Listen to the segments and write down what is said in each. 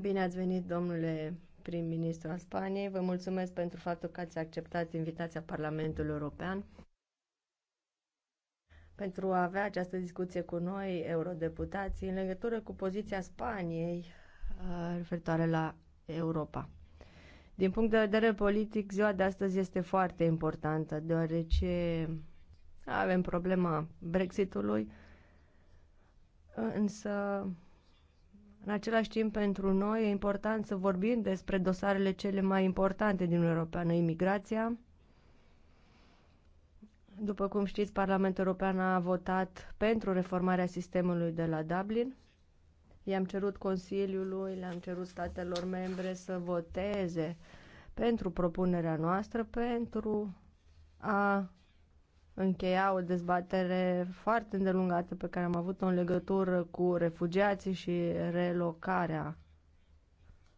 Bine ați venit, domnule prim-ministru al Spaniei. Vă mulțumesc pentru faptul că ați acceptat invitația Parlamentului European pentru a avea această discuție cu noi, eurodeputații, în legătură cu poziția Spaniei uh, referitoare la Europa. Din punct de vedere politic, ziua de astăzi este foarte importantă, deoarece avem problema Brexitului, Însă, în același timp, pentru noi e important să vorbim despre dosarele cele mai importante din Uniunea Europeană, imigrația. După cum știți, Parlamentul European a votat pentru reformarea sistemului de la Dublin. I-am cerut Consiliului, le-am cerut statelor membre să voteze pentru propunerea noastră, pentru a încheia o dezbatere foarte îndelungată pe care am avut-o în legătură cu refugiații și relocarea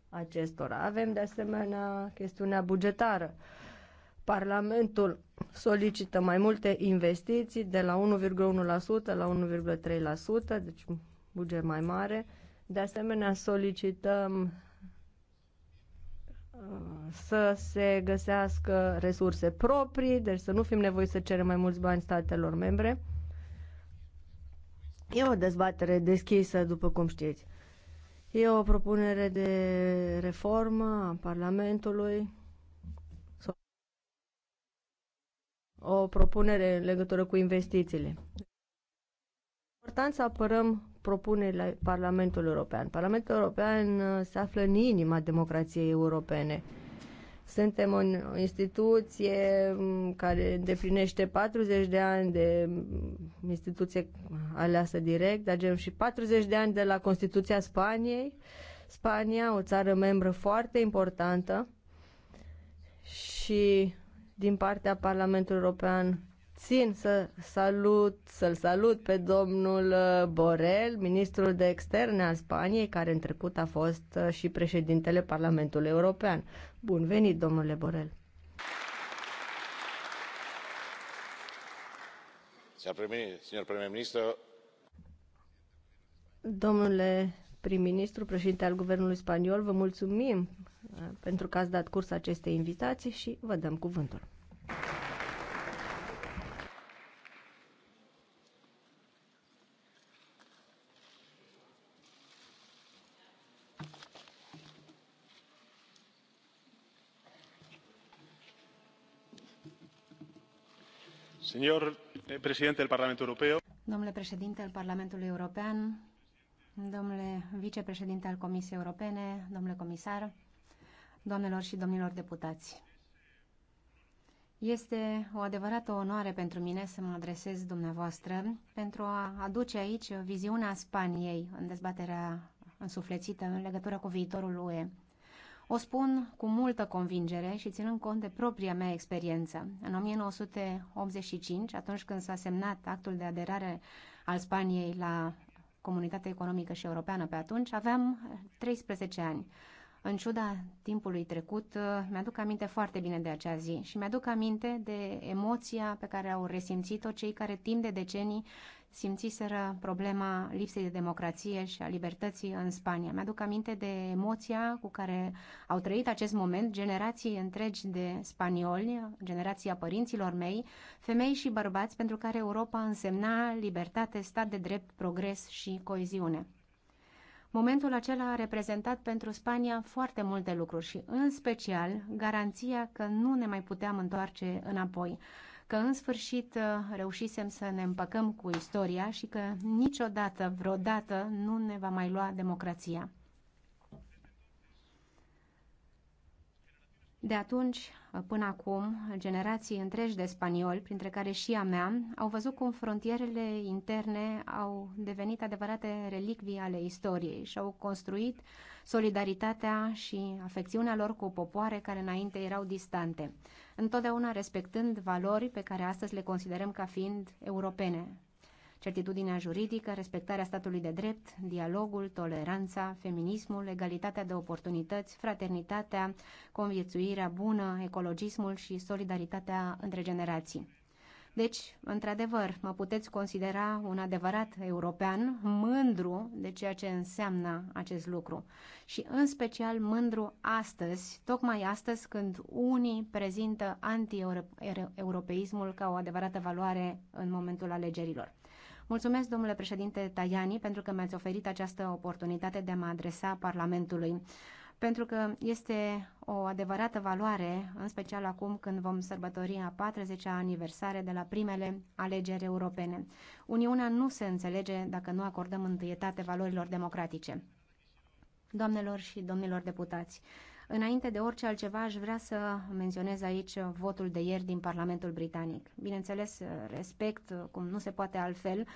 acestora. Avem de asemenea chestiunea bugetară. Parlamentul solicită mai multe investiții de la 1,1% la 1,3%, deci buget mai mare. De asemenea, solicităm să se găsească resurse proprii, deci să nu fim nevoiți să cerem mai mulți bani statelor membre. E o dezbatere deschisă, după cum știți. E o propunere de reformă a Parlamentului, o propunere în legătură cu investițiile. Important să apărăm propunerile Parlamentului European. Parlamentul European uh, se află în inima democrației europene. Suntem o instituție um, care îndeplinește 40 de ani de um, instituție aleasă direct, dar avem și 40 de ani de la Constituția Spaniei. Spania, o țară membră foarte importantă și din partea Parlamentului European țin să salut, să-l salut pe domnul uh, Borel, ministrul de externe al Spaniei, care în trecut a fost uh, și președintele Parlamentului European. Bun venit, domnule Borel! Domnule prim-ministru, președinte al Guvernului Spaniol, vă mulțumim uh, pentru că ați dat curs acestei invitații și vă dăm cuvântul. Señor Europeo. Domnule președinte al Parlamentului European, domnule vicepreședinte al Comisiei Europene, domnule comisar, doamnelor și domnilor deputați. Este o adevărată onoare pentru mine să mă adresez dumneavoastră pentru a aduce aici viziunea Spaniei în dezbaterea însuflețită în legătură cu viitorul UE. O spun cu multă convingere și ținând cont de propria mea experiență. În 1985, atunci când s-a semnat actul de aderare al Spaniei la Comunitatea Economică și Europeană pe atunci, aveam 13 ani. În ciuda timpului trecut, uh, mi-aduc aminte foarte bine de acea zi și mi-aduc aminte de emoția pe care au resimțit-o cei care timp de decenii simțiseră problema lipsei de democrație și a libertății în Spania. Mi-aduc aminte de emoția cu care au trăit acest moment generații întregi de spanioli, generația părinților mei, femei și bărbați pentru care Europa însemna libertate, stat de drept, progres și coeziune. Momentul acela a reprezentat pentru Spania foarte multe lucruri și, în special, garanția că nu ne mai puteam întoarce înapoi, că în sfârșit uh, reușisem să ne împăcăm cu istoria și că niciodată, vreodată, nu ne va mai lua democrația. De atunci până acum, generații întregi de spanioli, printre care și a mea, au văzut cum frontierele interne au devenit adevărate relicvii ale istoriei și au construit solidaritatea și afecțiunea lor cu popoare care înainte erau distante, întotdeauna respectând valori pe care astăzi le considerăm ca fiind europene, certitudinea juridică, respectarea statului de drept, dialogul, toleranța, feminismul, egalitatea de oportunități, fraternitatea, conviețuirea bună, ecologismul și solidaritatea între generații. Deci, într-adevăr, mă puteți considera un adevărat european, mândru de ceea ce înseamnă acest lucru. Și în special mândru astăzi, tocmai astăzi când unii prezintă anti-europeismul ca o adevărată valoare în momentul alegerilor. Mulțumesc, domnule președinte Tajani, pentru că mi-ați oferit această oportunitate de a mă adresa Parlamentului pentru că este o adevărată valoare, în special acum când vom sărbători a 40-a aniversare de la primele alegeri europene. Uniunea nu se înțelege dacă nu acordăm întâietate valorilor democratice. Doamnelor și domnilor deputați, Înainte de orice altceva, aș vrea să menționez aici votul de ieri din Parlamentul Britanic. Bineînțeles, respect, cum nu se poate altfel,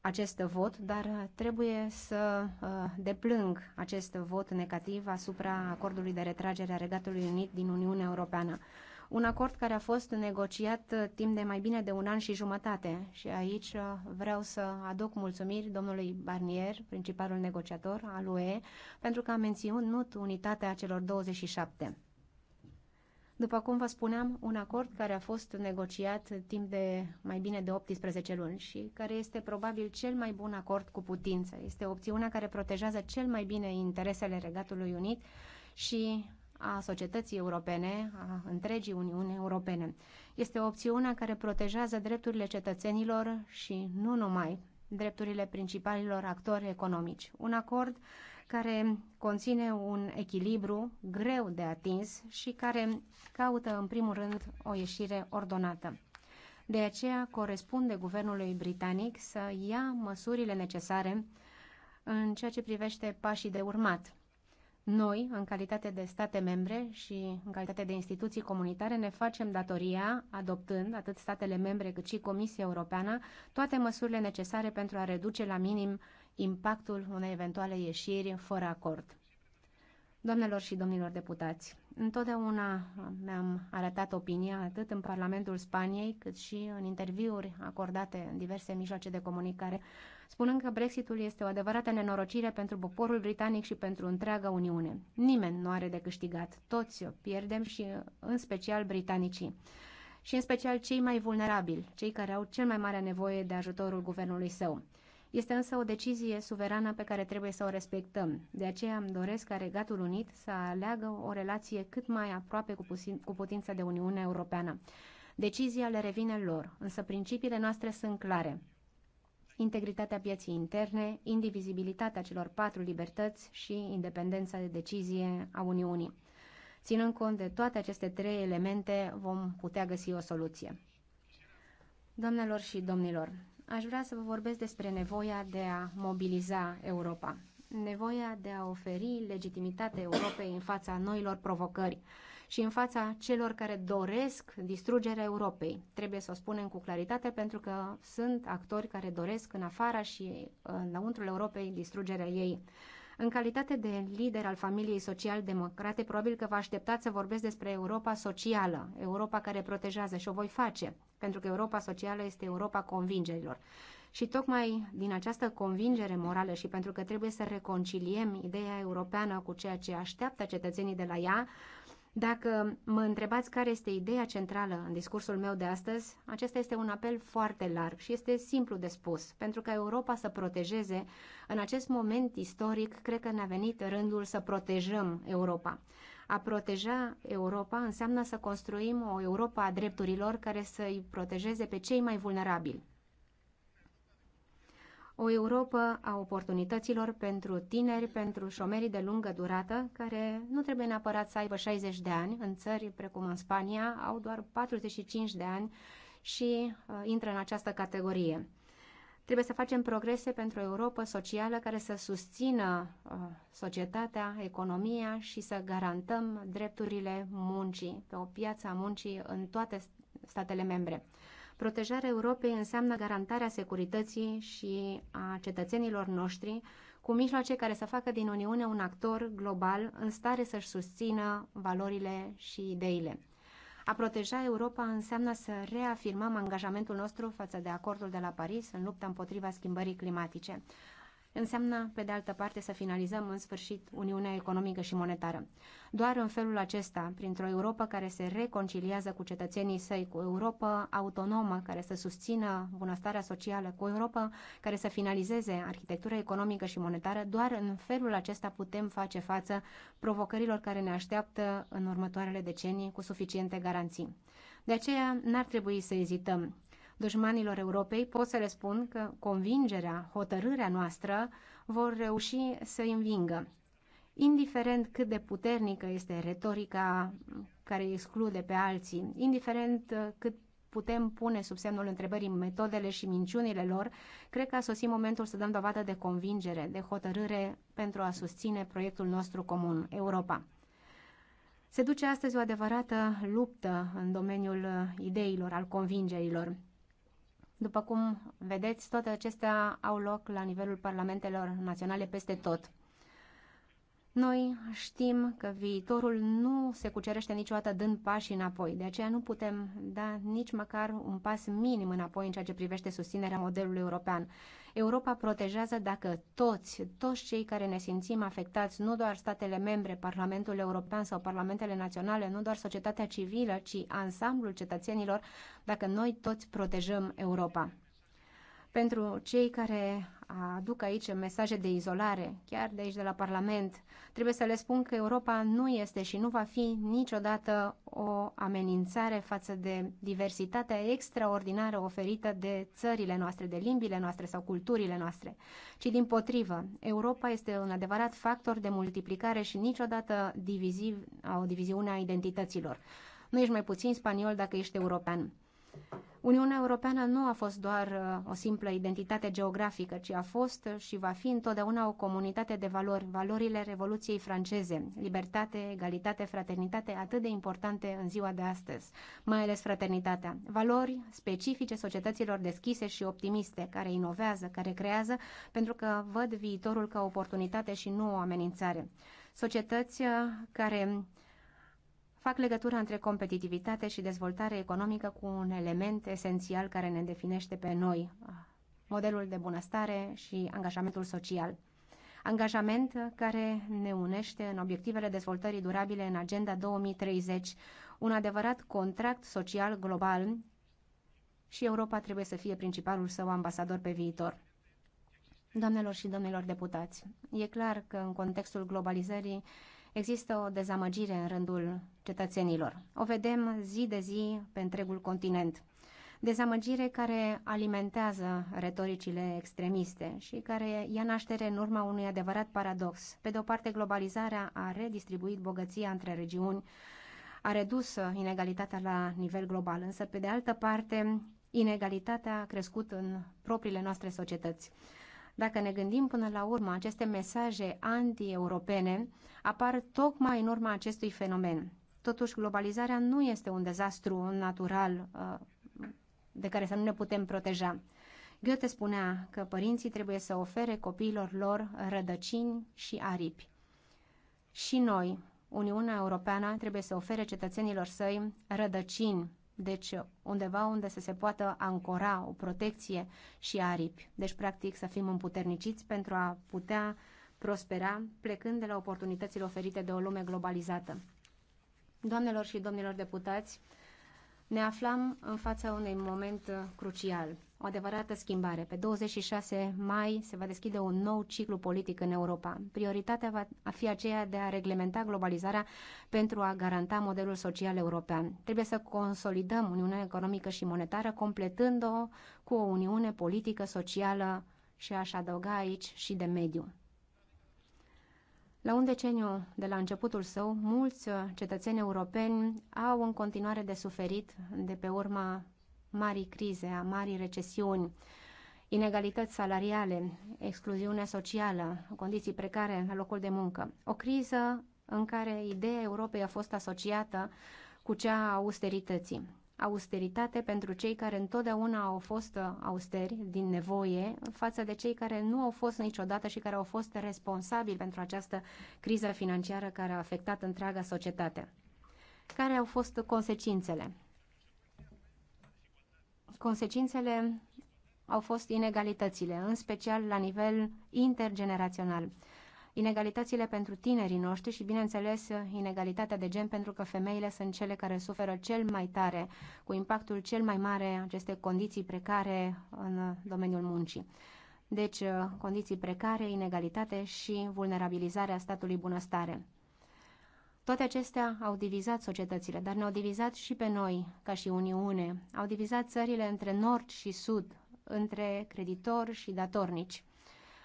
acest vot, dar trebuie să uh, deplâng acest vot negativ asupra acordului de retragere a Regatului Unit din Uniunea Europeană un acord care a fost negociat uh, timp de mai bine de un an și jumătate. Și aici uh, vreau să aduc mulțumiri domnului Barnier, principalul negociator al UE, pentru că a menținut unitatea celor 27. După cum vă spuneam, un acord care a fost negociat timp de mai bine de 18 luni și care este probabil cel mai bun acord cu putință. Este opțiunea care protejează cel mai bine interesele Regatului Unit și a societății europene, a întregii Uniuni Europene. Este o opțiune care protejează drepturile cetățenilor și nu numai drepturile principalilor actori economici. Un acord care conține un echilibru greu de atins și care caută în primul rând o ieșire ordonată. De aceea corespunde guvernului britanic să ia măsurile necesare în ceea ce privește pașii de urmat noi, în calitate de state membre și în calitate de instituții comunitare, ne facem datoria, adoptând atât statele membre cât și Comisia Europeană, toate măsurile necesare pentru a reduce la minim impactul unei eventuale ieșiri fără acord. Doamnelor și domnilor deputați, întotdeauna mi-am arătat opinia atât în Parlamentul Spaniei cât și în interviuri acordate în diverse mijloace de comunicare spunând că Brexitul este o adevărată nenorocire pentru poporul britanic și pentru întreaga Uniune. Nimeni nu are de câștigat, toți o pierdem și în special britanicii și în special cei mai vulnerabili, cei care au cel mai mare nevoie de ajutorul guvernului său. Este însă o decizie suverană pe care trebuie să o respectăm. De aceea îmi doresc ca Regatul Unit să aleagă o relație cât mai aproape cu, putința cu de Uniunea Europeană. Decizia le revine lor, însă principiile noastre sunt clare integritatea pieții interne, indivizibilitatea celor patru libertăți și independența de decizie a Uniunii. Ținând cont de toate aceste trei elemente, vom putea găsi o soluție. Doamnelor și domnilor, aș vrea să vă vorbesc despre nevoia de a mobiliza Europa, nevoia de a oferi legitimitate Europei în fața noilor provocări, și în fața celor care doresc distrugerea Europei. Trebuie să o spunem cu claritate pentru că sunt actori care doresc în afara și uh, înăuntrul Europei distrugerea ei. În calitate de lider al familiei social-democrate, probabil că vă așteptați să vorbesc despre Europa socială, Europa care protejează și o voi face, pentru că Europa socială este Europa convingerilor. Și tocmai din această convingere morală și pentru că trebuie să reconciliem ideea europeană cu ceea ce așteaptă cetățenii de la ea, dacă mă întrebați care este ideea centrală în discursul meu de astăzi, acesta este un apel foarte larg și este simplu de spus. Pentru ca Europa să protejeze, în acest moment istoric, cred că ne-a venit rândul să protejăm Europa. A proteja Europa înseamnă să construim o Europa a drepturilor care să i protejeze pe cei mai vulnerabili, o Europa a oportunităților pentru tineri, pentru șomerii de lungă durată, care nu trebuie neapărat să aibă 60 de ani. În țări precum în Spania au doar 45 de ani și uh, intră în această categorie. Trebuie să facem progrese pentru o Europa socială care să susțină uh, societatea, economia și să garantăm drepturile muncii, pe o piață a muncii în toate statele membre. Protejarea Europei înseamnă garantarea securității și a cetățenilor noștri cu mijloace care să facă din Uniune un actor global în stare să-și susțină valorile și ideile. A proteja Europa înseamnă să reafirmăm angajamentul nostru față de acordul de la Paris în lupta împotriva schimbării climatice înseamnă, pe de altă parte, să finalizăm în sfârșit Uniunea Economică și Monetară. Doar în felul acesta, printr-o Europa care se reconciliază cu cetățenii săi, cu Europa autonomă care să susțină bunăstarea socială, cu Europa care să finalizeze arhitectura economică și monetară, doar în felul acesta putem face față provocărilor care ne așteaptă în următoarele decenii cu suficiente garanții. De aceea, n-ar trebui să ezităm dușmanilor Europei, pot să le spun că convingerea, hotărârea noastră vor reuși să îi învingă. Indiferent cât de puternică este retorica care exclude pe alții, indiferent uh, cât putem pune sub semnul întrebării metodele și minciunile lor, cred că a sosit momentul să dăm dovadă de convingere, de hotărâre pentru a susține proiectul nostru comun, Europa. Se duce astăzi o adevărată luptă în domeniul uh, ideilor, al convingerilor. După cum vedeți, toate acestea au loc la nivelul parlamentelor naționale peste tot. Noi știm că viitorul nu se cucerește niciodată dând pași înapoi, de aceea nu putem da nici măcar un pas minim înapoi în ceea ce privește susținerea modelului european. Europa protejează dacă toți, toți cei care ne simțim afectați, nu doar statele membre, Parlamentul European sau Parlamentele Naționale, nu doar societatea civilă, ci ansamblul cetățenilor, dacă noi toți protejăm Europa pentru cei care aduc aici mesaje de izolare, chiar de aici de la Parlament, trebuie să le spun că Europa nu este și nu va fi niciodată o amenințare față de diversitatea extraordinară oferită de țările noastre, de limbile noastre sau culturile noastre, ci din potrivă, Europa este un adevărat factor de multiplicare și niciodată diviziv, o diviziune a identităților. Nu ești mai puțin spaniol dacă ești european. Uniunea Europeană nu a fost doar uh, o simplă identitate geografică, ci a fost uh, și va fi întotdeauna o comunitate de valori, valorile Revoluției franceze, libertate, egalitate, fraternitate, atât de importante în ziua de astăzi, mai ales fraternitatea. Valori specifice societăților deschise și optimiste, care inovează, care creează, pentru că văd viitorul ca oportunitate și nu o amenințare. Societăți uh, care fac legătura între competitivitate și dezvoltare economică cu un element esențial care ne definește pe noi, modelul de bunăstare și angajamentul social. Angajament care ne unește în obiectivele dezvoltării durabile în Agenda 2030, un adevărat contract social global și Europa trebuie să fie principalul său ambasador pe viitor. Doamnelor și domnilor deputați, e clar că în contextul globalizării Există o dezamăgire în rândul cetățenilor. O vedem zi de zi pe întregul continent. Dezamăgire care alimentează retoricile extremiste și care ia naștere în urma unui adevărat paradox. Pe de o parte, globalizarea a redistribuit bogăția între regiuni, a redus inegalitatea la nivel global, însă, pe de altă parte, inegalitatea a crescut în propriile noastre societăți. Dacă ne gândim până la urmă, aceste mesaje anti-europene apar tocmai în urma acestui fenomen. Totuși, globalizarea nu este un dezastru natural uh, de care să nu ne putem proteja. Goethe spunea că părinții trebuie să ofere copiilor lor rădăcini și aripi. Și noi, Uniunea Europeană, trebuie să ofere cetățenilor săi rădăcini deci undeva unde să se poată ancora o protecție și aripi. Deci, practic, să fim împuterniciți pentru a putea prospera, plecând de la oportunitățile oferite de o lume globalizată. Doamnelor și domnilor deputați, ne aflam în fața unui moment crucial o adevărată schimbare. Pe 26 mai se va deschide un nou ciclu politic în Europa. Prioritatea va fi aceea de a reglementa globalizarea pentru a garanta modelul social european. Trebuie să consolidăm Uniunea Economică și Monetară, completând-o cu o Uniune politică, socială și aș adăuga aici și de mediu. La un deceniu de la începutul său, mulți cetățeni europeni au în continuare de suferit de pe urma marii crize, a marii recesiuni, inegalități salariale, excluziunea socială, condiții precare la locul de muncă. O criză în care ideea Europei a fost asociată cu cea a austerității. Austeritate pentru cei care întotdeauna au fost austeri din nevoie față de cei care nu au fost niciodată și care au fost responsabili pentru această criză financiară care a afectat întreaga societate. Care au fost consecințele? Consecințele au fost inegalitățile, în special la nivel intergenerațional. Inegalitățile pentru tinerii noștri și, bineînțeles, inegalitatea de gen pentru că femeile sunt cele care suferă cel mai tare, cu impactul cel mai mare aceste condiții precare în domeniul muncii. Deci, condiții precare, inegalitate și vulnerabilizarea statului bunăstare. Toate acestea au divizat societățile, dar ne-au divizat și pe noi, ca și Uniune. Au divizat țările între nord și sud, între creditori și datornici.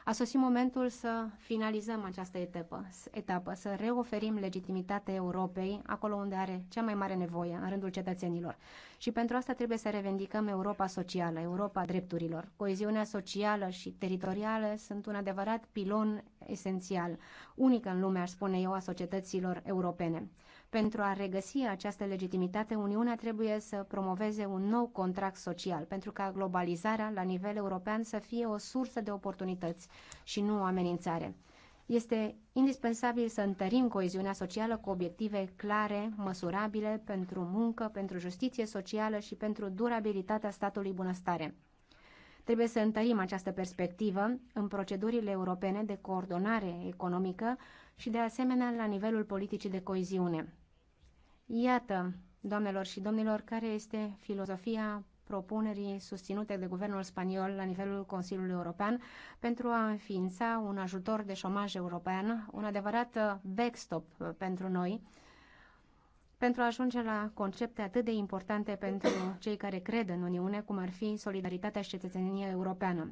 A sosit momentul să finalizăm această etapă, etapă, să reoferim legitimitate Europei acolo unde are cea mai mare nevoie, în rândul cetățenilor. Și pentru asta trebuie să revendicăm Europa socială, Europa drepturilor. Coeziunea socială și teritorială sunt un adevărat pilon esențial, unic în lume, aș spune eu, a societăților europene. Pentru a regăsi această legitimitate, Uniunea trebuie să promoveze un nou contract social, pentru ca globalizarea la nivel european să fie o sursă de oportunități și nu o amenințare. Este indispensabil să întărim coeziunea socială cu obiective clare, măsurabile pentru muncă, pentru justiție socială și pentru durabilitatea statului bunăstare. Trebuie să întărim această perspectivă în procedurile europene de coordonare economică și, de asemenea, la nivelul politicii de coeziune. Iată, doamnelor și domnilor, care este filozofia propunerii susținute de guvernul spaniol la nivelul Consiliului European pentru a înființa un ajutor de șomaj european, un adevărat uh, backstop uh, pentru noi, pentru a ajunge la concepte atât de importante pentru cei care cred în Uniune, cum ar fi solidaritatea și cetățenia europeană.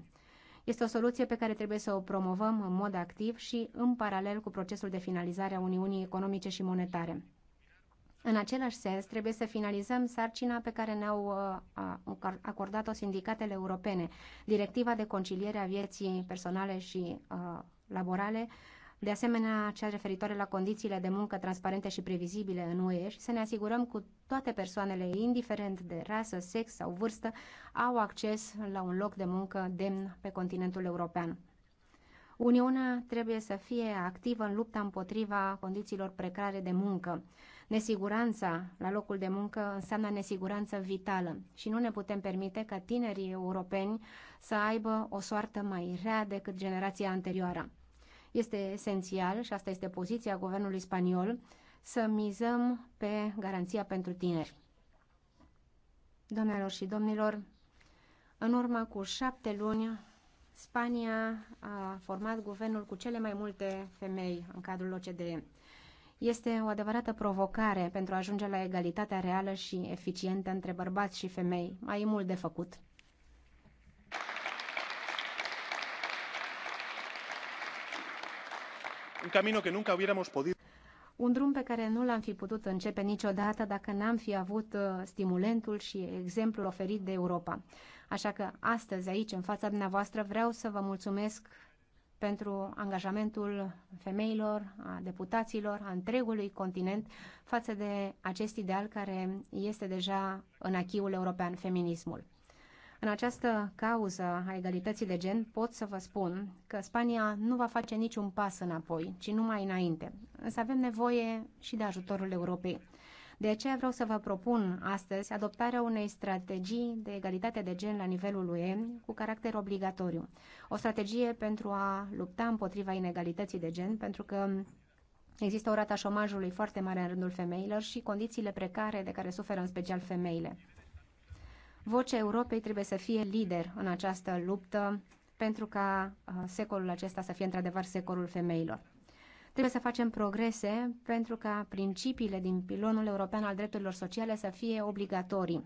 Este o soluție pe care trebuie să o promovăm în mod activ și în paralel cu procesul de finalizare a Uniunii Economice și Monetare. În același sens, trebuie să finalizăm sarcina pe care ne-au uh, acordat-o sindicatele europene, directiva de conciliere a vieții personale și uh, laborale, de asemenea, cea referitoare la condițiile de muncă transparente și previzibile în UE și să ne asigurăm că toate persoanele, indiferent de rasă, sex sau vârstă, au acces la un loc de muncă demn pe continentul european. Uniunea trebuie să fie activă în lupta împotriva condițiilor precare de muncă. Nesiguranța la locul de muncă înseamnă nesiguranță vitală și nu ne putem permite ca tinerii europeni să aibă o soartă mai rea decât generația anterioară. Este esențial, și asta este poziția guvernului spaniol, să mizăm pe garanția pentru tineri. Domnilor și domnilor, în urmă cu șapte luni, Spania a format guvernul cu cele mai multe femei în cadrul OCDE. Este o adevărată provocare pentru a ajunge la egalitatea reală și eficientă între bărbați și femei. Mai e mult de făcut. Un camino que nunca hubiéramos podido un drum pe care nu l-am fi putut începe niciodată dacă n-am fi avut uh, stimulentul și exemplul oferit de Europa. Așa că astăzi, aici, în fața dumneavoastră, vreau să vă mulțumesc pentru angajamentul femeilor, a deputaților, a întregului continent față de acest ideal care este deja în achiul european, feminismul. În această cauză a egalității de gen pot să vă spun că Spania nu va face niciun pas înapoi, ci numai înainte. Însă avem nevoie și de ajutorul Europei. De aceea vreau să vă propun astăzi adoptarea unei strategii de egalitate de gen la nivelul UE cu caracter obligatoriu. O strategie pentru a lupta împotriva inegalității de gen, pentru că Există o rata șomajului foarte mare în rândul femeilor și condițiile precare de care suferă în special femeile. Vocea Europei trebuie să fie lider în această luptă pentru ca uh, secolul acesta să fie într-adevăr secolul femeilor. Trebuie să facem progrese pentru ca principiile din pilonul european al drepturilor sociale să fie obligatorii.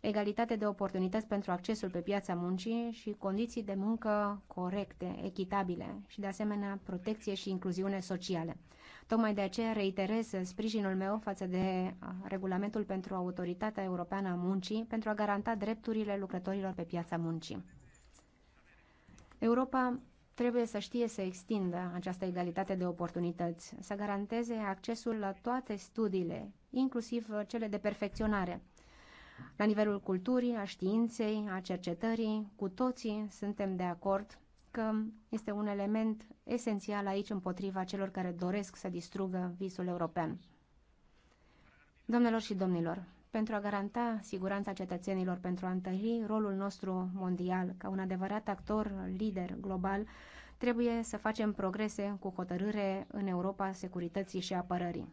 Egalitate de oportunități pentru accesul pe piața muncii și condiții de muncă corecte, echitabile și, de asemenea, protecție și incluziune sociale. Tocmai de aceea reiterez sprijinul meu față de regulamentul pentru Autoritatea Europeană a Muncii pentru a garanta drepturile lucrătorilor pe piața muncii. Europa trebuie să știe să extindă această egalitate de oportunități, să garanteze accesul la toate studiile, inclusiv cele de perfecționare. La nivelul culturii, a științei, a cercetării, cu toții suntem de acord că este un element esențial aici împotriva celor care doresc să distrugă visul european. Domnilor și domnilor, pentru a garanta siguranța cetățenilor, pentru a întări rolul nostru mondial ca un adevărat actor lider global, trebuie să facem progrese cu hotărâre în Europa securității și apărării.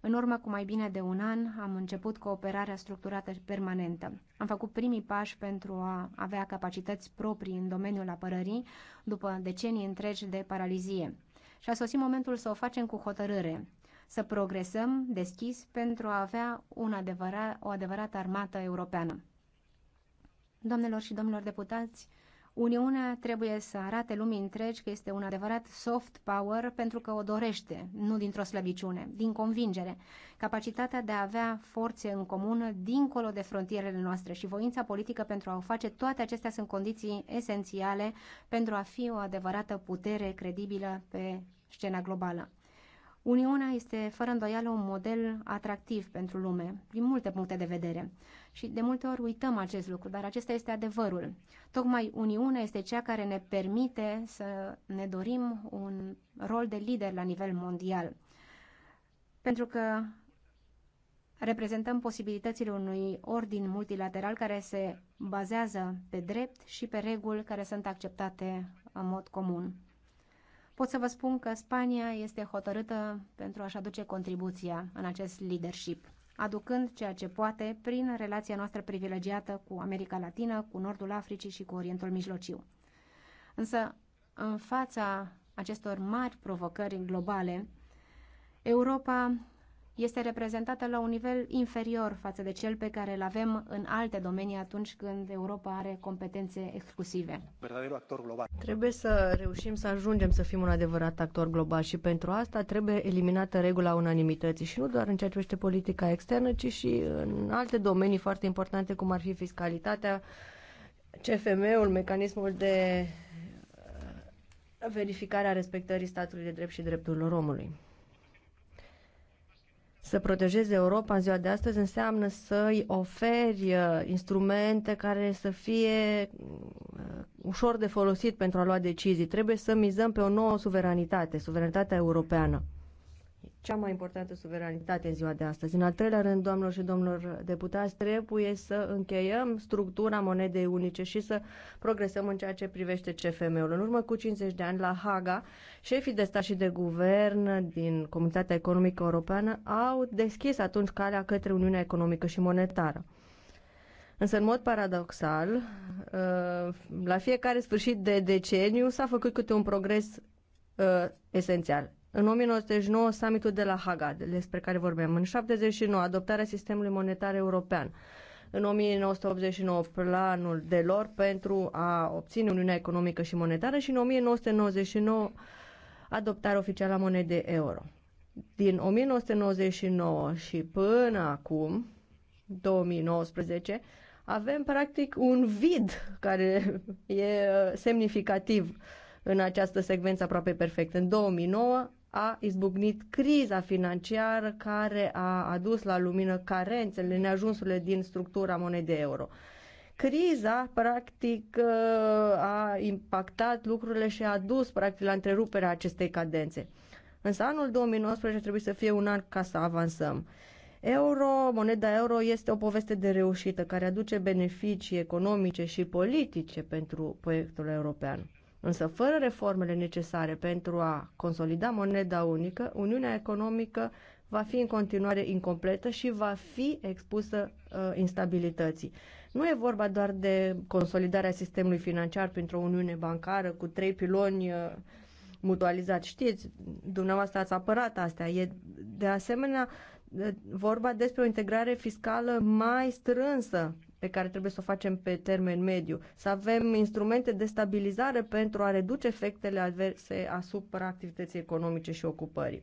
În urmă cu mai bine de un an am început cooperarea structurată și permanentă. Am făcut primii pași pentru a avea capacități proprii în domeniul apărării după decenii întregi de paralizie. Și a sosit momentul să o facem cu hotărâre să progresăm deschis pentru a avea un adevărat, o adevărată armată europeană. domnilor și domnilor deputați, Uniunea trebuie să arate lumii întregi că este un adevărat soft power pentru că o dorește, nu dintr-o slăbiciune, din convingere. Capacitatea de a avea forțe în comună dincolo de frontierele noastre și voința politică pentru a o face, toate acestea sunt condiții esențiale pentru a fi o adevărată putere credibilă pe scena globală. Uniunea este fără îndoială un model atractiv pentru lume, din multe puncte de vedere. Și de multe ori uităm acest lucru, dar acesta este adevărul. Tocmai Uniunea este cea care ne permite să ne dorim un rol de lider la nivel mondial. Pentru că reprezentăm posibilitățile unui ordin multilateral care se bazează pe drept și pe reguli care sunt acceptate în mod comun. Pot să vă spun că Spania este hotărâtă pentru a-și aduce contribuția în acest leadership, aducând ceea ce poate prin relația noastră privilegiată cu America Latină, cu Nordul Africii și cu Orientul Mijlociu. Însă, în fața acestor mari provocări globale, Europa este reprezentată la un nivel inferior față de cel pe care îl avem în alte domenii atunci când Europa are competențe exclusive. Trebuie să reușim să ajungem să fim un adevărat actor global și pentru asta trebuie eliminată regula unanimității și nu doar în ceea ce privește politica externă, ci și în alte domenii foarte importante cum ar fi fiscalitatea, CFM-ul, mecanismul de uh, verificare a respectării statului de drept și drepturilor omului. Să protejezi Europa în ziua de astăzi înseamnă să-i oferi uh, instrumente care să fie uh, ușor de folosit pentru a lua decizii. Trebuie să mizăm pe o nouă suveranitate, suveranitatea europeană cea mai importantă suveranitate în ziua de astăzi. În al treilea rând, doamnelor și domnilor deputați, trebuie să încheiem structura monedei unice și să progresăm în ceea ce privește CFM-ul. În urmă cu 50 de ani, la Haga, șefii de stat și de guvern din Comunitatea Economică Europeană au deschis atunci calea către Uniunea Economică și Monetară. Însă, în mod paradoxal, uh, la fiecare sfârșit de deceniu s-a făcut câte un progres uh, esențial. În 1909, summitul de la Haga, despre care vorbim. În 79, adoptarea sistemului monetar european. În 1989, planul de lor pentru a obține Uniunea Economică și Monetară și în 1999, adoptarea oficială a monedei euro. Din 1999 și până acum, 2019, avem practic un vid care e semnificativ în această secvență aproape perfectă. În 2009 a izbucnit criza financiară care a adus la lumină carențele, neajunsurile din structura monedei euro. Criza, practic, uh, a impactat lucrurile și a dus, practic, la întreruperea acestei cadențe. Însă anul 2019 trebuie să fie un an ca să avansăm. Euro, moneda euro este o poveste de reușită care aduce beneficii economice și politice pentru proiectul european. Însă, fără reformele necesare pentru a consolida moneda unică, Uniunea Economică va fi în continuare incompletă și va fi expusă uh, instabilității. Nu e vorba doar de consolidarea sistemului financiar printr-o uniune bancară cu trei piloni uh, mutualizați. Știți, dumneavoastră ați apărat astea. E de asemenea uh, vorba despre o integrare fiscală mai strânsă pe care trebuie să o facem pe termen mediu, să avem instrumente de stabilizare pentru a reduce efectele adverse asupra activității economice și ocupării.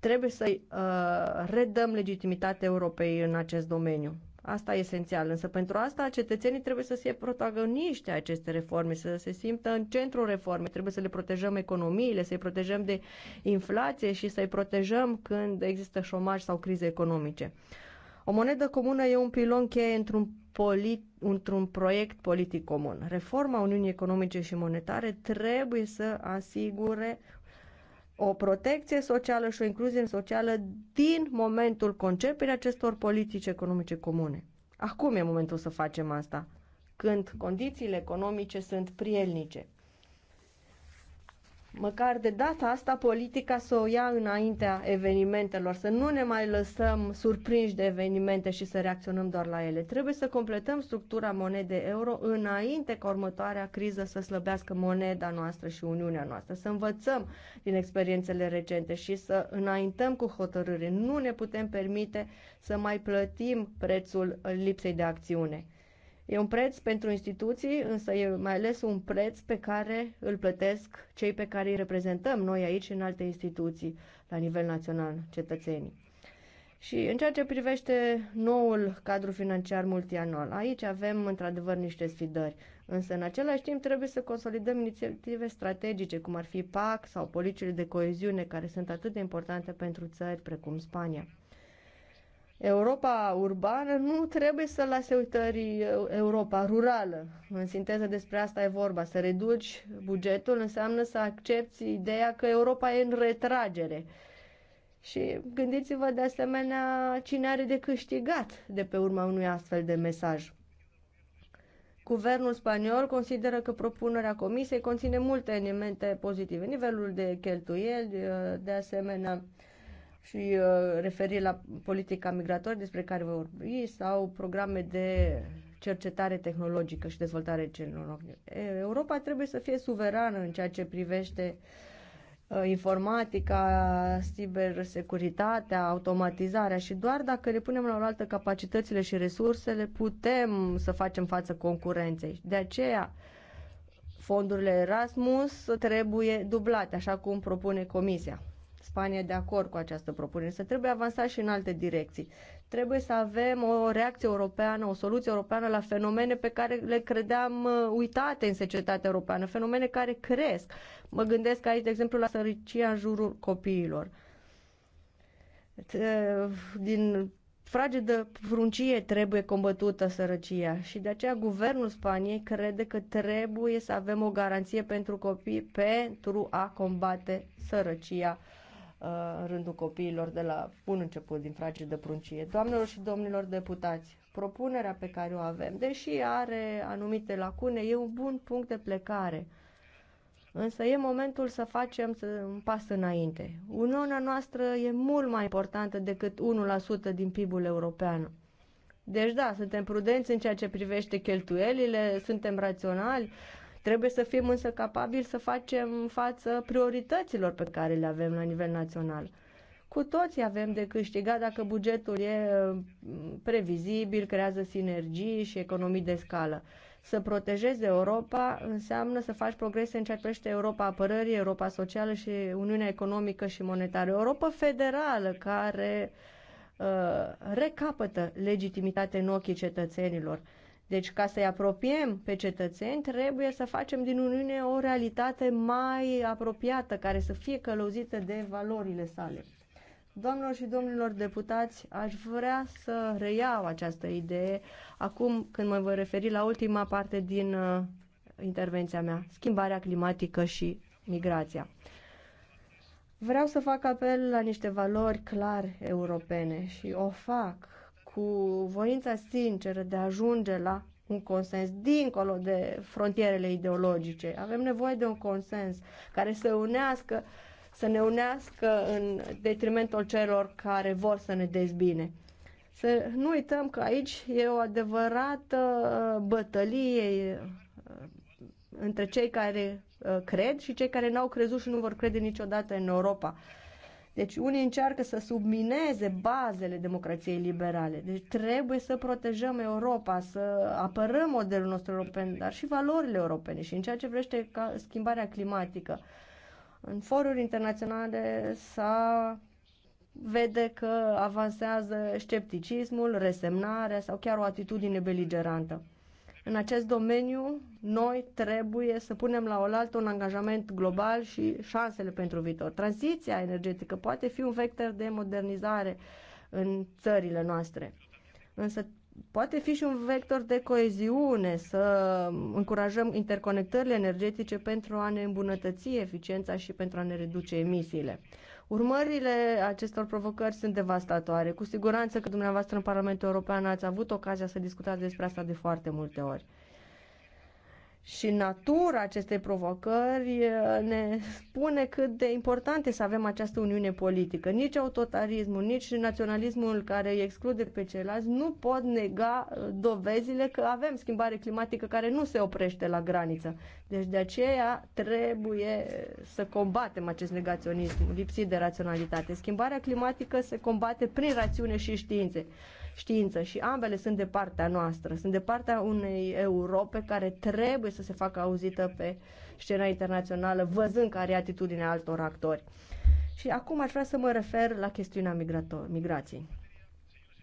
Trebuie să-i uh, redăm legitimitatea Europei în acest domeniu. Asta e esențial, însă pentru asta cetățenii trebuie să fie protagoniști aceste reforme, să se simtă în centru reforme. trebuie să le protejăm economiile, să-i protejăm de inflație și să-i protejăm când există șomaj sau crize economice. O monedă comună e un pilon cheie într-un într-un proiect politic comun. Reforma Uniunii Economice și Monetare trebuie să asigure o protecție socială și o incluzie socială din momentul conceperii acestor politici economice comune. Acum e momentul să facem asta, când condițiile economice sunt prielnice măcar de data asta politica să o ia înaintea evenimentelor, să nu ne mai lăsăm surprinși de evenimente și să reacționăm doar la ele. Trebuie să completăm structura monedei euro înainte ca următoarea criză să slăbească moneda noastră și Uniunea noastră, să învățăm din experiențele recente și să înaintăm cu hotărâre. Nu ne putem permite să mai plătim prețul lipsei de acțiune. E un preț pentru instituții, însă e mai ales un preț pe care îl plătesc cei pe care îi reprezentăm noi aici în alte instituții, la nivel național, cetățenii. Și în ceea ce privește noul cadru financiar multianual, aici avem într-adevăr niște sfidări, însă în același timp trebuie să consolidăm inițiative strategice, cum ar fi PAC sau politicile de coeziune, care sunt atât de importante pentru țări precum Spania. Europa urbană nu trebuie să lase uitării uh, Europa rurală. În sinteză despre asta e vorba. Să reduci bugetul înseamnă să accepti ideea că Europa e în retragere. Și gândiți-vă de asemenea cine are de câștigat de pe urma unui astfel de mesaj. Guvernul spaniol consideră că propunerea comisiei conține multe elemente pozitive, nivelul de cheltuieli, uh, de asemenea și uh, la politica migratorie despre care vă vorbi sau programe de cercetare tehnologică și dezvoltare tehnologică. Europa trebuie să fie suverană în ceea ce privește uh, informatica, cibersecuritatea, automatizarea și doar dacă le punem la oaltă capacitățile și resursele putem să facem față concurenței. De aceea fondurile Erasmus trebuie dublate, așa cum propune Comisia. Spania de acord cu această propunere, să trebuie avansat și în alte direcții. Trebuie să avem o reacție europeană, o soluție europeană la fenomene pe care le credeam uh, uitate în societatea europeană, fenomene care cresc. Mă gândesc aici, de exemplu, la sărăcia în jurul copiilor. Din fragedă fruncie trebuie combătută sărăcia și de aceea guvernul Spaniei crede că trebuie să avem o garanție pentru copii pentru a combate sărăcia Uh, în rândul copiilor de la bun început din frage de pruncie. Doamnelor și domnilor deputați, propunerea pe care o avem, deși are anumite lacune, e un bun punct de plecare. Însă e momentul să facem un pas înainte. Uniunea noastră e mult mai importantă decât 1% din PIB-ul european. Deci da, suntem prudenți în ceea ce privește cheltuielile, suntem raționali, uh, Trebuie să fim însă capabili să facem față priorităților pe care le avem la nivel național. Cu toții avem de câștigat dacă bugetul e previzibil, creează sinergii și economii de scală. Să protejezi Europa înseamnă să faci progrese în ceea ce privește Europa apărării, Europa socială și Uniunea economică și monetară. Europa federală care uh, recapătă legitimitate în ochii cetățenilor. Uh, deci, ca să-i apropiem pe cetățeni, trebuie să facem din Uniune o realitate mai apropiată, care să fie călăuzită de valorile sale. Doamnelor și domnilor deputați, aș vrea să reiau această idee acum când mă voi referi la ultima parte din uh, intervenția mea, schimbarea climatică și migrația. Vreau să fac apel la niște valori clar europene și o fac cu voința sinceră de a ajunge la un consens dincolo de frontierele ideologice. Avem nevoie de un consens care să unească să ne unească în detrimentul celor care vor să ne dezbine. Să nu uităm că aici e o adevărată uh, bătălie uh, între cei care uh, cred și cei care n-au crezut și nu vor crede niciodată în Europa. Deci unii încearcă să submineze bazele democrației liberale. Deci trebuie să protejăm Europa, să apărăm modelul nostru european, dar și valorile europene. Și în ceea ce vrește ca schimbarea climatică, în foruri internaționale s-a vede că avansează scepticismul, resemnarea sau chiar o atitudine beligerantă. În acest domeniu, noi trebuie să punem la oaltă un angajament global și șansele pentru viitor. Tranziția energetică poate fi un vector de modernizare în țările noastre, însă poate fi și un vector de coeziune, să încurajăm interconectările energetice pentru a ne îmbunătăți eficiența și pentru a ne reduce emisiile. Urmările acestor provocări sunt devastatoare. Cu siguranță că dumneavoastră în Parlamentul European ați avut ocazia să discutați despre asta de foarte multe ori și natura acestei provocări eh, ne spune cât de important e să avem această uniune politică. Nici autoritarismul, nici naționalismul care îi exclude pe ceilalți nu pot nega eh, dovezile că avem schimbare climatică care nu se oprește la graniță. Deci de aceea trebuie să combatem acest negaționism lipsit de raționalitate. Schimbarea climatică se combate prin rațiune și științe știință și ambele sunt de partea noastră, sunt de partea unei Europe care trebuie să se facă auzită pe scena internațională, văzând care e atitudinea altor actori. Și acum aș vrea să mă refer la chestiunea migrației.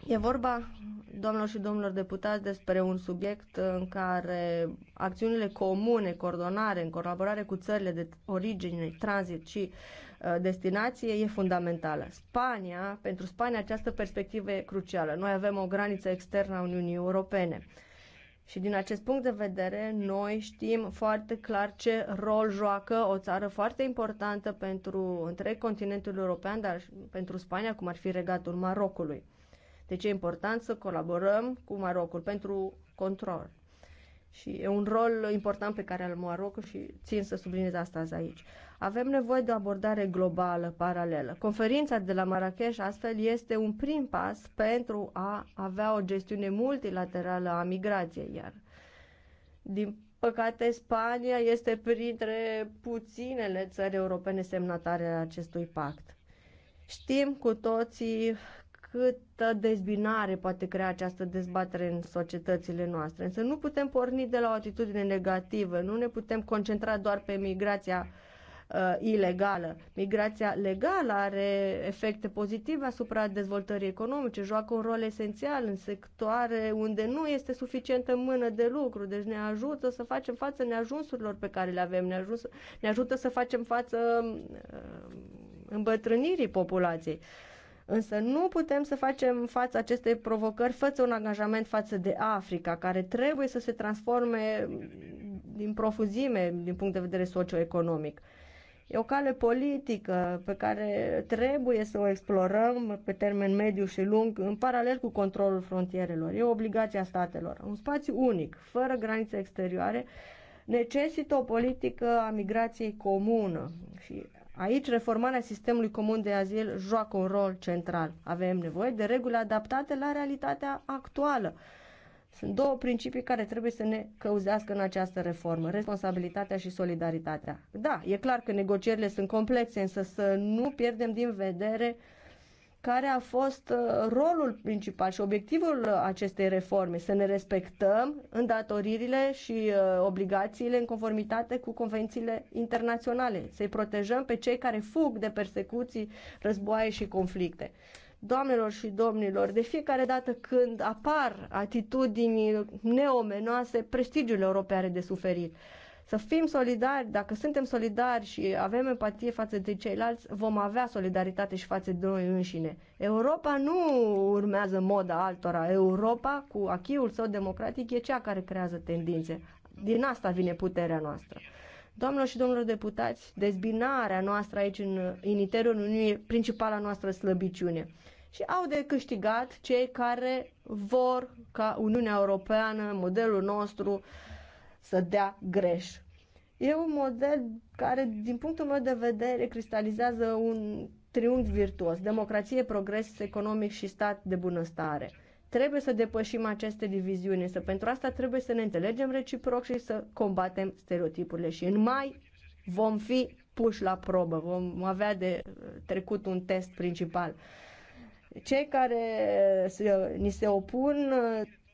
E vorba, doamnelor și domnilor deputați, despre un subiect în care acțiunile comune, coordonare, în colaborare cu țările de origine, tranzit și Uh, destinație e fundamentală. Spania, pentru Spania această perspectivă e crucială. Noi avem o graniță externă a Uniunii Europene. Și din acest punct de vedere, noi știm foarte clar ce rol joacă o țară foarte importantă pentru întreg continentul european, dar și pentru Spania, cum ar fi regatul Marocului. Deci e important să colaborăm cu Marocul pentru control. Și e un rol important pe care îl Marocul și țin să subliniez asta azi aici. Avem nevoie de o abordare globală, paralelă. Conferința de la Marrakesh, astfel, este un prim pas pentru a avea o gestiune multilaterală a migrației, iar din păcate, Spania este printre puținele țări europene semnatare a acestui pact. Știm cu toții câtă dezbinare poate crea această dezbatere în societățile noastre, însă nu putem porni de la o atitudine negativă, nu ne putem concentra doar pe migrația uh, uh, ilegală. Migrația legală are efecte pozitive asupra dezvoltării economice, joacă un rol esențial în sectoare unde nu este suficientă mână de lucru, deci ne ajută să facem față neajunsurilor pe care le avem, ne, ajuns, ne ajută să facem față uh, îmbătrânirii populației. Însă nu putem să facem față acestei provocări față un angajament față de Africa, care trebuie să se transforme mm, din profuzime din punct de vedere socioeconomic. E o cale politică pe care trebuie să o explorăm pe termen mediu și lung, în paralel cu controlul frontierelor. E obligația statelor. Un spațiu unic, fără granițe exterioare, necesită o politică a migrației comună. Și aici reformarea sistemului comun de azil joacă un rol central. Avem nevoie de reguli adaptate la realitatea actuală sunt două principii care trebuie să ne căuzească în această reformă, responsabilitatea și solidaritatea. Da, e clar că negocierile sunt complexe, însă să nu pierdem din vedere care a fost uh, rolul principal și obiectivul uh, acestei reforme, să ne respectăm îndatoririle și uh, obligațiile în conformitate cu convențiile internaționale, să-i protejăm pe cei care fug de persecuții, războaie și conflicte. Doamnelor și domnilor, de fiecare dată când apar atitudini neomenoase, prestigiul Europei are de suferit. Să fim solidari, dacă suntem solidari și avem empatie față de ceilalți, vom avea solidaritate și față de noi înșine. Europa nu urmează moda altora. Europa, cu achiul său democratic, e cea care creează tendințe. Din asta vine puterea noastră. Doamnelor și domnilor deputați, dezbinarea noastră aici în, în interiorul Uniunii e principala noastră slăbiciune și au de câștigat cei care vor ca Uniunea Europeană, modelul nostru, să dea greș. E un model care, din punctul meu de vedere, cristalizează un triunghi virtuos, democrație, progres economic și stat de bunăstare. Trebuie să depășim aceste diviziuni, însă pentru asta trebuie să ne înțelegem reciproc și să combatem stereotipurile. Și în mai vom fi puși la probă, vom avea de trecut un test principal. Cei care ni se opun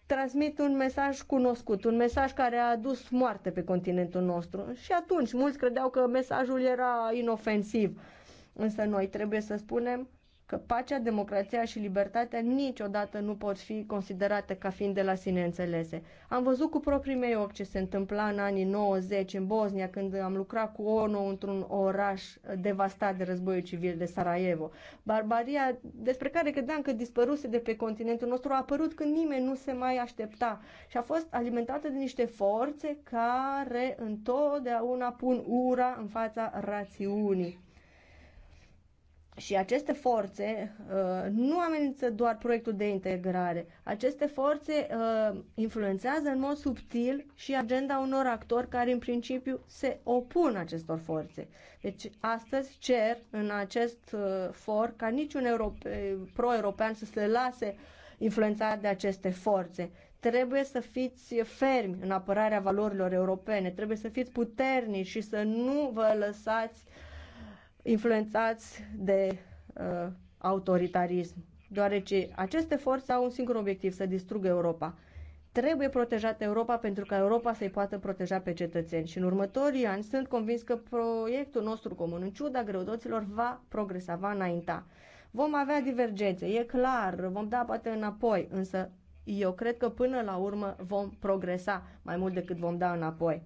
transmit un mesaj cunoscut, un mesaj care a adus moarte pe continentul nostru. Și atunci mulți credeau că mesajul era inofensiv. Însă noi trebuie să spunem că pacea, democrația și libertatea niciodată nu pot fi considerate ca fiind de la sine înțelese. Am văzut cu proprii mei ochi ce se întâmpla în anii 90 în Bosnia, când am lucrat cu ONU într-un oraș devastat de războiul civil de Sarajevo. Barbaria despre care credeam că dispăruse de pe continentul nostru a apărut când nimeni nu se mai aștepta și a fost alimentată de niște forțe care întotdeauna pun ura în fața rațiunii și aceste forțe uh, nu amenință doar proiectul de integrare. Aceste forțe uh, influențează în mod subtil și agenda unor actori care în principiu se opun acestor forțe. Deci astăzi cer în acest uh, for ca niciun europe, pro-european să se lase influențat de aceste forțe. Trebuie să fiți fermi în apărarea valorilor europene, trebuie să fiți puternici și să nu vă lăsați uh, influențați de uh, autoritarism, deoarece aceste forțe au un singur obiectiv, să distrugă Europa. Trebuie protejată Europa pentru ca Europa să-i poată proteja pe cetățeni și în următorii ani sunt convins că proiectul nostru comun, în ciuda greutăților, va progresa, va înainta. Vom avea divergențe, e clar, vom da poate înapoi, însă eu cred că până la urmă vom progresa mai mult decât vom da înapoi.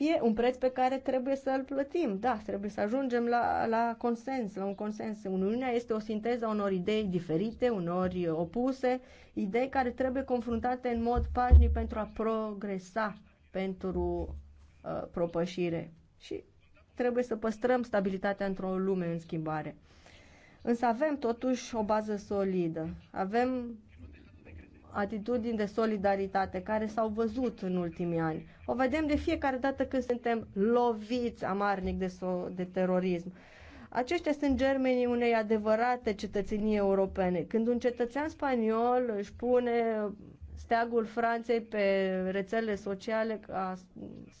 E un preț pe care trebuie să-l plătim. Da, trebuie să ajungem la, la consens, la un consens. Uniunea este o sinteză a unor idei diferite, unor opuse, idei care trebuie confruntate în mod pașnic pentru a progresa, pentru uh, propășire. Și trebuie să păstrăm stabilitatea într-o lume în schimbare. Însă avem totuși o bază solidă. Avem atitudini de solidaritate care s-au văzut în ultimii ani. O vedem de fiecare dată când suntem loviți amarnic de, so- de terorism. Aceștia sunt germenii unei adevărate cetățenii europene. Când un cetățean spaniol își pune steagul Franței pe rețelele sociale ca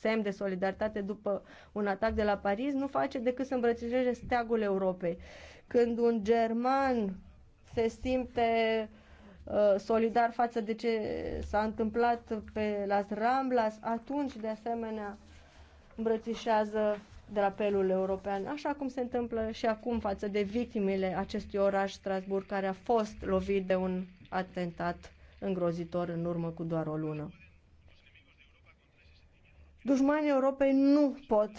semn de solidaritate după un atac de la Paris, nu face decât să îmbrățișeze steagul Europei. Când un german se simte Uh, solidar față de ce s-a întâmplat pe Las Ramblas, atunci de asemenea îmbrățișează drapelul european, așa cum se întâmplă și acum față de victimele acestui oraș Strasburg care a fost lovit de un atentat îngrozitor în urmă cu doar o lună. Dușmanii Europei nu pot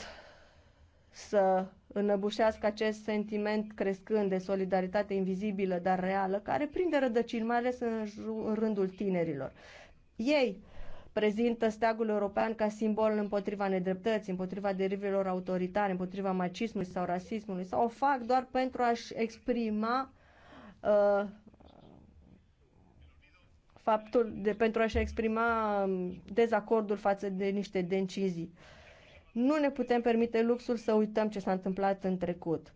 să înăbușească acest sentiment crescând de solidaritate invizibilă, dar reală, care prinde rădăcini, mai ales în, în rândul tinerilor. Ei prezintă steagul european ca simbol împotriva nedreptății, împotriva derivelor autoritare, împotriva macismului sau rasismului, sau o fac doar pentru a-și exprima uh, faptul de pentru a-și exprima um, dezacordul față de niște decizii. Uh, nu ne putem permite luxul să uităm ce s-a întâmplat în trecut.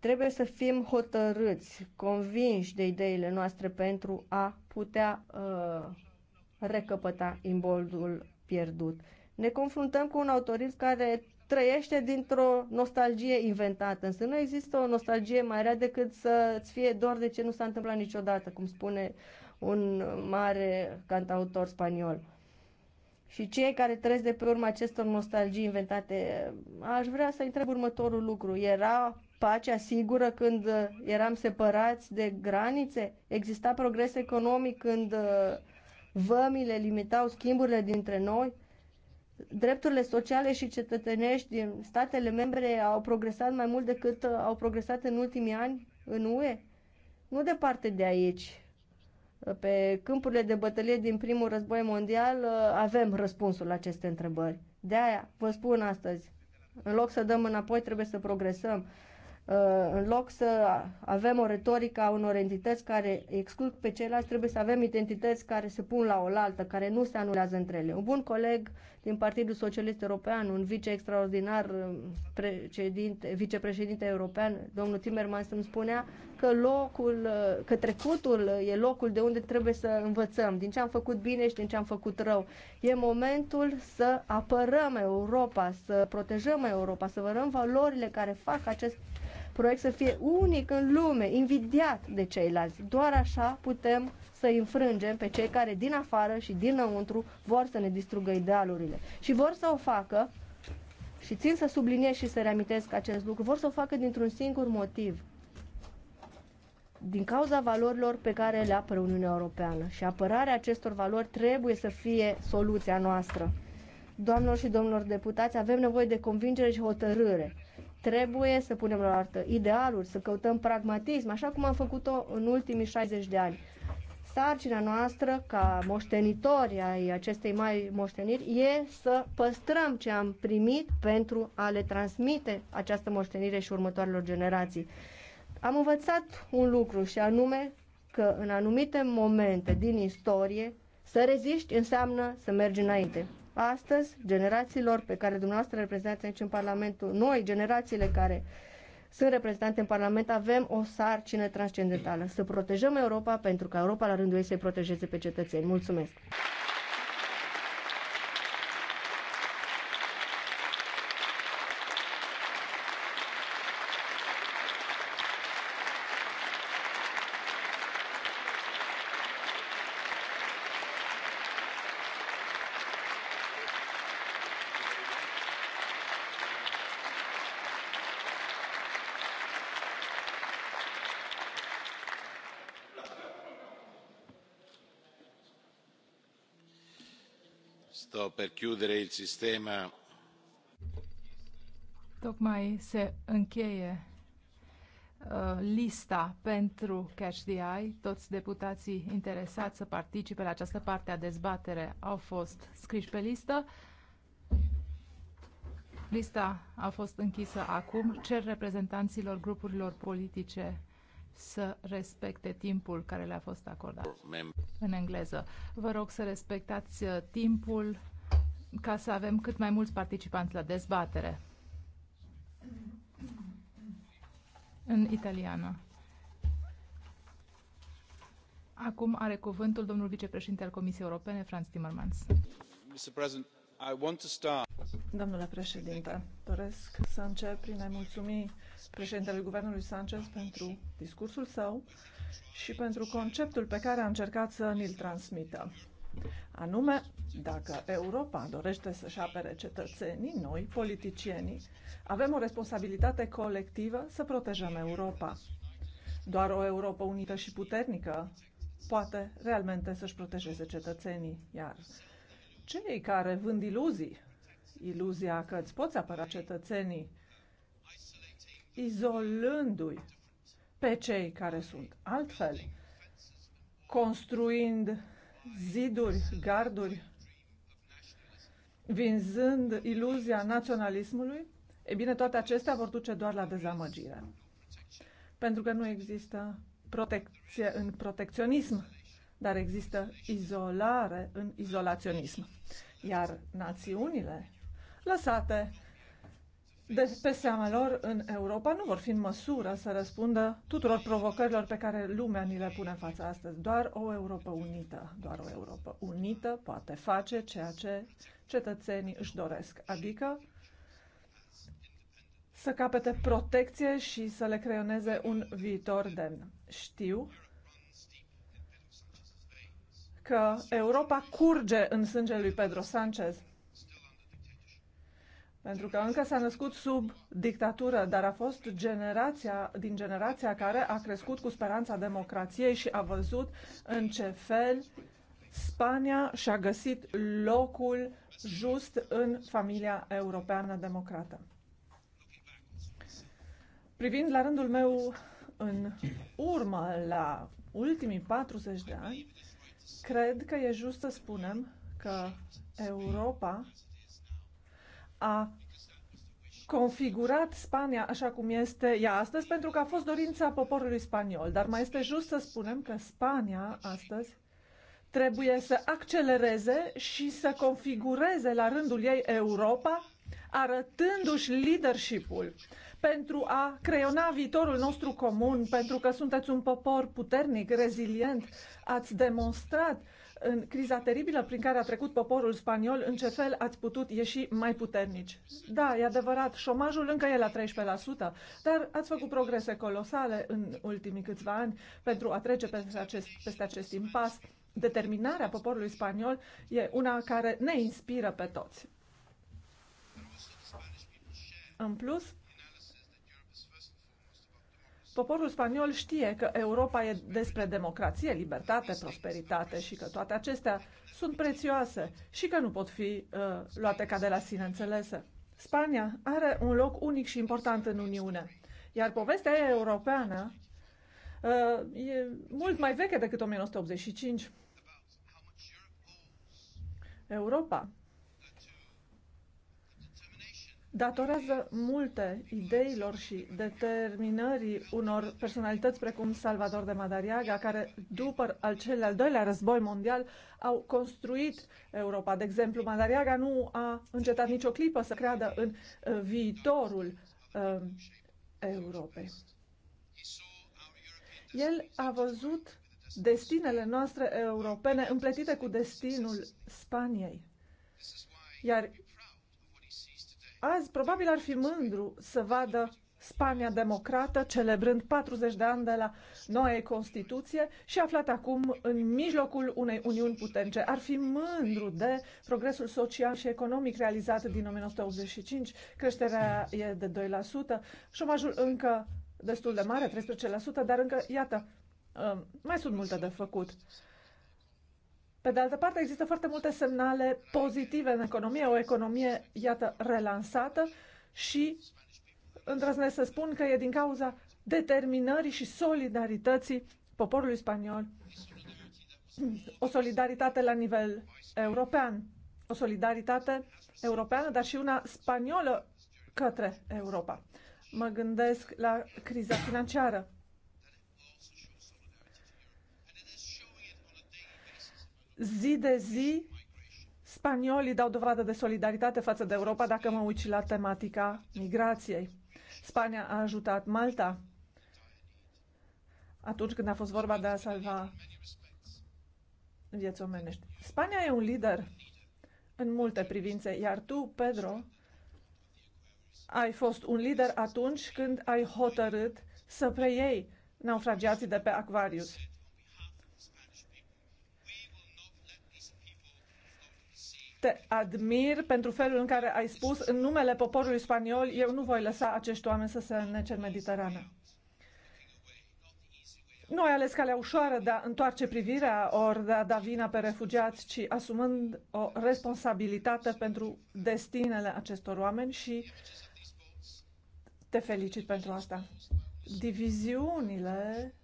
Trebuie să fim hotărâți, convinși de ideile noastre pentru a putea uh, recăpăta imboldul pierdut. Ne confruntăm cu un autorism care trăiește dintr-o nostalgie inventată, însă nu există o nostalgie mai rea decât să-ți fie doar de ce nu s-a întâmplat niciodată, cum spune un mare cantautor spaniol și cei care trăiesc de pe urma acestor nostalgii inventate, aș vrea să întreb următorul lucru. Era pacea sigură când uh, eram separați de granițe? Exista progres economic când uh, vămile limitau schimburile dintre noi? Drepturile sociale și cetățenești din statele membre au progresat mai mult decât uh, au progresat în ultimii ani în UE? Nu departe de aici pe câmpurile de bătălie din primul război mondial uh, avem răspunsul la aceste întrebări. De aia vă spun astăzi, în loc să dăm înapoi, trebuie să progresăm. Uh, în loc să avem o retorică a unor entități care exclud pe ceilalți, trebuie să avem identități care se pun la oaltă, care nu se anulează între ele. Un bun coleg din Partidul Socialist European, un vice extraordinar, um, precedinte, vicepreședinte european, domnul Timmermans îmi spunea că, locul, uh, că trecutul e locul de unde trebuie să învățăm, din ce am făcut bine și din ce am făcut rău. E momentul să apărăm Europa, să protejăm Europa, să vărăm valorile care fac acest proiect să fie unic în lume, invidiat de ceilalți. Doar așa putem să înfrângem pe cei care din afară și dinăuntru vor să ne distrugă idealurile. Și vor să o facă, și țin să subliniez și să reamintesc acest lucru, vor să o facă dintr-un singur motiv. Din cauza valorilor pe care le apără Uniunea Europeană. Și apărarea acestor valori trebuie să fie soluția noastră. Doamnelor și domnilor deputați, avem nevoie de convingere și hotărâre. Trebuie să punem la artă idealuri, să căutăm pragmatism, așa cum am făcut-o în ultimii 60 de ani. Sarcina noastră, ca moștenitori ai acestei mai moșteniri, e să păstrăm ce am primit pentru a le transmite această moștenire și următoarelor generații. Am învățat un lucru și anume că în anumite momente din istorie să reziști înseamnă să mergi înainte. Astăzi, generațiilor pe care dumneavoastră reprezentați aici în Parlamentul, noi, generațiile care sunt reprezentante în Parlament, avem o sarcină transcendentală, să protejăm Europa pentru ca Europa la rândul ei să protejeze pe cetățeni. Mulțumesc! per chiudere il sistema. Tocmai se încheie uh, lista pentru Catch the Eye. Toți deputații interesați să participe la această parte a dezbatere au fost scriși pe listă. Lista a fost închisă acum. Cer reprezentanților grupurilor politice să respecte timpul care le-a fost acordat. În engleză. Vă rog să respectați uh, timpul ca să avem cât mai mulți participanți la dezbatere. În italiană. Acum are cuvântul domnul vicepreședinte al Comisiei Europene, Franz Timmermans. Domnule președinte, doresc să încep prin a-i mulțumi președintelui Guvernului Sanchez pentru discursul său și pentru conceptul pe care a încercat să ni-l transmită. Anume, dacă Europa dorește să-și apere cetățenii, noi, politicienii, avem o responsabilitate colectivă să protejăm Europa. Doar o Europa unită și puternică poate realmente să-și protejeze cetățenii, iar cei care vând iluzii, iluzia că îți poți apăra cetățenii, izolându-i pe cei care sunt altfel, construind ziduri, garduri, vinzând iluzia naționalismului, e bine, toate acestea vor duce doar la dezamăgire. Pentru că nu există protecție în protecționism, dar există izolare în izolaționism. Iar națiunile lăsate de pe seama lor în Europa nu vor fi în măsură să răspundă tuturor provocărilor pe care lumea ni le pune în față astăzi. Doar o Europa unită, doar o Europa unită poate face ceea ce cetățenii își doresc, adică să capete protecție și să le creioneze un viitor demn. Știu că Europa curge în sângele lui Pedro Sanchez pentru că încă s-a născut sub dictatură, dar a fost generația, din generația care a crescut cu speranța democrației și a văzut în ce fel Spania și-a găsit locul just în familia europeană democrată. Privind la rândul meu în urmă la ultimii 40 de ani, cred că e just să spunem că Europa a configurat Spania așa cum este ea astăzi, pentru că a fost dorința poporului spaniol. Dar mai este just să spunem că Spania astăzi trebuie să accelereze și să configureze la rândul ei Europa, arătându-și leadership-ul pentru a creiona viitorul nostru comun, pentru că sunteți un popor puternic, rezilient, ați demonstrat uh, în criza teribilă prin care a trecut poporul spaniol, în ce fel ați putut ieși mai puternici? Da, e adevărat, șomajul încă e la 13%, dar ați făcut progrese colosale în ultimii câțiva ani pentru a trece peste acest, peste acest impas. Determinarea poporului spaniol e una care ne inspiră pe toți. În plus, Poporul spaniol știe că Europa e despre democrație, libertate, prosperitate și că toate acestea sunt prețioase și că nu pot fi uh, luate ca de la sine înțelese. Spania are un loc unic și important în Uniune, iar povestea ei europeană uh, e mult mai veche decât 1985. Europa datorează multe ideilor și determinării unor personalități precum Salvador de Madariaga, care după al cel al doilea război mondial au construit Europa. De exemplu, Madariaga nu a încetat nicio clipă să creadă în uh, viitorul uh, Europei. El a văzut destinele noastre europene împletite cu destinul Spaniei. Iar azi probabil ar fi mândru să vadă Spania democrată, celebrând 40 de ani de la noua Constituție și aflat acum în mijlocul unei uniuni puternice. Ar fi mândru de progresul social și economic realizat din 1985, creșterea e de 2%, șomajul încă destul de mare, 13%, dar încă, iată, uh, mai sunt multe de făcut. Pe de altă parte, există foarte multe semnale pozitive în economie, o economie, iată, relansată și îndrăznesc să spun că e din cauza determinării și solidarității poporului spaniol. O solidaritate la nivel european, o solidaritate europeană, dar și una spaniolă către Europa. Mă gândesc la criza financiară Zi de zi, spaniolii dau dovadă de solidaritate față de Europa dacă mă uit la tematica migrației. Spania a ajutat Malta atunci când a fost vorba de a salva vieți omenești. Spania e un lider în multe privințe, iar tu, Pedro, ai fost un lider atunci când ai hotărât să preiei naufragiații de pe Aquarius. te admir pentru felul în care ai spus în numele poporului spaniol, eu nu voi lăsa acești oameni să se înnece în Mediterană. Nu ai ales calea ușoară de a întoarce privirea ori de a da vina pe refugiați, ci asumând o responsabilitate pentru destinele acestor oameni și te felicit pentru asta. Diviziunile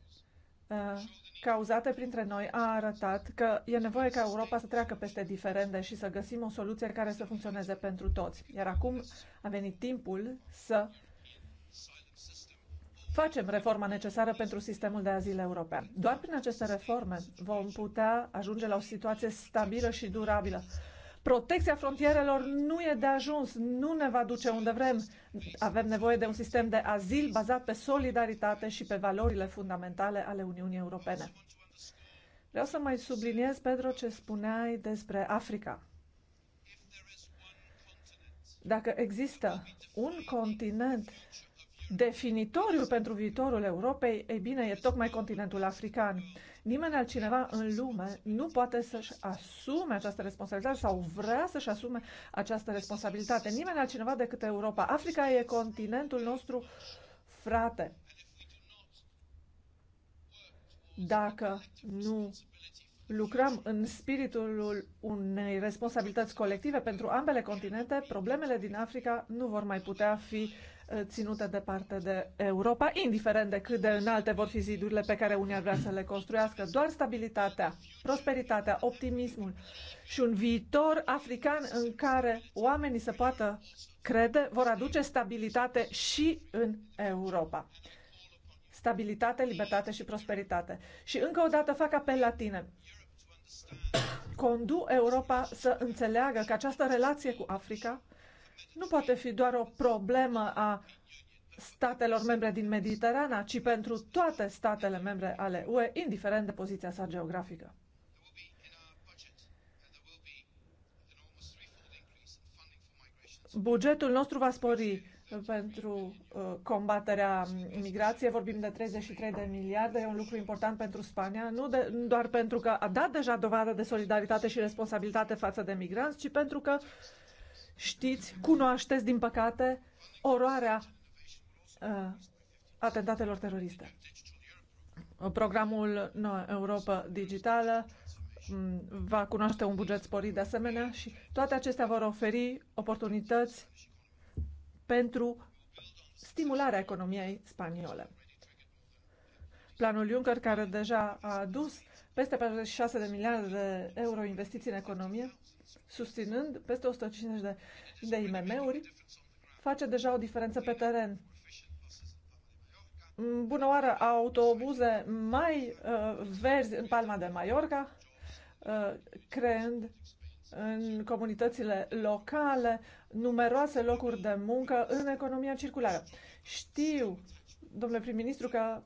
uh, cauzate printre noi a arătat că e nevoie ca Europa să treacă peste diferende și să găsim o soluție care să funcționeze pentru toți. Iar acum a venit timpul să facem reforma necesară pentru sistemul de azil european. Doar prin aceste reforme vom putea ajunge la o situație stabilă și durabilă Protecția frontierelor nu e de ajuns, nu ne va duce unde vrem. Avem nevoie de un sistem de azil bazat pe solidaritate și pe valorile fundamentale ale Uniunii Europene. Vreau să mai subliniez, Pedro, ce spuneai despre Africa. Dacă există un continent definitoriu pentru viitorul Europei, ei bine, e tocmai continentul african. Nimeni altcineva în lume nu poate să-și asume această responsabilitate sau vrea să-și asume această responsabilitate. Nimeni altcineva decât Europa. Africa e continentul nostru frate. Dacă nu lucrăm în spiritul unei responsabilități colective pentru ambele continente, problemele din Africa nu vor mai putea fi Eh, ținute departe de Europa, indiferent de cât de înalte vor fi zidurile pe care unii ar vrea să le construiască. Doar stabilitatea, prosperitatea, optimismul și un viitor african în care oamenii se poată crede vor aduce stabilitate și în Europa. Stabilitate, libertate și prosperitate. Și încă o dată fac apel la tine. Condu Europa să înțeleagă că această relație cu Africa nu poate fi doar o problemă a statelor membre din Mediterana, ci pentru toate statele membre ale UE, indiferent de poziția sa geografică. Bugetul nostru va spori pentru uh, combaterea migrației. Vorbim de 33 de miliarde, e un lucru important pentru Spania, nu, de, doar pentru că a dat deja dovadă de solidaritate și responsabilitate față de migranți, ci pentru că uh, Știți, cunoașteți, din păcate, oroarea uh, atentatelor teroriste. Programul Noua Europa Digitală mm, va cunoaște un buget sporit de asemenea și toate acestea vor oferi oportunități pentru stimularea economiei spaniole. Planul Juncker, care deja a adus peste 46 de miliarde de euro investiții în economie, susținând peste 150 de, de IMM-uri, face deja o diferență pe teren. Bună oară, autobuze mai uh, verzi în Palma de Mallorca, uh, creând în comunitățile locale numeroase locuri de muncă în economia circulară. Știu, domnule prim-ministru, că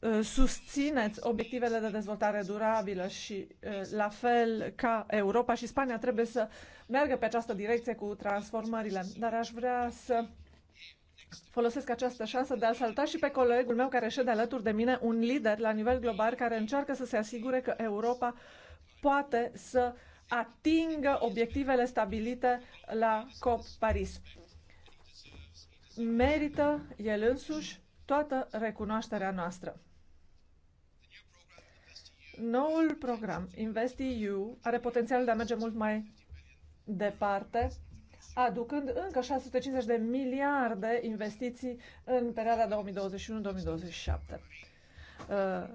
Uh, susțineți obiectivele de dezvoltare durabilă și uh, la fel ca Europa și Spania trebuie să meargă pe această direcție cu transformările. Dar aș vrea să folosesc această șansă de a salta și pe colegul meu care șede alături de mine, un lider la nivel global care încearcă să se asigure că Europa poate să atingă obiectivele stabilite la COP Paris. Merită el însuși toată recunoașterea noastră. Noul program InvestEU are potențial de a merge mult mai departe, aducând încă 650 de miliarde investiții în perioada 2021-2027. Uh,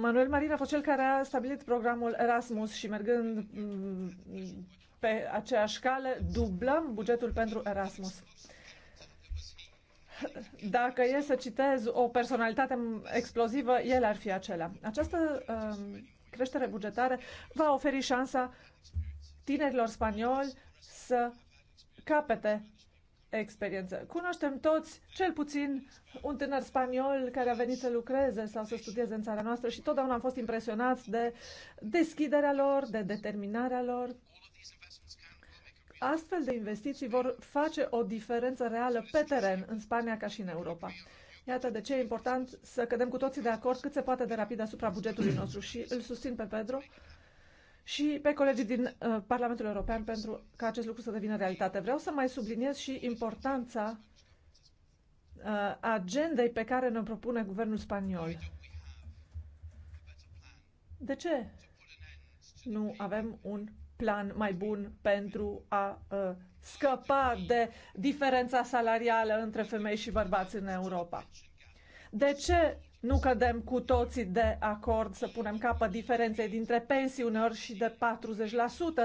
Manuel Marin a fost cel care a stabilit programul Erasmus și mergând mm, pe aceeași cale, dublăm bugetul pentru Erasmus dacă e să citez o personalitate explozivă, el ar fi acela. Această uh, creștere bugetară va oferi șansa tinerilor spanioli să capete experiență. Cunoaștem toți, cel puțin, un tânăr spaniol care a venit să lucreze sau să studieze în țara noastră și totdeauna am fost impresionați de deschiderea lor, de determinarea lor astfel de investiții vor face o diferență reală pe teren, în Spania ca și în Europa. Iată de ce e important să cădem cu toții de acord cât se poate de rapid asupra bugetului nostru și îl susțin pe Pedro și pe colegii din uh, Parlamentul European pentru ca acest lucru să devină realitate. Vreau să mai subliniez și importanța uh, agendei pe care ne propune guvernul spaniol. De ce nu avem un plan mai bun pentru a uh, scăpa de diferența salarială între femei și bărbați în Europa. De ce nu cădem cu toții de acord să punem capăt diferenței dintre pensii uneori și de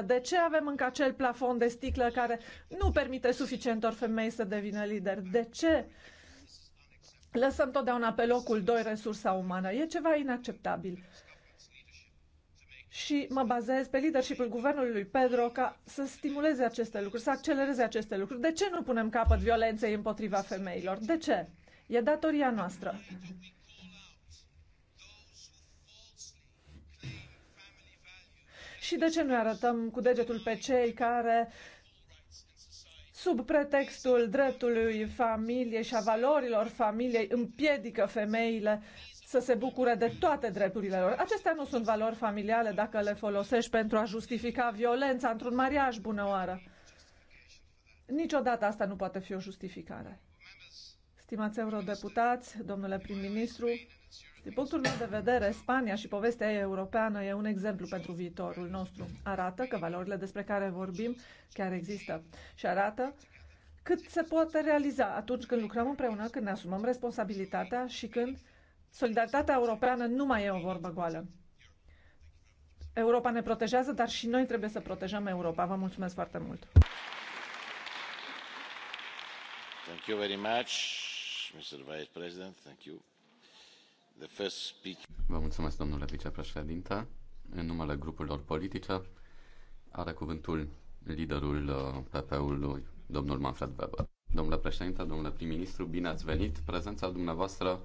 40%? De ce avem încă acel plafon de sticlă care nu permite suficientor femei să devină lideri? De ce lăsăm totdeauna pe locul doi resursa umană? E ceva inacceptabil și mă bazez pe leadershipul guvernului lui Pedro ca să stimuleze aceste lucruri, să accelereze aceste lucruri. De ce nu punem capăt violenței împotriva femeilor? De ce? E datoria noastră. Și de ce nu arătăm cu degetul pe cei care, sub pretextul dreptului familiei și a valorilor familiei, împiedică femeile să se bucure de toate drepturile lor. Acestea nu sunt valori familiale dacă le folosești pentru a justifica violența într-un mariaj, bună oară. Niciodată asta nu poate fi o justificare. Stimați eurodeputați, domnule prim-ministru, din punctul meu de vedere, Spania și povestea ei europeană e un exemplu pentru viitorul nostru. Arată că valorile despre care vorbim chiar există și arată cât se poate realiza atunci când lucrăm împreună, când ne asumăm responsabilitatea și când Solidaritatea europeană nu mai e o vorbă goală. Europa ne protejează, dar și noi trebuie să protejăm Europa. Vă mulțumesc foarte mult! Thank you very much, Mr. Vice President. Thank you. The first speech... Vă mulțumesc, domnule vicepreședinte. În numele grupurilor politice are cuvântul liderul uh, PP-ului, domnul Manfred Weber. Domnule președinte, domnule prim-ministru, bine ați venit. Prezența dumneavoastră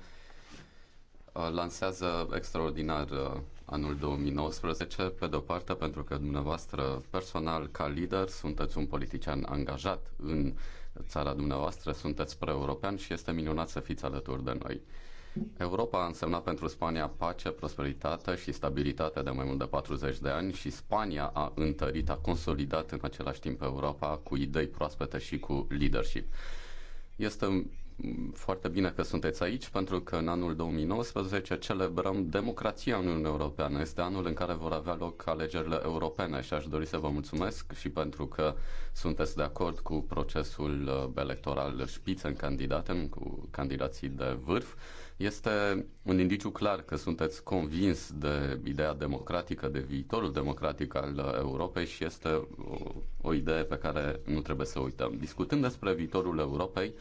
lansează extraordinar uh, anul 2019, pe de-o parte pentru că dumneavoastră personal, ca lider, sunteți un politician angajat în țara dumneavoastră, sunteți pre-european și este minunat să fiți alături de noi. Europa a însemnat pentru Spania pace, prosperitate și stabilitate de mai mult de 40 de ani și Spania a întărit, a consolidat în același timp Europa cu idei proaspete și cu leadership. Este foarte bine că sunteți aici, pentru că în anul 2019 celebrăm democrația în Uniunea Europeană. Este anul în care vor avea loc alegerile europene și aș dori să vă mulțumesc și pentru că sunteți de acord cu procesul uh, electoral șpiță în candidate, cu candidații de vârf. Este un indiciu clar că sunteți convins de ideea democratică, de viitorul democratic al uh, Europei și este o, o idee pe care nu trebuie să o uităm. Discutând despre viitorul Europei,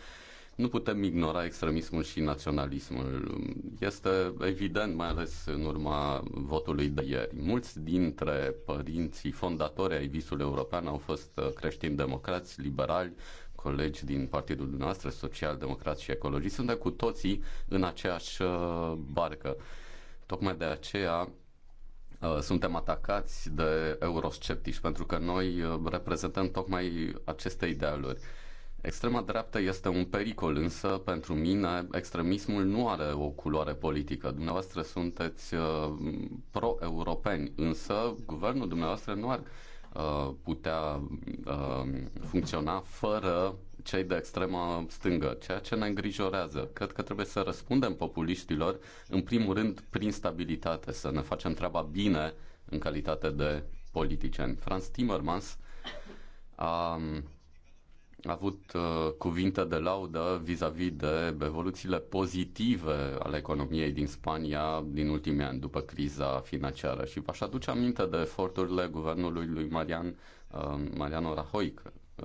nu putem ignora extremismul și naționalismul. Este evident, mai ales în urma votului de ieri. Mulți dintre părinții fondatori ai visului european au fost uh, creștini democrați, liberali, colegi din partidul dumneavoastră, social-democrați și ecologii. Suntem cu toții în aceeași uh, barcă. Tocmai de aceea uh, suntem atacați de eurosceptici, pentru că noi reprezentăm tocmai aceste idealuri. Extrema dreaptă este un pericol, însă pentru mine extremismul nu are o culoare politică. Dumneavoastră sunteți uh, pro-europeni, însă guvernul dumneavoastră nu ar uh, putea uh, funcționa fără cei de extrema stângă, ceea ce ne îngrijorează. Cred că trebuie să răspundem populiștilor, în primul rând, prin stabilitate, să ne facem treaba bine în calitate de politicieni. Franz Timmermans a a avut uh, cuvinte de laudă vis-a-vis -vis de evoluțiile pozitive ale economiei din Spania din ultimii ani după criza financiară și v-aș aduce aminte de eforturile guvernului lui Marian, uh, Mariano Rajoy,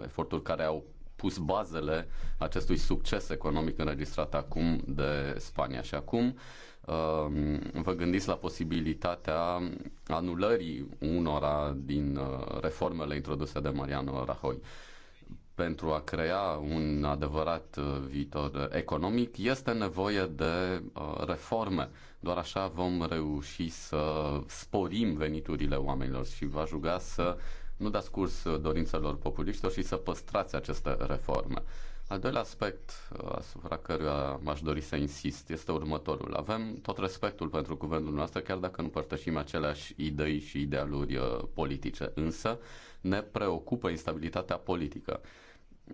eforturi care au pus bazele acestui succes economic înregistrat acum de Spania. Și acum uh, vă gândiți la posibilitatea anulării unora din uh, reformele introduse de Mariano Rajoy pentru a crea un adevărat uh, viitor economic, este nevoie de uh, reforme. Doar așa vom reuși să sporim veniturile oamenilor și vă aș să nu dați curs dorințelor populiștilor și să păstrați aceste reforme. Al doilea aspect uh, asupra căruia m-aș dori să insist este următorul. Avem tot respectul pentru guvernul nostru, chiar dacă nu părtășim aceleași idei și idealuri uh, politice, însă ne preocupă instabilitatea politică.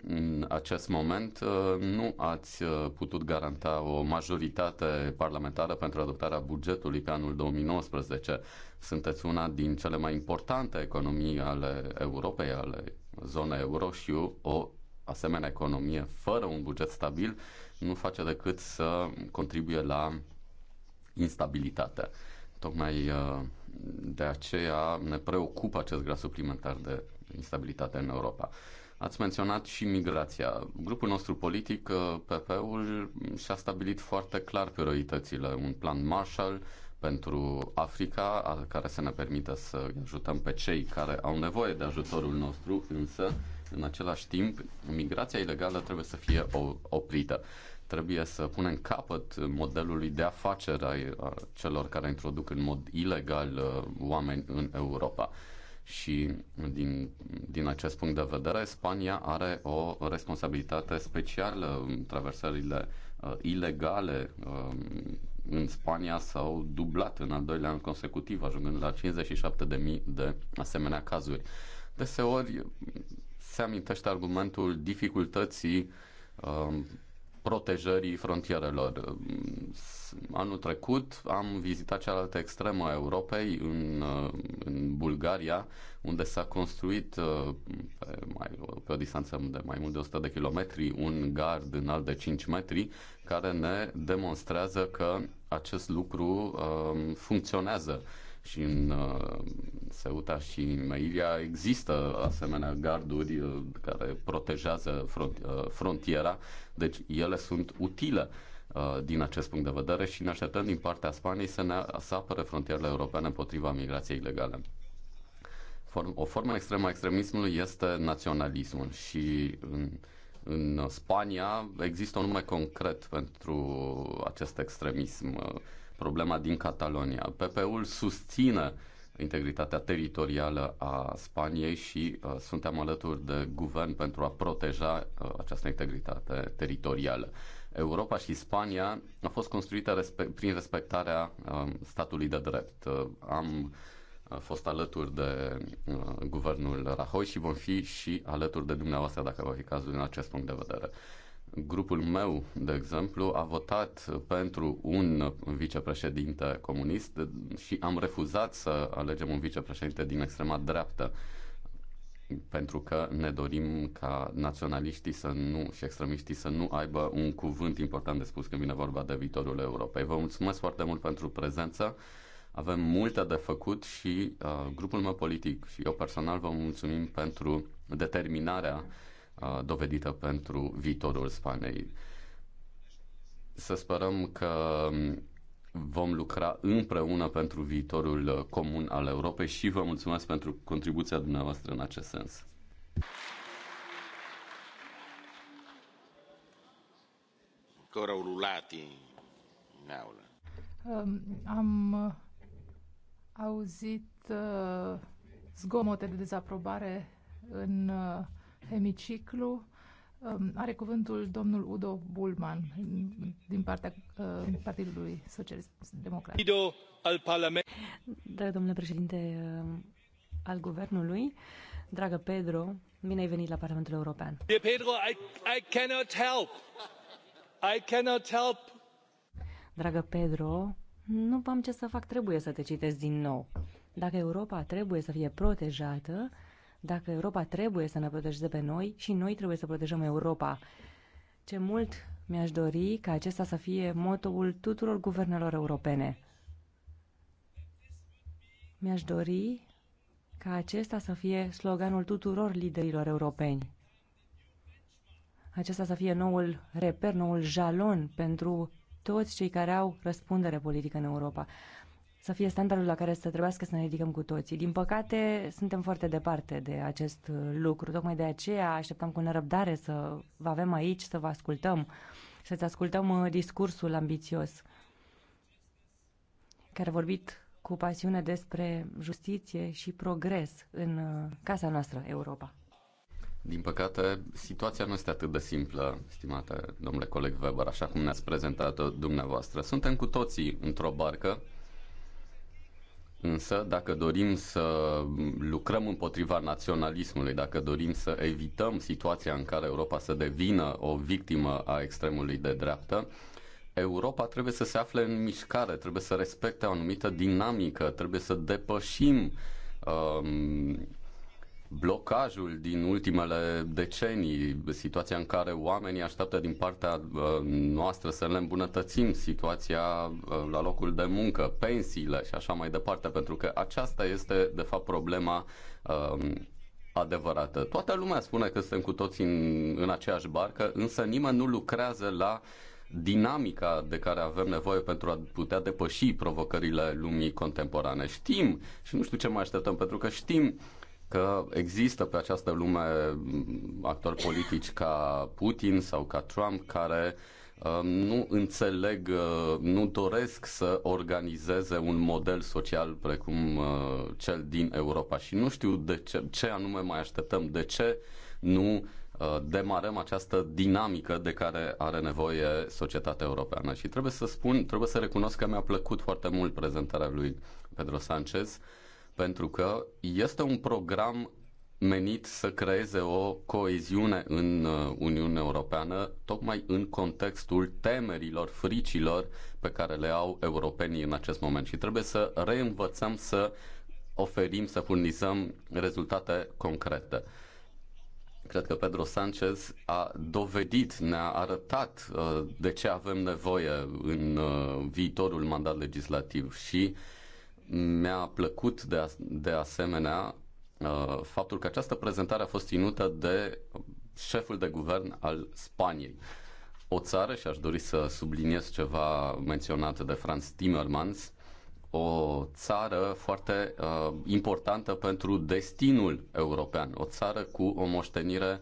În acest moment uh, nu ați putut garanta o majoritate parlamentară pentru adoptarea bugetului pe anul 2019. Sunteți una din cele mai importante economii ale Europei, ale zonei euro și o asemenea economie fără un buget stabil nu face decât să contribuie la instabilitate. Tocmai uh, de aceea ne preocupă acest grad suplimentar de instabilitate în Europa. Ați menționat și migrația. Grupul nostru politic, uh, PP-ul, și-a stabilit foarte clar prioritățile. Un plan Marshall pentru Africa, care să ne permită să ajutăm pe cei care au nevoie de ajutorul nostru, însă în același timp, migrația ilegală trebuie să fie oprită. Trebuie să punem capăt modelului de afacere a celor care introduc în mod ilegal uh, oameni în Europa și din, din acest punct de vedere, Spania are o responsabilitate specială în traversările uh, ilegale uh, în Spania s-au dublat în al doilea an consecutiv, ajungând la 57.000 de asemenea cazuri. Deseori se amintește argumentul dificultății um, protejării frontierelor. Um, anul trecut am vizitat cealaltă extremă a Europei, în, uh, în Bulgaria, unde s-a construit uh, pe, mai, pe o distanță de mai mult de 100 de kilometri un gard înalt de 5 metri, care ne demonstrează că acest lucru um, funcționează și în uh, Ceuta și în Meilia există asemenea garduri uh, care protejează uh, frontiera, deci ele sunt utile din acest punct de vedere și ne așteptăm din partea Spaniei să, ne, să apere frontierele europene împotriva migrației ilegale. o formă extremă a extremismului este naționalismul și în, în Spania există un nume concret pentru acest extremism problema din Catalonia. PP-ul susține integritatea teritorială a Spaniei și uh, suntem alături de guvern pentru a proteja uh, această integritate teritorială. Europa și Spania a fost construită respe- prin respectarea uh, statului de drept. Uh, am a uh, fost alături de uh, guvernul Rahoi și vom fi și alături de dumneavoastră dacă va fi cazul din acest punct de vedere. Grupul meu, de exemplu, a votat pentru un vicepreședinte comunist și am refuzat să alegem un vicepreședinte din extrema dreaptă pentru că ne dorim ca naționaliștii să nu și extremiștii să nu aibă un cuvânt important de spus când vine vorba de viitorul Europei. Vă mulțumesc foarte mult pentru prezență. Avem multe de făcut și uh, grupul meu politic și eu personal vă mulțumim pentru determinarea Uh, dovedită pentru viitorul Spaniei. Să sperăm că um, vom lucra împreună pentru viitorul uh, comun al Europei și vă mulțumesc pentru contribuția dumneavoastră în acest sens. Ancora urlati în aula. Um, am uh, auzit zgomote de dezaprobare în hemiciclu. Um, are cuvântul domnul Udo Bulman din partea uh, Partidului Socialist Democrat. Udo al Parlamentului. Dragă domnule președinte uh, al Guvernului, dragă Pedro, bine ai venit la Parlamentul European. Dear Pedro, I, I cannot help. I cannot help. Dragă Pedro, nu am ce să fac, trebuie să te citesc din nou. Dacă Europa trebuie să fie protejată, dacă Europa trebuie să ne protejeze pe noi și noi trebuie să protejăm Europa. Ce mult mi-aș dori ca acesta să fie motoul tuturor guvernelor europene. Mi-aș dori ca acesta să fie sloganul tuturor liderilor europeni. Acesta să fie noul reper, noul jalon pentru toți cei care au răspundere politică în Europa să fie standardul la care să trebuiască să ne ridicăm cu toții. Din păcate, suntem foarte departe de acest uh, lucru. Tocmai de aceea așteptam cu nerăbdare să vă avem aici, să vă ascultăm, să-ți ascultăm uh, discursul ambițios care a vorbit cu pasiune despre justiție și progres în uh, casa noastră, Europa. Din păcate, situația nu este atât de simplă, stimate domnule coleg Weber, așa cum ne-ați prezentat-o dumneavoastră. Suntem cu toții într-o barcă, Însă, dacă dorim să lucrăm împotriva naționalismului, dacă dorim să evităm situația în care Europa să devină o victimă a extremului de dreaptă, Europa trebuie să se afle în mișcare, trebuie să respecte o anumită dinamică, trebuie să depășim um, blocajul din ultimele decenii, situația în care oamenii așteaptă din partea uh, noastră să le îmbunătățim situația uh, la locul de muncă, pensiile și așa mai departe, pentru că aceasta este, de fapt, problema um, adevărată. Toată lumea spune că suntem cu toții în, în aceeași barcă, însă nimeni nu lucrează la dinamica de care avem nevoie pentru a putea depăși provocările lumii contemporane. Știm și nu știu ce mai așteptăm, pentru că știm uh, că există pe această lume mm, actori politici ca Putin sau ca Trump care um, nu înțeleg, uh, nu doresc să organizeze un model social precum uh, cel din Europa și nu știu de ce, ce anume mai așteptăm, de ce nu uh, demarăm această dinamică de care are nevoie societatea europeană. Și trebuie să spun, trebuie să recunosc că mi-a plăcut foarte mult prezentarea lui Pedro Sanchez pentru că este un program menit să creeze o coeziune în uh, Uniunea Europeană, tocmai în contextul temerilor, fricilor pe care le au europenii în acest moment. Și trebuie să reînvățăm să oferim, să furnizăm rezultate concrete. Cred că Pedro Sanchez a dovedit, ne-a arătat uh, de ce avem nevoie în uh, viitorul mandat legislativ și uh, mi-a plăcut de, de asemenea uh, faptul că această prezentare a fost ținută de șeful de guvern al Spaniei. O țară, și aș dori să subliniez ceva menționat de Franz Timmermans, o țară foarte uh, importantă pentru destinul european, o țară cu o moștenire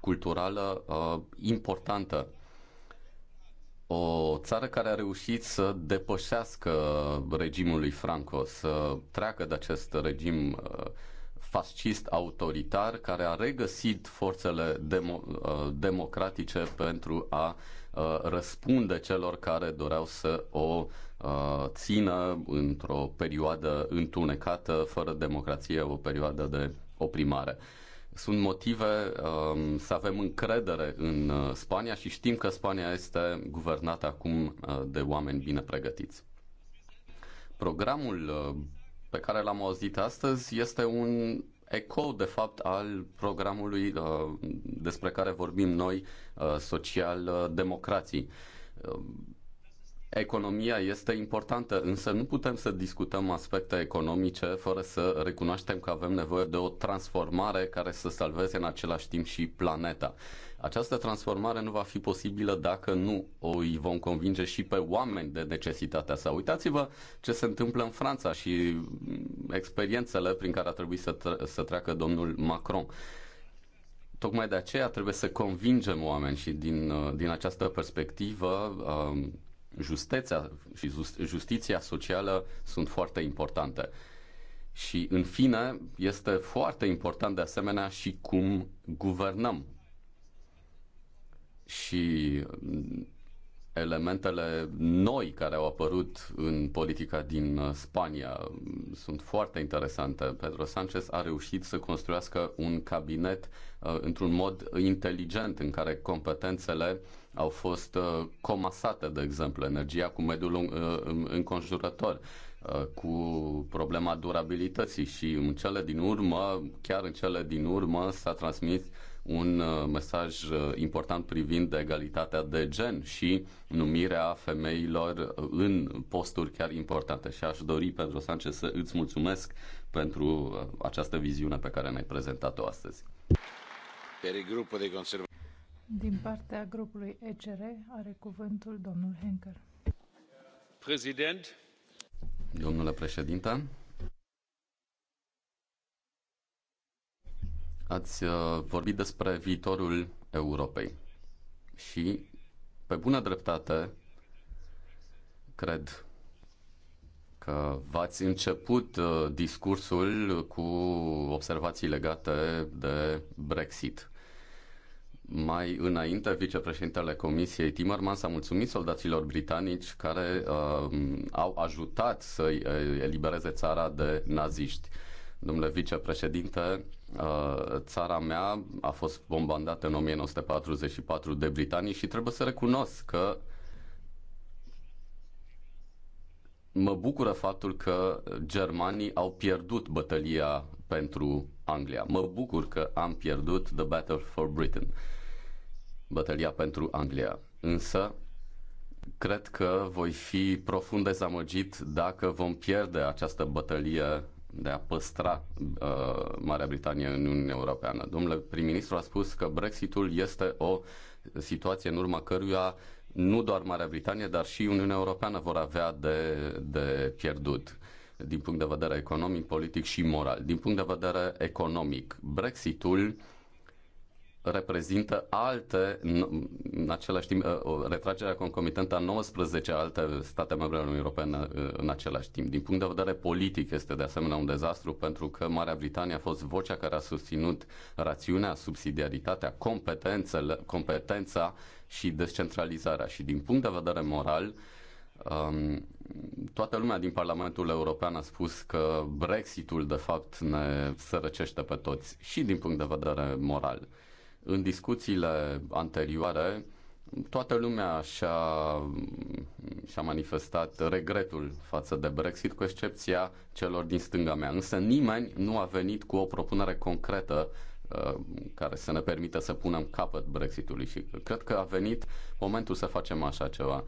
culturală uh, importantă o țară care a reușit să depășească regimul lui Franco, să treacă de acest regim uh, fascist autoritar care a regăsit forțele demo- uh, democratice pentru a uh, răspunde celor care doreau să o țină într-o perioadă întunecată, fără democrație, o perioadă de oprimare sunt motive um, să avem încredere în uh, Spania și știm că Spania este guvernată acum uh, de oameni bine pregătiți. Programul uh, pe care l-am auzit astăzi este un eco, de fapt, al programului uh, despre care vorbim noi, uh, social-democrații. Uh, Economia este importantă, însă nu putem să discutăm aspecte economice fără să recunoaștem că avem nevoie de o transformare care să salveze în același timp și planeta. Această transformare nu va fi posibilă dacă nu o îi vom convinge și pe oameni de necesitatea sa. Uitați-vă ce se întâmplă în Franța și mm, experiențele prin care a trebuit să, tre- să treacă domnul Macron. Tocmai de aceea trebuie să convingem oameni și din, din această perspectivă um, justeția și justiția socială sunt foarte importante. Și, în fine, este foarte important de asemenea și cum guvernăm. Și mm, elementele noi care au apărut în politica din uh, Spania mm, sunt foarte interesante. Pedro Sanchez a reușit să construiască un cabinet uh, într-un mod inteligent în care competențele uh, au fost uh, comasate, de exemplu, energia cu mediul uh, înconjurător, uh, cu problema durabilității și în cele din urmă, chiar în cele din urmă s-a transmis un mesaj important privind egalitatea de gen și numirea femeilor în posturi chiar importante. Și aș dori, Pedro Sanchez, să îți mulțumesc pentru această viziune pe care ne-ai prezentat-o astăzi. Per grupul de conservatori. Din partea grupului ECR are cuvântul domnul Henker. Prezident. Domnule președinte, ați uh, vorbit despre viitorul Europei și, pe bună dreptate, cred că v-ați început uh, discursul cu observații legate de Brexit mai înainte, vicepreședintele Comisiei Timmermans a mulțumit soldaților britanici care uh, au ajutat să uh, elibereze țara de naziști. Domnule vicepreședinte, uh, țara mea a fost bombardată în 1944 de britanii și trebuie să recunosc că mă bucură faptul că germanii au pierdut bătălia pentru Anglia. Mă bucur că am pierdut The Battle for Britain bătălia pentru Anglia. Însă, cred că voi fi profund dezamăgit dacă vom pierde această bătălie de a păstra uh, Marea Britanie în Uniunea Europeană. Domnule prim-ministru a spus că Brexitul este o situație în urma căruia nu doar Marea Britanie, dar și Uniunea Europeană vor avea de, de pierdut din punct de vedere economic, politic și moral. Din punct de vedere economic, Brexitul uh, reprezintă alte, în același timp, uh, retragerea concomitentă a 19 alte state membre ale Uniunii Europene uh, în același timp. Din punct de vedere politic este de asemenea un dezastru pentru că Marea Britanie a fost vocea care a susținut rațiunea, subsidiaritatea, competențele, competența și descentralizarea. Și din punct de vedere moral, Um, toată lumea din Parlamentul European a spus că Brexitul de fapt ne sărăcește pe toți și din punct de vedere moral. Uh, în discuțiile anterioare, toată lumea și-a, și-a manifestat regretul față de Brexit, cu excepția celor din stânga mea. Însă nimeni nu a venit cu o propunere concretă uh, care să ne permită să punem capăt Brexitului și cred că a venit momentul să facem așa ceva.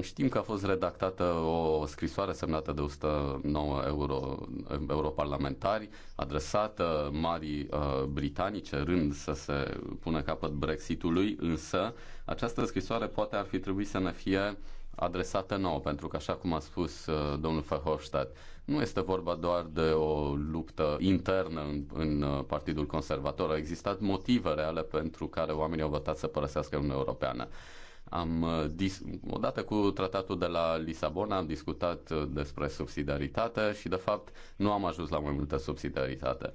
Știm că a fost redactată o scrisoare semnată de 109 euro, europarlamentari adresată Marii uh, Britanii cerând să se pună capăt Brexitului, însă această scrisoare poate ar fi trebuit să ne fie adresată nouă, pentru că, așa cum a spus uh, domnul Verhofstadt, nu este vorba doar de o luptă internă în, în uh, Partidul Conservator. Au existat motive reale pentru care oamenii au votat să părăsească Uniunea Europeană. Am, uh, odată cu tratatul de la Lisabona am discutat uh, despre subsidiaritate și, de fapt, nu am ajuns la mai multă subsidiaritate.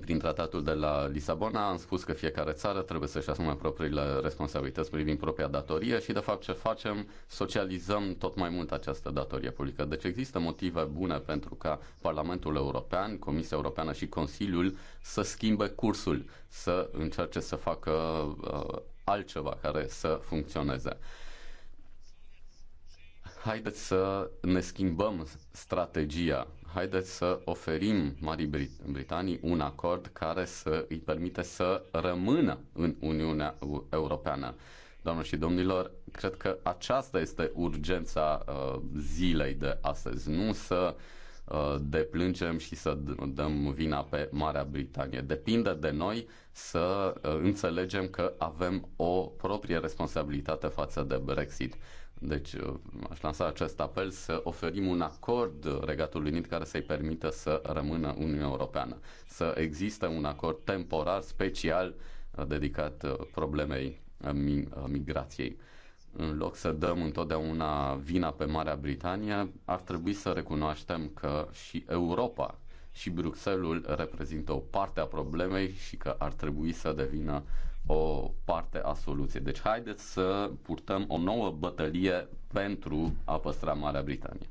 Prin tratatul de la Lisabona am spus că fiecare țară trebuie să-și asume propriile responsabilități privind propria datorie și, de fapt, ce facem? Socializăm tot mai mult această datorie publică. Deci există motive bune pentru ca Parlamentul European, Comisia Europeană și Consiliul să schimbe cursul, să încerce să facă uh, altceva care să funcționeze. Haideți să ne schimbăm strategia, haideți să oferim Marii Brit- Britanii un acord care să îi permite să rămână în Uniunea Europeană. Doamne și domnilor, cred că aceasta este urgența uh, zilei de astăzi, nu să uh, Uh, deplângem și să dăm vina pe Marea Britanie. Depinde de noi să uh, înțelegem că avem o proprie responsabilitate față de Brexit. Deci uh, aș lansa acest apel să oferim un acord Regatului Unit care să-i permită să rămână Uniunea Europeană. Să existe un acord temporar, special, dedicat problemei migrației în loc să dăm întotdeauna vina pe Marea Britanie, ar trebui să recunoaștem că și Europa și Bruxelles reprezintă o parte a problemei și că ar trebui să devină o parte a soluției. Deci haideți să purtăm o nouă bătălie pentru a păstra Marea Britanie.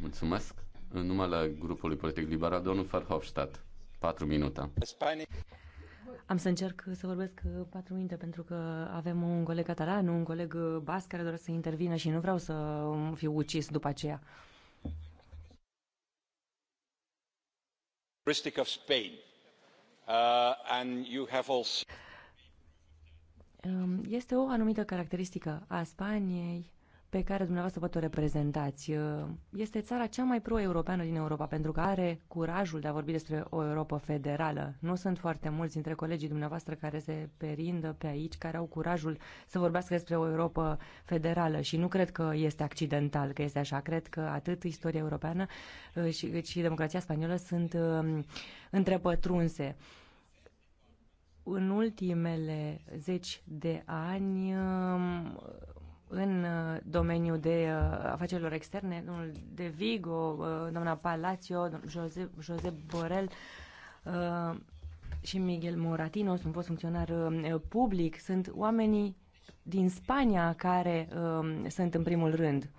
Mulțumesc. În numele grupului politic liberal, domnul Verhofstadt. 4 minute. Am să încerc să vorbesc uh, patru minute pentru că avem un coleg catalan, un coleg uh, bas care doresc să intervină și nu vreau să um, fiu ucis după aceea. Of Spain. Uh, and you have also... Um, este o anumită caracteristică a Spaniei pe care dumneavoastră vă o reprezentați este țara cea mai pro-europeană din Europa, pentru că are curajul de a vorbi despre o Europa federală. Nu sunt foarte mulți dintre colegii dumneavoastră care se perindă pe aici, care au curajul să vorbească despre o Europa federală și nu cred că este accidental că este așa. Cred că atât istoria europeană uh, și, și democrația spaniolă sunt um, întrepătrunse în ultimele zeci de ani um, în uh, domeniul de uh, afacerilor externe, domnul De Vigo, uh, doamna Palacio, Jose, Jose Borel și Miguel Moratino, sunt fost funcționar public, sunt oamenii din Spania care um, sunt în primul rând.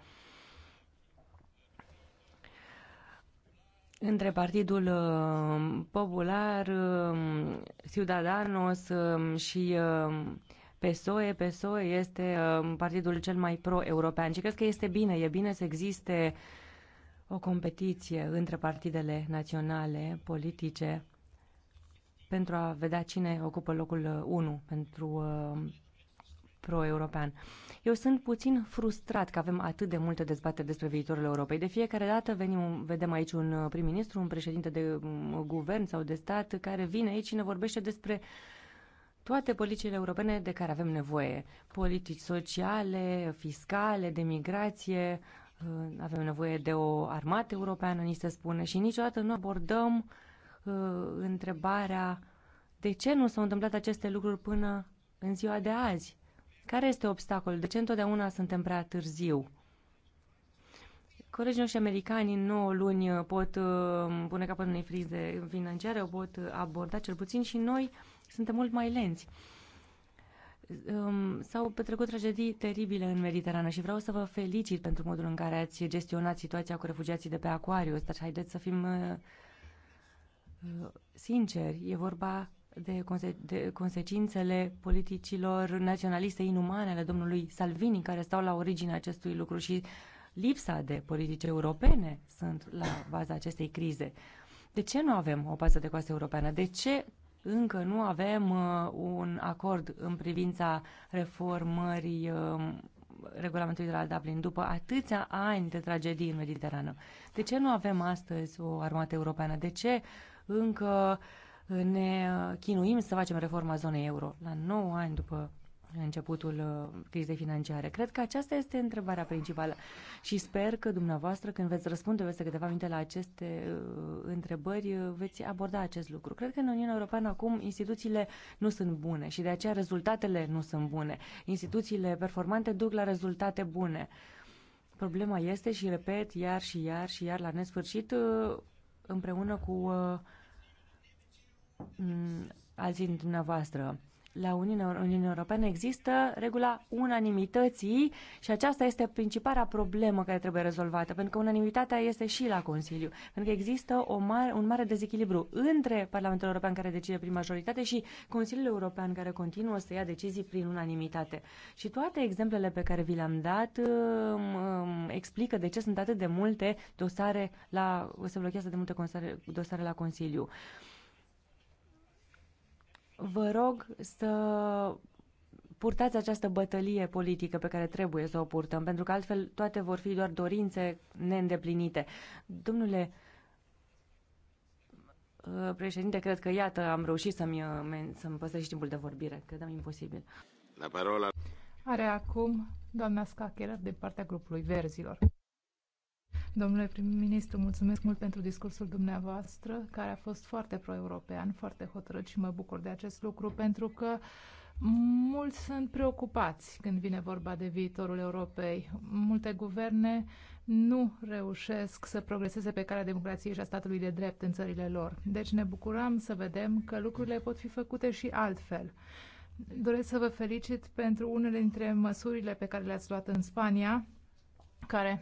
între Partidul um, Popular, um, Ciudadanos și PSOE. PSOE este um, partidul cel mai pro-european și cred că este bine. E bine să existe o competiție între partidele naționale, politice, pentru a vedea cine ocupă locul 1 uh, pentru uh, pro-european. Eu sunt puțin frustrat că avem atât de multe dezbateri despre viitorul Europei. De fiecare dată venim, vedem aici un uh, prim-ministru, un președinte de um, guvern sau de stat care vine aici și ne vorbește despre uh, toate politicile europene de care avem nevoie. Politici sociale, fiscale, de migrație, uh, avem nevoie de o armată europeană, ni se spune, și niciodată nu abordăm uh, întrebarea de ce nu s-au întâmplat aceste lucruri până în ziua de azi. Care este obstacolul? De ce întotdeauna suntem prea târziu? Colegii noștri americani în 9 luni pot uh, pune capăt unei frize financiare, o pot aborda cel puțin și noi uh, suntem mult mai lenți. Um, s-au petrecut tragedii teribile în Mediterană și vreau să vă felicit pentru modul în care ați gestionat situația cu refugiații de pe Aquarius, dar haideți să fim uh, uh, sinceri, e vorba de, conse- de consecințele politicilor naționaliste inumane ale domnului Salvini, care stau la originea acestui lucru și lipsa de politici europene sunt la baza acestei crize. De ce nu avem o bază de coastă europeană? De ce încă nu avem uh, un acord în privința reformării um, regulamentului de la Dublin după atâția ani de tragedii în Mediterană. De ce nu avem astăzi o armată europeană? De ce încă ne chinuim să facem reforma zonei euro la 9 ani după începutul uh, crizei financiare. Cred că aceasta este întrebarea principală și sper că dumneavoastră, când veți răspunde peste câteva minute la aceste uh, întrebări, uh, veți aborda acest lucru. Cred că în Uniunea Europeană acum instituțiile nu sunt bune și de aceea rezultatele nu sunt bune. Instituțiile performante duc la rezultate bune. Problema este și repet iar și iar și iar la nesfârșit împreună cu alții dintre dumneavoastră la Uniunea, Europeană există regula unanimității și aceasta este principala problemă care trebuie rezolvată, pentru că unanimitatea este și la Consiliu, pentru că există o mare, un mare dezechilibru între Parlamentul European care decide prin majoritate și Consiliul European care continuă să ia decizii prin unanimitate. Și toate exemplele pe care vi le-am dat um, um explică de ce sunt atât de multe dosare la, se blochează de multe dosare la Consiliu. Uh, Vă rog să purtați această bătălie politică pe care trebuie să o purtăm, pentru că altfel toate vor fi doar dorințe neîndeplinite. Domnule uh, președinte, cred că iată, am reușit să-mi, uh, să-mi păstrez timpul de vorbire. Credeam imposibil. La parola. Are acum doamna Scacher din partea grupului Verzilor. Domnule prim-ministru, mulțumesc mult pentru discursul dumneavoastră, care a fost foarte pro-european, foarte hotărât și mă bucur de acest lucru, pentru că mulți sunt preocupați când vine vorba de viitorul Europei. Multe guverne nu reușesc să progreseze pe calea democrației și a statului de drept în țările lor. Deci ne bucurăm să vedem că lucrurile pot fi făcute și altfel. Doresc să vă felicit pentru unele dintre măsurile pe care le-ați luat în Spania, care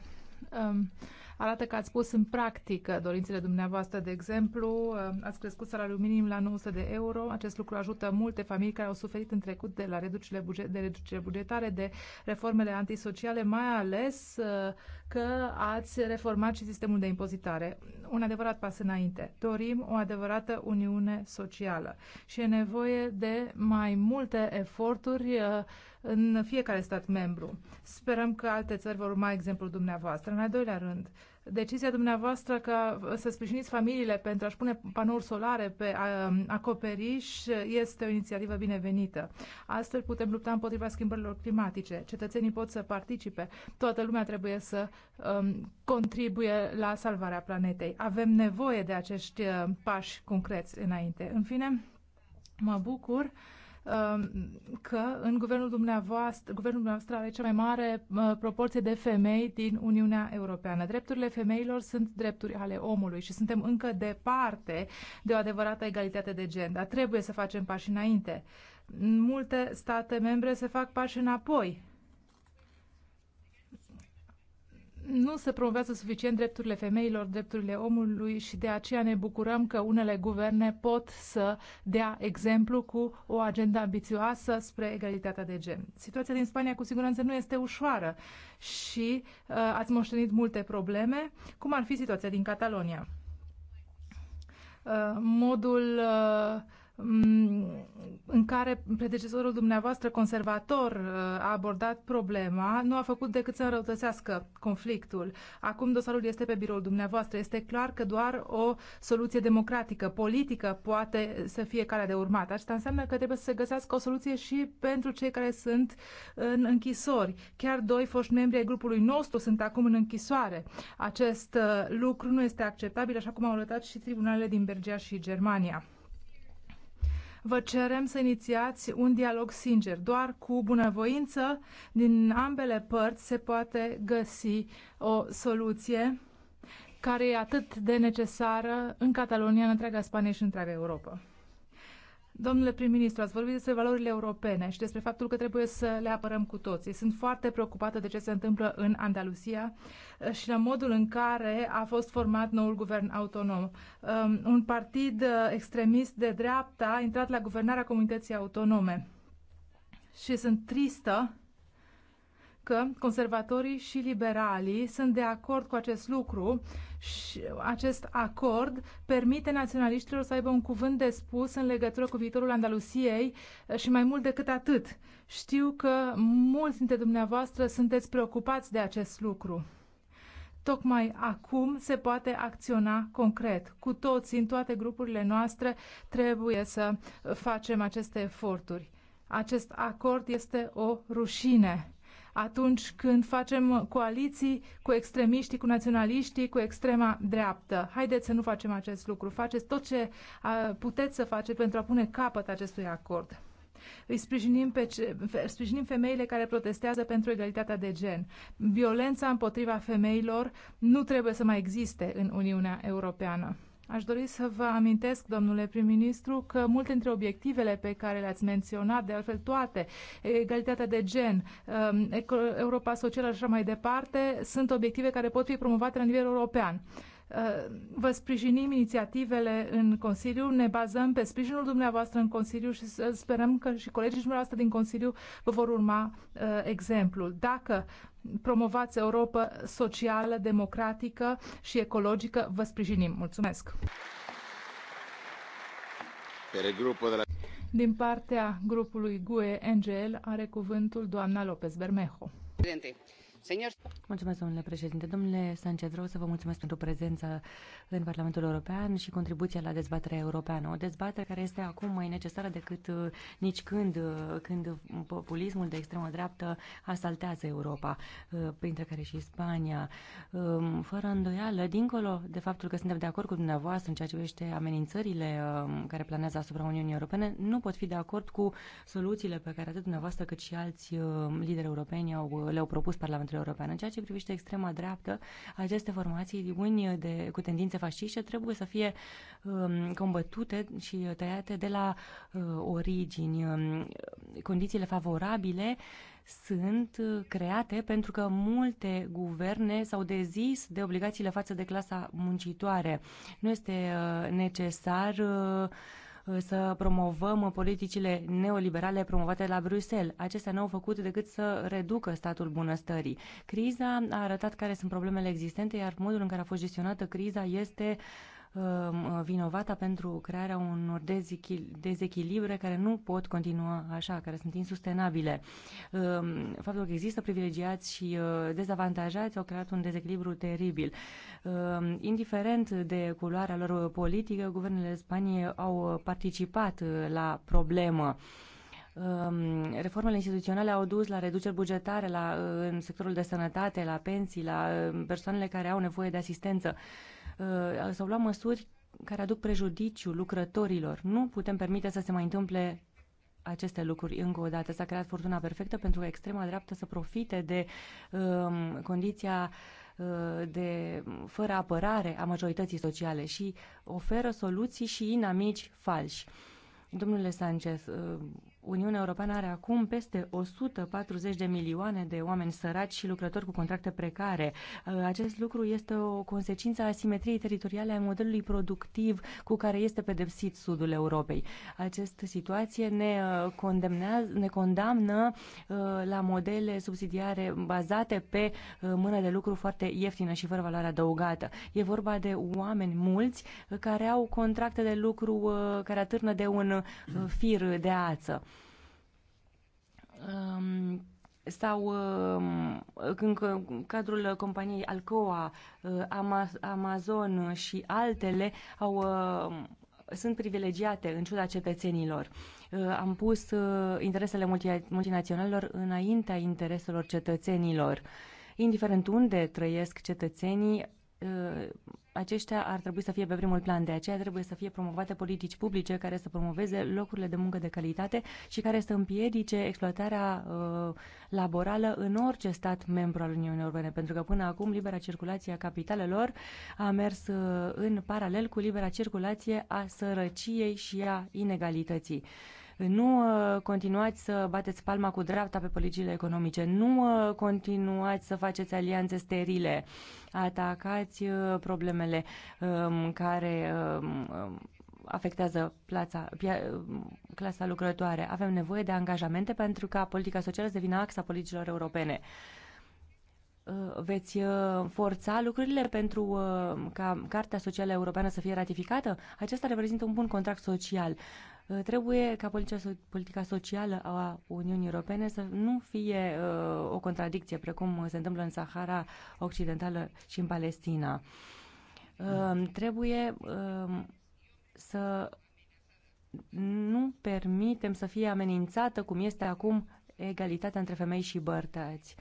um, arată că ați pus în practică dorințele dumneavoastră. De exemplu, um, ați crescut salariul minim la 900 de euro. Acest lucru ajută multe familii care au suferit în trecut de la reducerile, buget, de reducere bugetare, de reformele antisociale, mai ales uh, că ați reformat și sistemul de impozitare. Un adevărat pas înainte. Dorim o adevărată uniune socială și e nevoie de mai multe eforturi uh, în fiecare stat membru. Sperăm că alte țări vor urma exemplul dumneavoastră. În al doilea rând, decizia dumneavoastră ca să sprijiniți familiile pentru a-și pune panouri solare pe um, acoperiș este o inițiativă binevenită. Astfel putem lupta împotriva schimbărilor climatice. Cetățenii pot să participe. Toată lumea trebuie să um, contribuie la salvarea planetei. Avem nevoie de acești uh, pași concreți înainte. În fine, mă bucur uh, Um, că în guvernul dumneavoastră, guvernul dumneavoastră are cea mai mare uh, proporție de femei din Uniunea Europeană. Drepturile femeilor sunt drepturi ale omului și suntem încă departe de o adevărată egalitate de gen, dar trebuie să facem pași înainte. multe state membre se fac pași înapoi nu se promovează suficient drepturile femeilor, drepturile omului și de aceea ne bucurăm că unele guverne pot să dea exemplu cu o agenda ambițioasă spre egalitatea de gen. Situația din Spania cu siguranță nu este ușoară și uh, ați moștenit multe probleme, cum ar fi situația din Catalonia. Uh, modul uh, Mm, în care predecesorul dumneavoastră conservator uh, a abordat problema, nu a făcut decât să înrăutățească conflictul. Acum dosarul este pe biroul dumneavoastră. Este clar că doar o soluție democratică, politică, poate să fie calea de urmat. Asta înseamnă că trebuie să se găsească o soluție și pentru cei care sunt în închisori. Chiar doi foști membri ai grupului nostru sunt acum în închisoare. Acest uh, lucru nu este acceptabil, așa cum au arătat și tribunalele din Bergea și Germania. Vă cerem să inițiați un dialog sincer. Doar cu bunăvoință din ambele părți se poate găsi o soluție care e atât de necesară în Catalonia, în întreaga Spanie și în întreaga Europa. Domnule prim-ministru, ați vorbit despre valorile europene și despre faptul că trebuie să le apărăm cu toții. Sunt foarte preocupată de ce se întâmplă în Andalusia eh, și la modul în care a fost format noul guvern autonom. Ehm, un partid eh, extremist de dreapta a intrat la guvernarea comunității autonome. Și sunt tristă că conservatorii și liberalii sunt de acord cu acest lucru și acest acord permite naționaliștilor să aibă un cuvânt de spus în legătură cu viitorul Andalusiei eh, și mai mult decât atât. Știu că mulți dintre dumneavoastră sunteți preocupați de acest lucru. Tocmai acum se poate acționa concret. Cu toți, în toate grupurile noastre, trebuie să facem aceste eforturi. Acest acord este o rușine atunci când facem coaliții cu extremiștii, cu naționaliștii, cu extrema dreaptă. Haideți să nu facem acest lucru. Faceți tot ce puteți să faceți pentru a pune capăt acestui acord. Îi sprijinim, pe ce, sprijinim femeile care protestează pentru egalitatea de gen. Violența împotriva femeilor nu trebuie să mai existe în Uniunea Europeană. Aș dori să vă amintesc, domnule prim-ministru, că multe dintre obiectivele pe care le-ați menționat, de altfel toate, egalitatea de gen, um, Europa socială și așa mai departe, sunt obiective care pot fi promovate la nivel european vă sprijinim inițiativele în Consiliu, ne bazăm pe sprijinul dumneavoastră în Consiliu și sperăm că și colegii dumneavoastră din Consiliu vă vor urma uh, exemplul. Dacă promovați Europa socială, democratică și ecologică, vă sprijinim. Mulțumesc! Din partea grupului GUE-NGL are cuvântul doamna López Bermejo. Presidente. Mulțumesc, domnule președinte. Domnule Sanchez, vreau să vă mulțumesc pentru prezența în Parlamentul European și contribuția la dezbaterea europeană. O dezbatere care este acum mai necesară decât uh, nici când, uh, când populismul de extremă dreaptă asaltează Europa, uh, printre care și Spania. Um, fără îndoială, dincolo de faptul că suntem de acord cu dumneavoastră în ceea ce privește amenințările um, care planează asupra Uniunii Europene, nu pot fi de acord cu soluțiile pe care atât dumneavoastră cât și alți lideri europeni le-au propus Parlamentul. Parlamentul european. În ceea ce privește extrema dreaptă, aceste formații uni de, cu tendințe fasciste trebuie să fie um, combătute și tăiate de la uh, origini. Um, condițiile favorabile sunt uh, create pentru că multe guverne s-au dezis de obligațiile față de clasa muncitoare. Nu este uh, necesar uh, să promovăm politicile neoliberale promovate la Bruxelles. Acestea nu au făcut decât să reducă statul bunăstării. Criza a arătat care sunt problemele existente, iar modul în care a fost gestionată criza este uh, Um, vinovată pentru crearea unor dezechilibre care nu pot continua așa, care sunt insustenabile. Um, faptul că există privilegiați și uh, dezavantajați au creat un dezechilibru teribil. Um, indiferent de culoarea lor politică, guvernele Spaniei au participat la problemă reformele instituționale au dus la reduceri bugetare la, în sectorul de sănătate, la pensii, la uh, persoanele care au nevoie de asistență. Uh, s-au luat măsuri care aduc prejudiciu lucrătorilor. Nu putem permite să se mai întâmple aceste lucruri încă o dată. S-a creat furtuna perfectă pentru că extrema dreaptă să profite de um, condiția uh, de fără apărare a majorității sociale și oferă soluții și inamici falși. Domnule Sanchez, uh, Uniunea Europeană are acum peste 140 de milioane de oameni săraci și lucrători cu contracte precare. Uh, acest lucru este o consecință a simetriei teritoriale a modelului productiv cu care este pedepsit sudul Europei. Această situație ne, uh, ne condamnă uh, la modele subsidiare bazate pe mână de lucru foarte ieftină și fără valoare adăugată. E vorba de oameni mulți care au contracte de lucru care atârnă de un fir de ață sau în cadrul companiei Alcoa, Amazon și altele au sunt privilegiate în ciuda cetățenilor. Am pus uh, interesele multinaționalelor înaintea intereselor cetățenilor. Indiferent unde trăiesc cetățenii, Uh, aceștia ar trebui să fie pe primul plan. De aceea trebuie să fie promovate politici publice care să promoveze locurile de muncă de calitate și care să împiedice exploatarea uh, laborală în orice stat membru al Uniunii Europene, pentru că până acum libera circulație a capitalelor a mers uh, în paralel cu libera circulație a sărăciei și a inegalității. Nu uh, continuați să bateți palma cu dreapta pe politicile economice. Nu uh, continuați să faceți alianțe sterile. Atacați uh, problemele um, care um, um, afectează plața, pia, clasa lucrătoare. Avem nevoie de angajamente pentru ca politica socială să devină axa politicilor europene. Veți forța lucrurile pentru ca Cartea Socială Europeană să fie ratificată? Aceasta reprezintă un bun contract social. Uh, trebuie ca politica socială a Uniunii Europene să nu fie uh, o contradicție, precum se întâmplă în Sahara Occidentală și în Palestina. Um, trebuie um, să nu permitem să fie amenințată, cum este acum, egalitatea între femei și bărtați.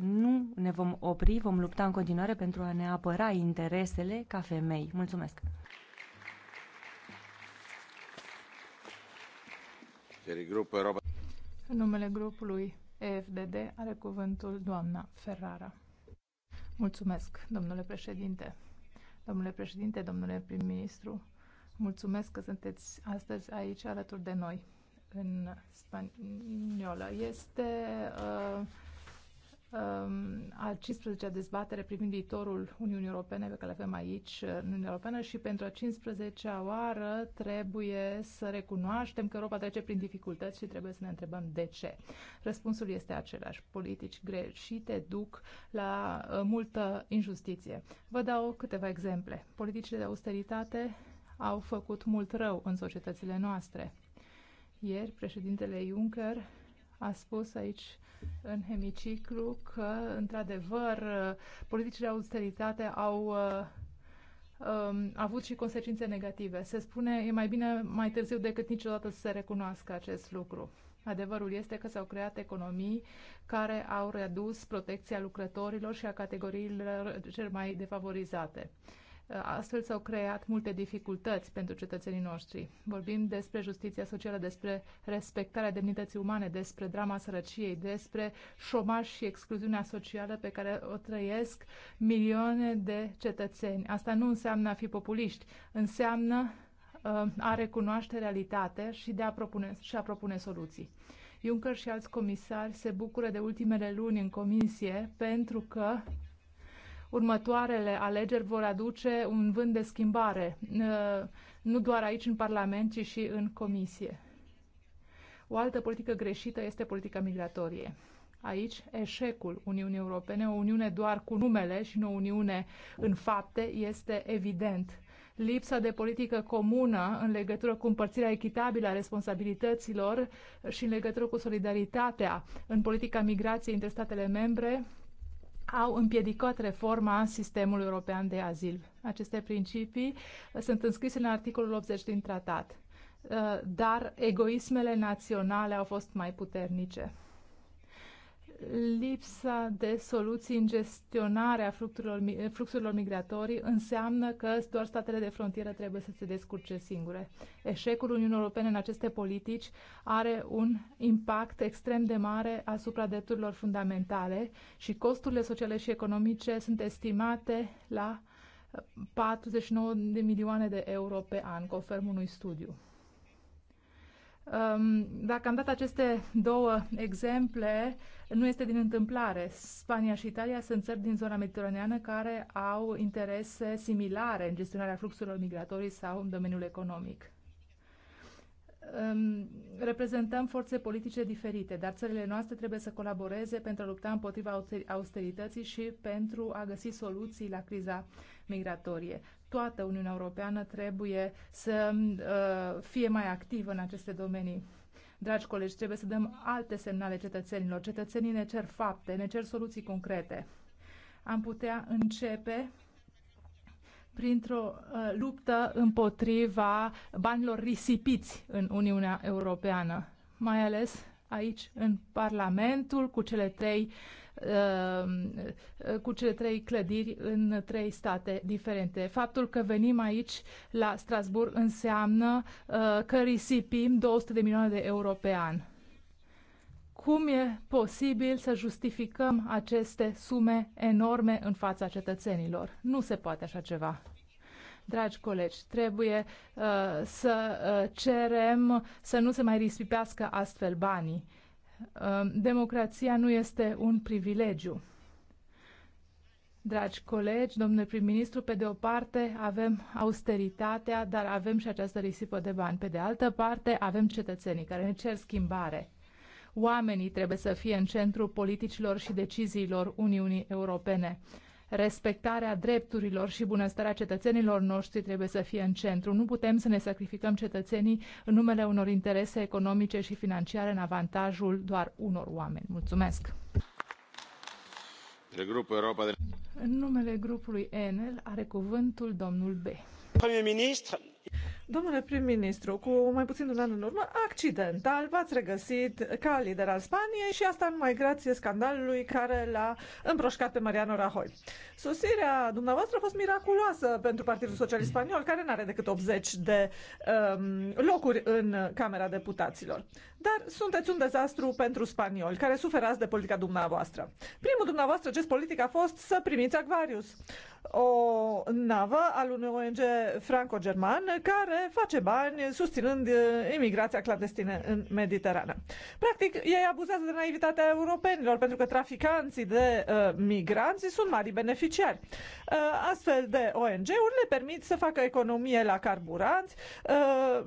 Nu ne vom opri, vom lupta în continuare pentru a ne apăra interesele ca femei. Mulțumesc! În numele grupului EFDD are cuvântul doamna Ferrara. Mulțumesc, domnule președinte. Domnule președinte, domnule prim-ministru, mulțumesc că sunteți astăzi aici alături de noi în spaniolă. Este uh, Um, a 15-a dezbatere privind viitorul Uniunii Europene pe care le avem aici uh, în Uniunea Europeană și pentru a 15-a oară trebuie să recunoaștem că Europa trece prin dificultăți și trebuie să ne întrebăm de ce. Răspunsul este același. Politici greșite duc la uh, multă injustiție. Vă dau câteva exemple. Politicile de austeritate au făcut mult rău în societățile noastre. Ieri, președintele Juncker a spus aici în hemiciclu că, într-adevăr, politicile de austeritate au uh, um, avut și consecințe negative. Se spune, e mai bine mai târziu decât niciodată să se recunoască acest lucru. Adevărul este că s-au creat economii care au redus protecția lucrătorilor și a categoriilor cel mai defavorizate. Uh, Astfel s-au creat multe dificultăți pentru cetățenii noștri. Vorbim despre justiția socială, despre respectarea demnității umane, despre drama sărăciei, despre șomaj și excluziunea socială pe care o trăiesc milioane de cetățeni. Asta nu înseamnă a fi populiști, înseamnă uh, a recunoaște realitatea și, de a propune, și a propune soluții. Juncker și alți comisari se bucură de ultimele luni în comisie pentru că următoarele alegeri vor aduce un vânt de schimbare, uh, nu doar aici în Parlament, ci și în Comisie. O altă politică greșită este politica migratorie. Aici, eșecul Uniunii Europene, o Uniune doar cu numele și nu o Uniune în fapte, este evident lipsa de politică comună în legătură cu împărțirea echitabilă a responsabilităților și în legătură cu solidaritatea în politica migrației între statele membre au împiedicat reforma sistemului european de azil. Aceste principii sunt înscrise în articolul 80 din tratat, uh, dar egoismele naționale au fost mai puternice lipsa de soluții în gestionarea fructurilor, fluxurilor migratorii înseamnă că doar statele de frontieră trebuie să se descurce singure. Eșecul Uniunii Europene în aceste politici are un impact extrem de mare asupra drepturilor fundamentale și costurile sociale și economice sunt estimate la 49 de milioane de euro pe an, conform unui studiu. Um, dacă am dat aceste două exemple, nu este din întâmplare. Spania și Italia sunt țări din zona mediteraneană care au interese similare în gestionarea fluxurilor migratorii sau în domeniul economic. Um, reprezentăm forțe politice diferite, dar țările noastre trebuie să colaboreze pentru a lupta împotriva austerității și pentru a găsi soluții la criza migratorie toată Uniunea Europeană trebuie să uh, fie mai activă în aceste domenii. Dragi colegi, trebuie să dăm alte semnale cetățenilor. Cetățenii ne cer fapte, ne cer soluții concrete. Am putea începe printr-o uh, luptă împotriva banilor risipiți în Uniunea Europeană, mai ales aici în Parlamentul cu cele trei uh, Uh, cu cele trei clădiri în trei state diferente. Faptul că venim aici la Strasburg înseamnă uh, că risipim 200 de milioane de euro pe an. Cum e posibil să justificăm aceste sume enorme în fața cetățenilor? Nu se poate așa ceva dragi colegi, trebuie uh, să uh, cerem să nu se mai risipească astfel banii. Um, democrația nu este un privilegiu. Dragi colegi, domnule prim-ministru, pe de o parte avem austeritatea, dar avem și această risipă de bani. Pe de altă parte avem cetățenii care ne cer schimbare. Oamenii trebuie să fie în centrul politicilor și deciziilor Uniunii Europene respectarea drepturilor și bunăstarea cetățenilor noștri trebuie să fie în centru. Nu putem să ne sacrificăm cetățenii în numele unor interese economice și financiare în avantajul doar unor oameni. Mulțumesc! De... În numele grupului Enel are cuvântul domnul B. Premier ministru, Domnule prim-ministru, cu mai puțin un an în urmă, accidental v-ați regăsit ca lider al Spaniei și asta numai grație scandalului care l-a împroșcat pe Mariano Rajoy. Sosirea dumneavoastră a fost miraculoasă pentru Partidul Socialist Spaniol, care nu are decât 80 de um, locuri în Camera Deputaților. Dar sunteți un dezastru pentru spanioli, care suferați de politica dumneavoastră. Primul dumneavoastră gest politic a fost să primiți Aquarius, o navă al unui ONG franco-german care care face bani susținând eh, imigrația clandestină în Mediterană. Practic, ei abuzează de naivitatea europenilor, pentru că traficanții de uh, migranți sunt mari beneficiari. Uh, astfel de ONG-uri le permit să facă economie la carburanți uh,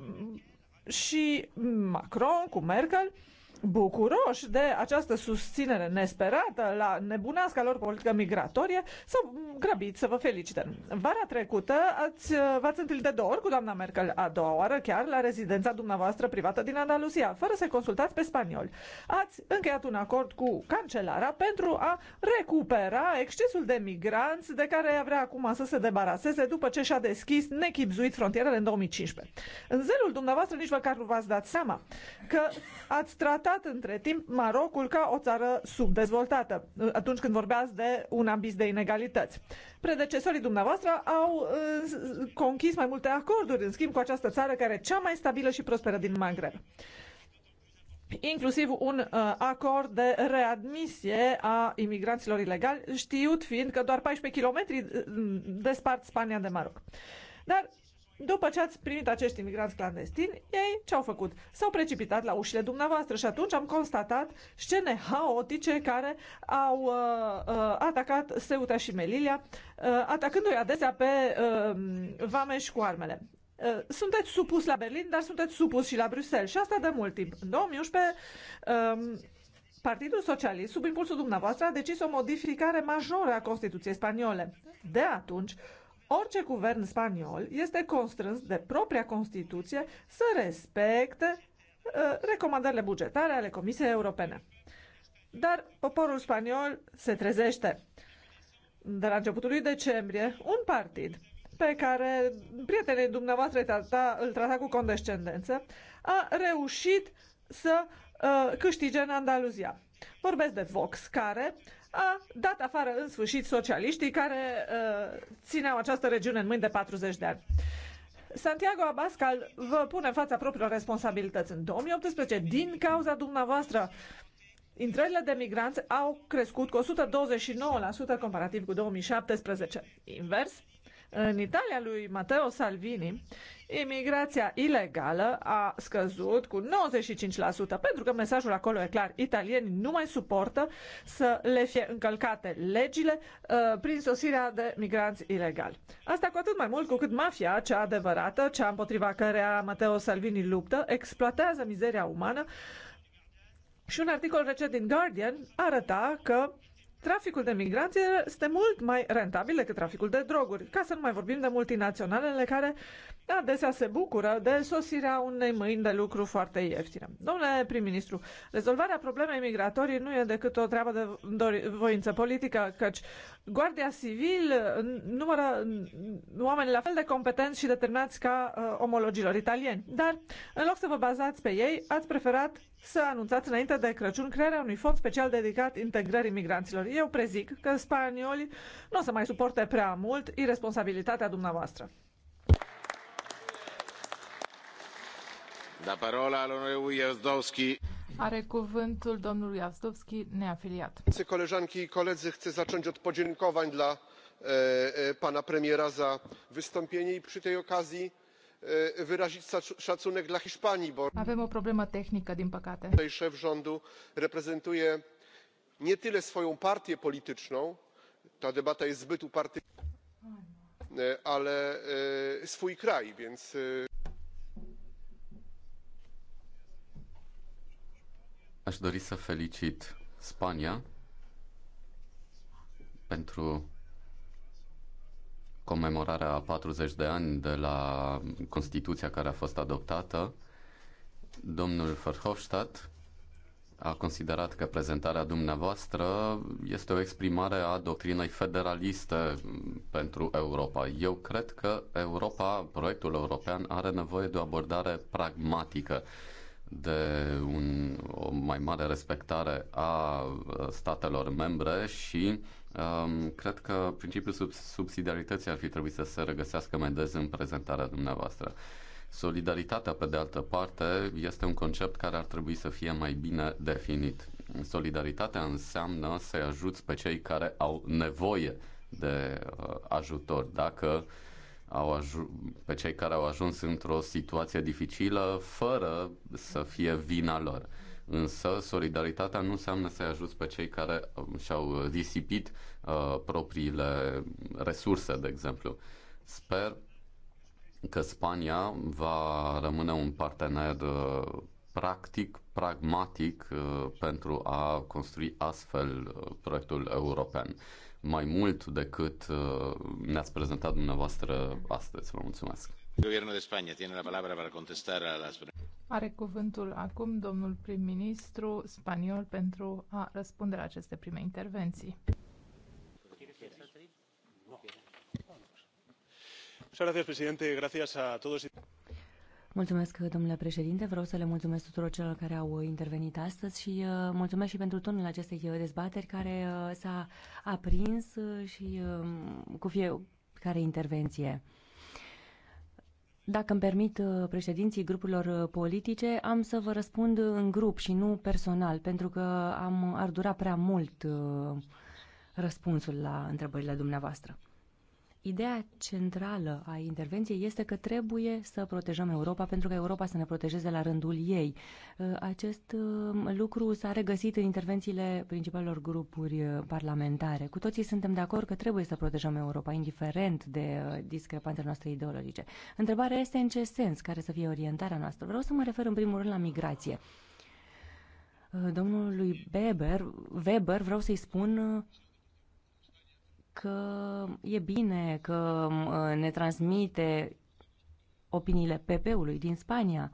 și Macron cu Merkel uh, bucuroși de această susținere nesperată la nebunească lor politică migratorie, s-au grăbit să vă felicităm. Vara trecută ați, v-ați întâlnit de două ori cu doamna Merkel, a doua oară chiar la rezidența dumneavoastră privată din Andalusia, fără să consultați pe spaniol. Ați încheiat un acord cu cancelara pentru a recupera excesul de migranți de care ea vrea acum să se debaraseze după ce și-a deschis nechipzuit frontierele în 2015. În zelul dumneavoastră nici măcar nu v-ați dat seama că ați tratat tratat între timp Marocul ca o țară subdezvoltată, uh, atunci când vorbeați de un ambis de inegalități. Predecesorii dumneavoastră au uh, conchis mai multe acorduri, în schimb, cu această țară care e cea mai stabilă și prosperă din Maghreb inclusiv un uh, acord de readmisie a imigranților ilegali, știut fiind că doar 14 km uh, despart Spania de Maroc. Dar după ce ați primit acești imigranți clandestini, ei ce-au făcut? S-au precipitat la ușile dumneavoastră și atunci am constatat scene haotice care au uh, uh, atacat Seuta și Melilia, uh, atacându-i adesea pe uh, vame și cu armele. Uh, sunteți supus la Berlin, dar sunteți supus și la Bruxelles și asta de mult timp. În 2011, um, Partidul Socialist, sub impulsul dumneavoastră, a decis o modificare majoră a Constituției spaniole. De atunci, Orice guvern spaniol este constrâns de propria Constituție să respecte uh, recomandările bugetare ale Comisiei Europene. Dar poporul spaniol se trezește. De la începutul lui decembrie, un partid pe care prietenii dumneavoastră îl trata, îl trata cu condescendență a reușit să uh, câștige în Andaluzia. Vorbesc de Vox, care uh, a dat afară în sfârșit socialiștii care uh, țineau această regiune în mâini de 40 de ani. Santiago Abascal vă pune în fața propriilor responsabilități. În 2018, din cauza dumneavoastră, Intrările de migranți au crescut cu 129% comparativ cu 2017. Invers, în Italia lui Matteo Salvini, Imigrația ilegală a scăzut cu 95% pentru că mesajul acolo e clar. Italienii nu mai suportă să le fie încălcate legile uh, prin sosirea de migranți ilegali. Asta cu atât mai mult cu cât mafia, cea adevărată, cea împotriva cărea Matteo Salvini luptă, exploatează mizeria umană și un articol recent din Guardian arăta că Traficul de migranți este mult mai rentabil decât traficul de droguri, ca să nu mai vorbim de multinaționalele care adesea se bucură de sosirea unei mâini de lucru foarte ieftine. Domnule prim-ministru, rezolvarea problemei migratorii nu e decât o treabă de voință politică, căci Guardia Civil numără oameni la fel de competenți și determinați ca uh, omologilor italieni. Dar, în loc să vă bazați pe ei, ați preferat să anunțați înainte de Crăciun crearea unui fond special dedicat integrării migranților. Eu prezic că spaniolii nu o să mai suporte prea mult irresponsabilitatea dumneavoastră. Da parola l'onorevole Jazdowski. Are cuvântul domnul Jazdowski, neafiliat. Koleżanki i koledzy, chcę zacząć od podziękowań dla pana premiera za wystąpienie i przy tej okazji wyrazić szacunek dla Hiszpanii, bo Avem o problemă tehnică, din păcate. Tutaj szef rządu reprezentuje nie tyle swoją partię polityczną, ta debata jest zbyt upartyjniona ale swój kraj więc. dori să felicit Spania pentru comemorarea a 40 de ani de la Constituția care a fost adoptată. Domnul Verhofstadt a considerat că prezentarea dumneavoastră este o exprimare a doctrinei federaliste pentru Europa. Eu cred că Europa, proiectul european, are nevoie de o abordare pragmatică de un, o mai mare respectare a uh, statelor membre și um, cred că principiul sub, subsidiarității ar fi trebuit să se regăsească mai des în prezentarea dumneavoastră. Solidaritatea, pe de altă parte, este un concept care ar trebui să fie mai bine definit. Solidaritatea înseamnă să-i ajuți pe cei care au nevoie de uh, ajutor. Dacă uh, au aj- pe cei care au ajuns într-o situație dificilă fără să fie vina lor. Însă solidaritatea nu înseamnă să-i ajuți pe cei care um, și-au risipit uh, propriile resurse, de exemplu. Sper că Spania va rămâne un partener uh, practic, pragmatic uh, pentru a construi astfel uh, proiectul european mai mult decât uh, ne-ați prezentat dumneavoastră astăzi. Vă mulțumesc. Guvernul de Spania tiene la palabra para contestar a las are cuvântul acum domnul prim-ministru spaniol pentru a răspunde la aceste prime intervenții. Muchas gracias, presidente. Gracias a todos. Mulțumesc, domnule președinte. Vreau să le mulțumesc tuturor celor care au intervenit astăzi și uh, mulțumesc și pentru tonul acestei uh, dezbateri care uh, s-a aprins și um, cu fiecare intervenție. Dacă îmi permit președinții grupurilor politice, am să vă răspund în grup și nu personal, pentru că am, ar dura prea mult răspunsul la întrebările dumneavoastră. Ideea centrală a intervenției este că trebuie să protejăm Europa pentru că Europa să ne protejeze la rândul ei. Uh, acest uh, lucru s-a regăsit în intervențiile principalelor grupuri uh, parlamentare. Cu toții suntem de acord că trebuie să protejăm Europa, indiferent de discrepanțele noastre ideologice. Întrebarea este în ce sens, care să fie orientarea noastră. Vreau să mă refer în primul rând la migrație. Domnului Weber, Weber vreau să-i spun că e bine că uh, ne transmite opiniile PP-ului din Spania,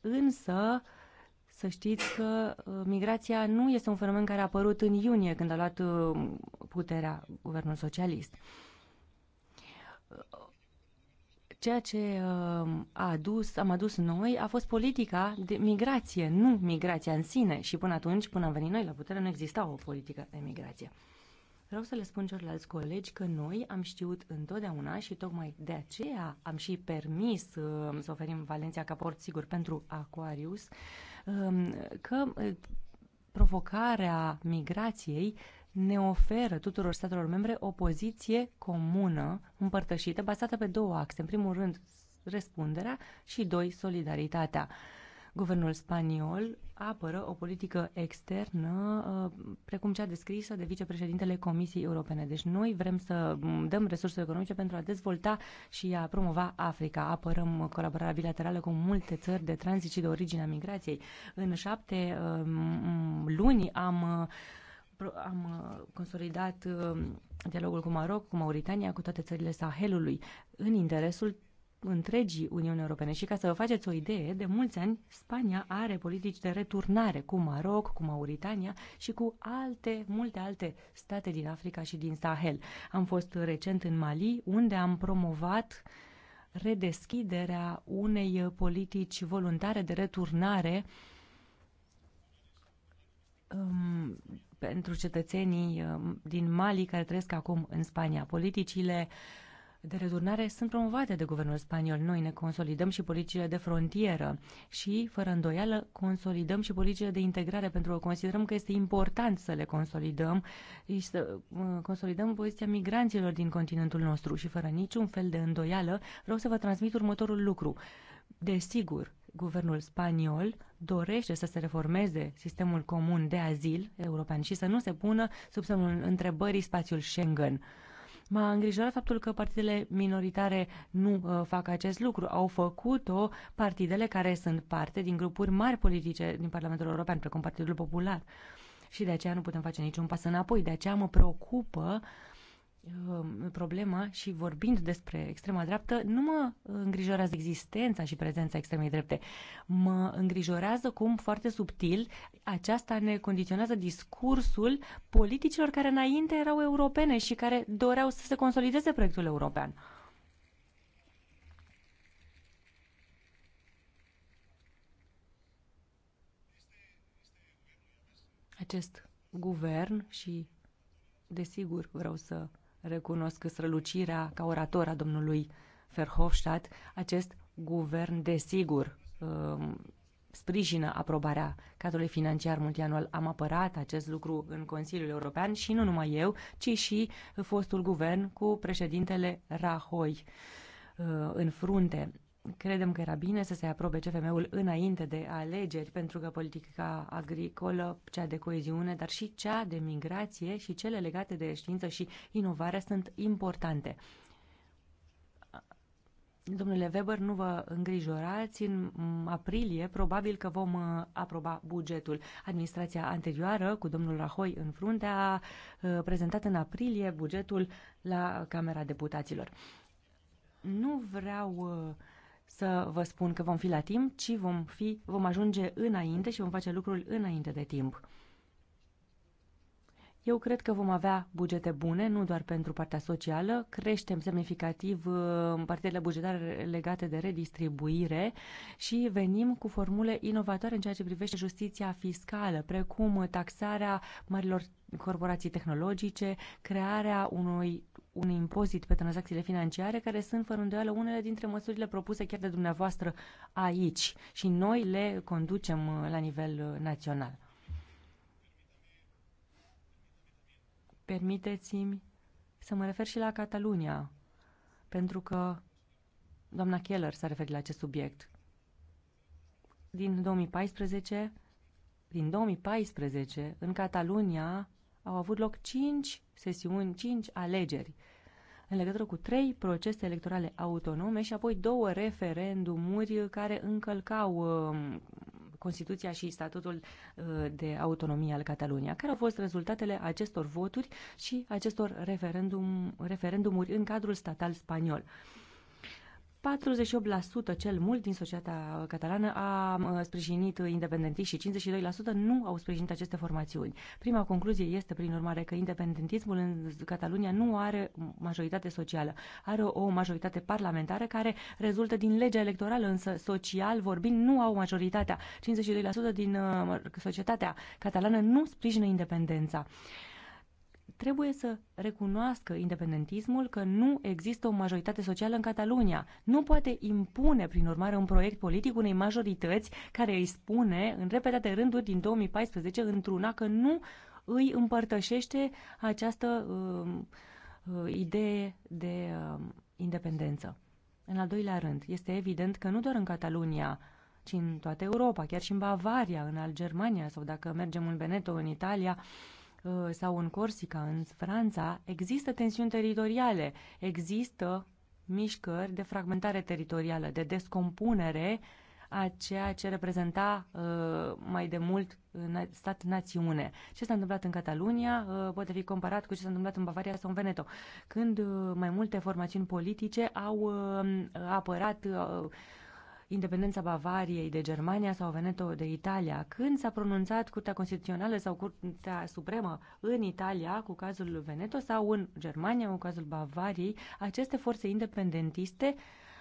însă să știți că uh, migrația nu este un fenomen care a apărut în iunie când a luat uh, puterea guvernul socialist. Ceea ce a adus, am adus noi a fost politica de migrație, nu migrația în sine. Și până atunci, până am venit noi la putere, nu exista o politică de migrație. Vreau să le spun celorlalți colegi că noi am știut întotdeauna și tocmai de aceea am și permis uh, să oferim Valenția ca port sigur pentru Aquarius, uh, că uh, provocarea migrației ne oferă tuturor statelor membre o poziție comună, împărtășită, bazată pe două axe. În primul rând, răspunderea și, doi, solidaritatea. Uh, Guvernul spaniol apără o politică externă uh, precum cea descrisă de vicepreședintele Comisiei Europene. Deci noi vrem să dăm resurse economice pentru a dezvolta și a promova Africa. Apărăm colaborarea bilaterală cu multe țări de tranzit și de origine a migrației. În șapte uh, luni am uh, am consolidat dialogul cu Maroc, cu Mauritania, cu toate țările Sahelului, în interesul întregii Uniuni Europene. Și ca să vă faceți o idee, de mulți ani Spania are politici de returnare cu Maroc, cu Mauritania și cu alte, multe alte state din Africa și din Sahel. Am fost recent în Mali, unde am promovat redeschiderea unei politici voluntare de returnare um, pentru cetățenii um, din Mali care trăiesc acum în Spania. Politicile uh, de returnare sunt promovate de guvernul spaniol. Noi ne consolidăm și politicile de frontieră și, fără îndoială, consolidăm și politicile de integrare, pentru că considerăm că este important să le consolidăm și să uh, consolidăm poziția migranților din continentul nostru. Și, fără niciun fel de îndoială, vreau să vă transmit următorul lucru. Desigur, guvernul spaniol dorește să se reformeze sistemul comun de azil european și să nu se pună sub semnul întrebării spațiul Schengen M-a îngrijorat faptul că partidele minoritare nu uh, fac acest lucru. Au făcut-o partidele care sunt parte din grupuri mari politice din Parlamentul European, precum Partidul Popular. Și de aceea nu putem face niciun pas înapoi. De aceea mă preocupă uh, Um, problema și vorbind despre extrema dreaptă, nu mă îngrijorează existența și prezența extremei drepte. Mă îngrijorează cum, foarte subtil, aceasta ne condiționează discursul politicilor care înainte erau europene și care doreau să se consolideze proiectul european. Acest guvern și, desigur, vreau să recunosc strălucirea ca orator a domnului Verhofstadt. Acest guvern, desigur, um, sprijină aprobarea cadrului financiar multianual. Am apărat acest lucru în Consiliul European și nu numai eu, ci și fostul guvern cu președintele Rahoi uh, în frunte. Credem că era bine să se aprobe CFM-ul înainte de alegeri, pentru că politica agricolă, cea de coeziune, dar și cea de migrație și cele legate de știință și inovare sunt importante. Domnule Weber, nu vă îngrijorați, în aprilie probabil că vom uh, aproba bugetul. Administrația anterioară, cu domnul Rahoi în frunte, a uh, prezentat în aprilie bugetul la Camera Deputaților. Nu vreau uh, să vă spun că vom fi la timp, ci vom, fi, vom ajunge înainte și vom face lucrul înainte de timp. Eu cred că vom avea bugete bune, nu doar pentru partea socială. Creștem semnificativ uh, partidele bugetare legate de redistribuire și venim cu formule inovatoare în ceea ce privește justiția fiscală, precum taxarea marilor corporații tehnologice, crearea unui un impozit pe tranzacțiile financiare, care sunt fără îndoială unele dintre măsurile propuse chiar de dumneavoastră aici și noi le conducem uh, la nivel uh, național. permiteți-mi să mă refer și la Catalunia, pentru că doamna Keller s-a referit la acest subiect. Din 2014, din 2014, în Catalunia au avut loc 5 sesiuni, 5 alegeri, în legătură cu 3 procese electorale autonome și apoi două referendumuri care încălcau um, Constituția și statutul uh, de autonomie al Catalunia. Care au fost rezultatele acestor voturi și acestor referendum, referendumuri în cadrul statal spaniol? 48% cel mult din societatea catalană a uh, sprijinit independentiști și 52% nu au sprijinit aceste formațiuni. Prima concluzie este, prin urmare, că independentismul în Catalunia nu are majoritate socială. Are o majoritate parlamentară care rezultă din legea electorală, însă social vorbind nu au majoritatea. 52% din uh, societatea catalană nu sprijină independența trebuie să recunoască independentismul că nu există o majoritate socială în Catalunia. Nu poate impune, prin urmare, un proiect politic unei majorități care îi spune, în repetate rânduri din 2014, într-una că nu îi împărtășește această uh, uh, idee de uh, independență. În al doilea rând, este evident că nu doar în Catalunia, ci în toată Europa, chiar și în Bavaria, în Al Germania sau dacă mergem în Veneto, în Italia, uh, Uh, sau în Corsica, în Franța, există tensiuni teritoriale, există mișcări de fragmentare teritorială, de descompunere a ceea ce reprezenta uh, mai de mult uh, stat-națiune. Ce s-a întâmplat în Catalunia uh, poate fi comparat cu ce s-a întâmplat în Bavaria sau în Veneto, când uh, mai multe formațiuni politice au uh, apărat uh, independența Bavariei de Germania sau Veneto de Italia. Când s-a pronunțat Curtea Constituțională sau Curtea Supremă în Italia cu cazul Veneto sau în Germania cu cazul Bavariei, aceste forțe independentiste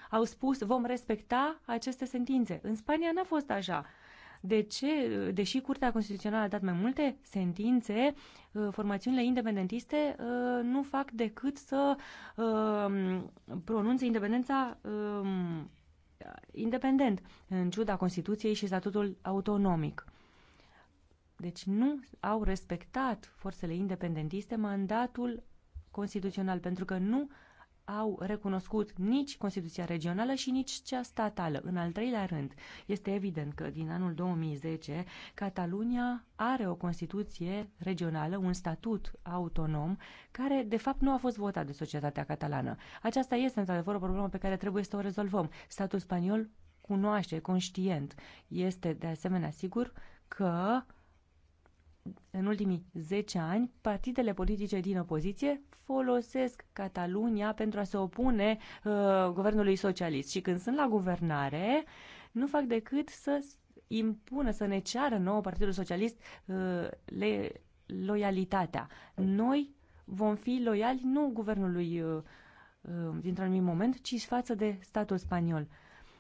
au spus vom respecta aceste sentințe. În Spania n-a fost așa. De ce, deși Curtea Constituțională a dat mai multe sentințe, uh, formațiunile independentiste uh, nu fac decât să uh, pronunțe independența um, independent, în ciuda Constituției și statutul autonomic. Deci nu au respectat forțele independentiste mandatul constituțional, pentru că nu au recunoscut nici Constituția regională și nici cea statală. În al treilea rând, este evident că din anul 2010 Catalunia are o Constituție regională, un statut autonom, care de fapt nu a fost votat de societatea catalană. Aceasta este într-adevăr o problemă pe care trebuie să o rezolvăm. Statul spaniol cunoaște, conștient, este de asemenea sigur că în ultimii 10 ani, partidele politice din opoziție folosesc Catalunia pentru a se opune uh, guvernului socialist. Și când sunt la guvernare, nu fac decât să impună, să ne ceară nouă Partidul Socialist uh, le, loialitatea. Noi vom fi loiali nu guvernului uh, uh dintr-un anumit moment, ci față de statul spaniol. Uh,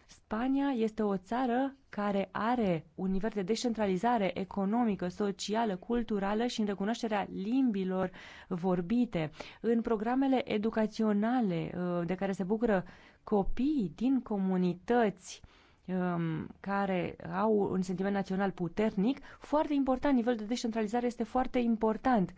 Spania este o țară care are un nivel de descentralizare economică, socială, culturală și în recunoașterea limbilor vorbite. În programele educaționale uh, de care se bucură copiii din comunități um, care au un sentiment național puternic, foarte important, nivelul de descentralizare este foarte important.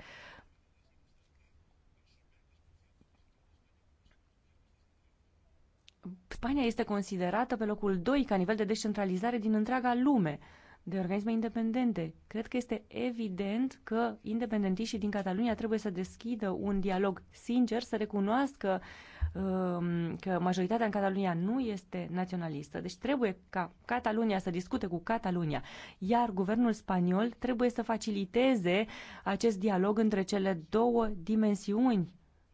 Spania este considerată pe locul 2 ca nivel de descentralizare din întreaga lume de organisme independente. Cred că este evident că independentiștii din Catalunia trebuie să deschidă un dialog sincer, să recunoască um, că majoritatea în Catalunia nu este naționalistă. Deci trebuie ca Catalunia să discute cu Catalunia, iar guvernul spaniol trebuie să faciliteze acest dialog între cele două dimensiuni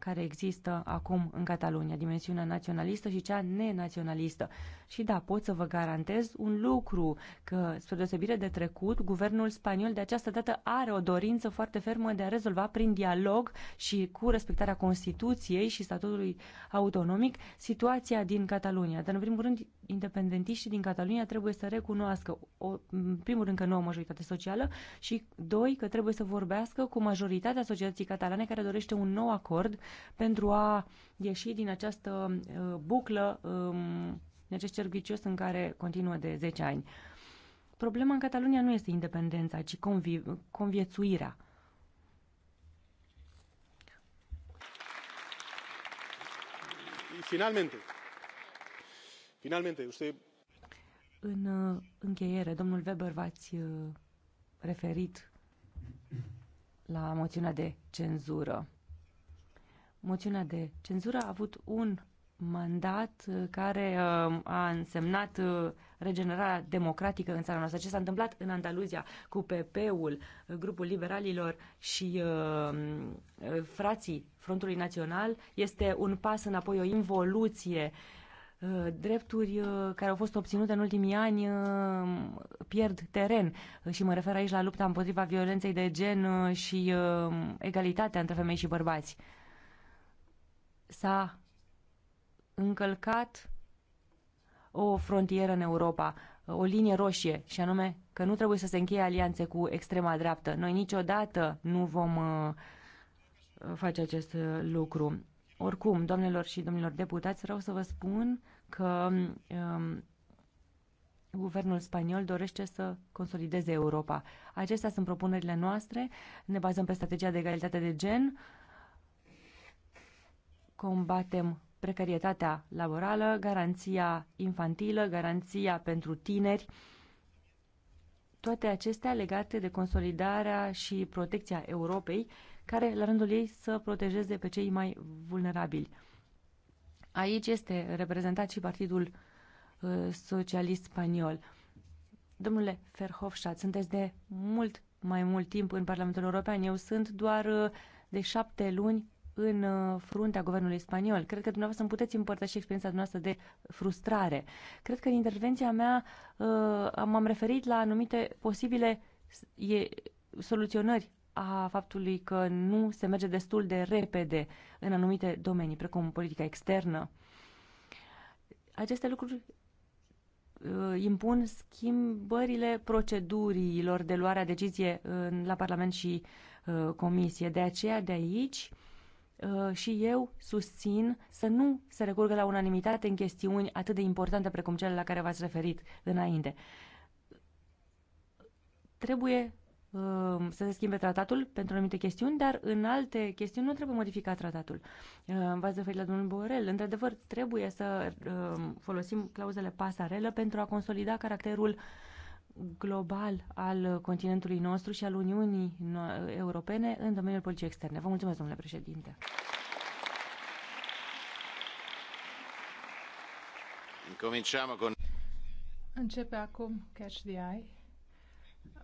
care există acum în Catalunia, dimensiunea naționalistă și cea nenaționalistă. Și da, pot să vă garantez un lucru, că, spre deosebire de trecut, guvernul spaniol de această dată are o dorință foarte fermă de a rezolva prin dialog și cu respectarea Constituției și statutului autonomic situația din Catalunia. Dar, în primul rând, independentiștii din Catalunia trebuie să recunoască, o, în primul rând, că nu au majoritate socială și, doi, că trebuie să vorbească cu majoritatea societății catalane care dorește un nou acord pentru a ieși din această uh, buclă, um, din acest cerc vicios în care continuă de 10 ani. Problema în Catalunia nu este independența, ci convi- conviețuirea. Finalmente, Finalmente, usted... În uh, încheiere, domnul Weber, v-ați uh, referit la moțiunea de cenzură. Moțiunea de cenzură a avut un mandat uh, care a însemnat regenerarea democratică în țara noastră. Ce s-a întâmplat în Andaluzia cu PP-ul, grupul liberalilor și frații Frontului Național este un pas înapoi, o involuție uh, Uh, drepturi uh, care au fost obținute în ultimii ani uh, pierd teren și mă refer aici la lupta împotriva violenței de gen și egalitatea între femei și bărbați. S-a încălcat o frontieră în Europa, o linie roșie, și anume că nu trebuie să se încheie alianțe cu extrema dreaptă. Noi niciodată nu vom face acest lucru. Oricum, doamnelor și domnilor deputați, vreau să vă spun că um, guvernul spaniol dorește să consolideze Europa. Acestea sunt propunerile noastre. Ne bazăm pe strategia de egalitate de gen. Combatem precarietatea laborală, garanția infantilă, garanția pentru tineri, toate acestea legate de consolidarea și protecția Europei, care, la rândul ei, să protejeze pe cei mai vulnerabili. Aici este reprezentat și Partidul uh, Socialist Spaniol. Domnule Verhofstadt, sunteți de mult mai mult timp în Parlamentul European. Eu sunt doar uh, de șapte luni în uh, fruntea guvernului spaniol. Cred că dumneavoastră îmi puteți împărtăși experiența dumneavoastră de frustrare. Cred că în intervenția mea m-am referit la anumite posibile soluționări a faptului că nu se merge destul de repede în anumite domenii, precum politica externă. Aceste lucruri uh, impun schimbările procedurilor de luare a decizie la Parlament și uh, Comisie. De aceea, de aici, uh, și eu susțin să nu se recurgă la unanimitate în chestiuni atât de importante precum cele la care v-ați referit înainte. Trebuie Um, să se schimbe tratatul pentru anumite chestiuni, dar în alte chestiuni nu trebuie modificat tratatul. V-ați uh, referit la domnul Borel. Într-adevăr, trebuie să um, folosim clauzele pasarelă pentru a consolida caracterul global al continentului nostru și al Uniunii Europene în domeniul politicii externe. Vă mulțumesc, domnule președinte. Începem acum Catch the Eye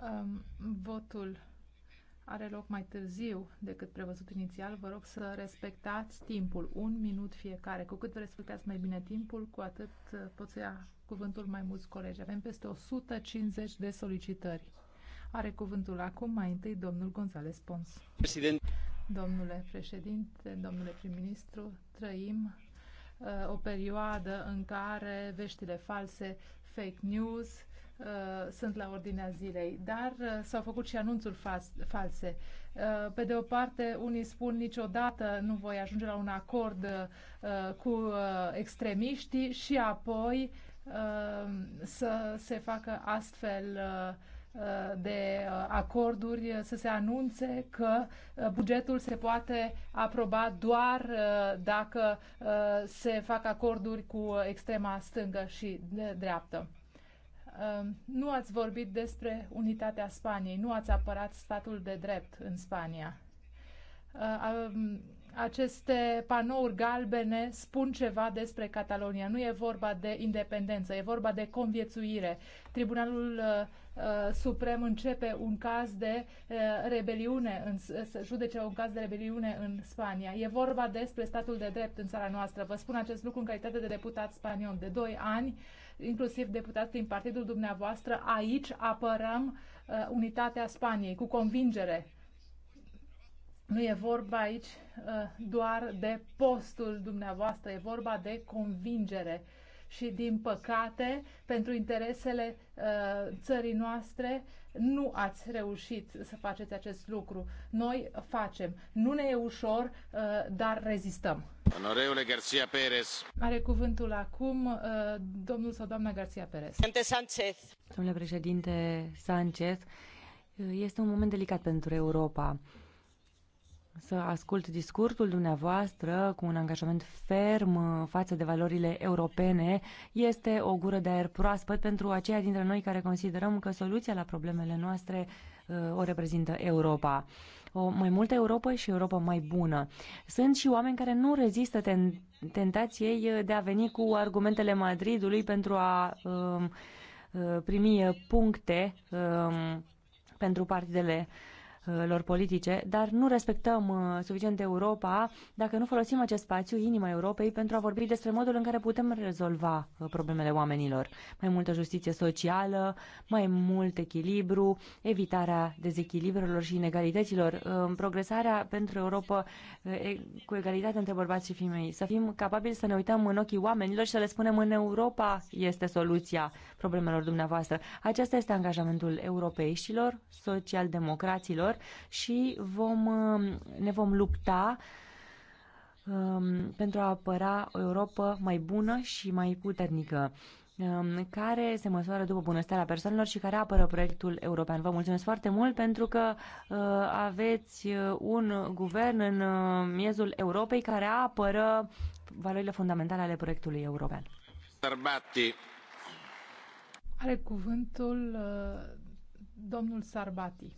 um, votul are loc mai târziu decât prevăzut inițial, vă rog să respectați timpul, un minut fiecare. Cu cât vă respectați mai bine timpul, cu atât uh, pot să ia cuvântul mai mulți colegi. Avem peste 150 de solicitări. Are cuvântul acum mai întâi domnul González Pons. Președinte. Domnule președinte, domnule prim-ministru, trăim uh, o perioadă în care veștile false, fake news, Uh, sunt la ordinea zilei, dar uh, s-au făcut și anunțuri false. Uh, pe de o parte, unii spun niciodată nu voi ajunge la un acord cu extremiștii și apoi să se facă astfel de acorduri să se anunțe că bugetul se poate aproba doar dacă se fac acorduri cu extrema stângă și dreaptă. Um, nu ați vorbit despre unitatea Spaniei, nu ați apărat statul de drept în Spania. Uh, um, aceste panouri galbene spun ceva despre Catalonia. Nu e vorba de independență, e vorba de conviețuire. Tribunalul uh, uh, Suprem începe un caz de rebeliune, în, să judece un caz de rebeliune în Spania. E vorba despre statul de drept în țara noastră. Vă spun acest lucru în calitate de deputat spaniol. De doi ani inclusiv deputați din partidul dumneavoastră, aici apărăm uh, unitatea Spaniei cu convingere. Nu e vorba aici uh, doar de postul dumneavoastră, e vorba de convingere. Uh, și, din păcate, pentru interesele uh, țării noastre, nu ați reușit să faceți acest lucru. Noi facem. Nu ne e ușor, uh, dar rezistăm. Onoreule Garcia Perez. Are cuvântul acum uh, domnul sau doamna Garcia Perez. Sanchez. Domnule președinte Sanchez, este un moment delicat pentru Europa să ascult discursul dumneavoastră cu un angajament ferm uh, față de valorile europene este o gură de aer proaspăt pentru aceia dintre noi care considerăm că soluția la problemele noastre uh, o reprezintă Europa. O mai multă Europa și Europa mai bună. Sunt și oameni care nu rezistă ten- tentației uh, de a veni cu argumentele Madridului pentru a um, primi puncte um, pentru partidele uh, lor politice, dar nu respectăm uh, suficient Europa dacă nu folosim acest spațiu, inima Europei, pentru a vorbi despre modul în care putem rezolva uh, problemele oamenilor. Mai multă justiție socială, mai mult echilibru, evitarea dezechilibrelor și inegalităților, uh, progresarea pentru Europa cu egalitate între bărbați și femei. Să fim capabili să ne uităm în ochii oamenilor și să le spunem în Europa este soluția problemelor dumneavoastră. Acesta este angajamentul europeiștilor, socialdemocraților și vom, uh, ne vom lupta um, pentru a apăra o Europa mai bună și mai puternică um, care se măsoară după bunăstarea persoanelor și care apără proiectul european. Vă mulțumesc foarte mult pentru că uh, aveți uh, un guvern în uh, miezul Europei care apără valorile fundamentale ale proiectului european. Sarbatti. Are cuvântul uh, domnul Sarbati.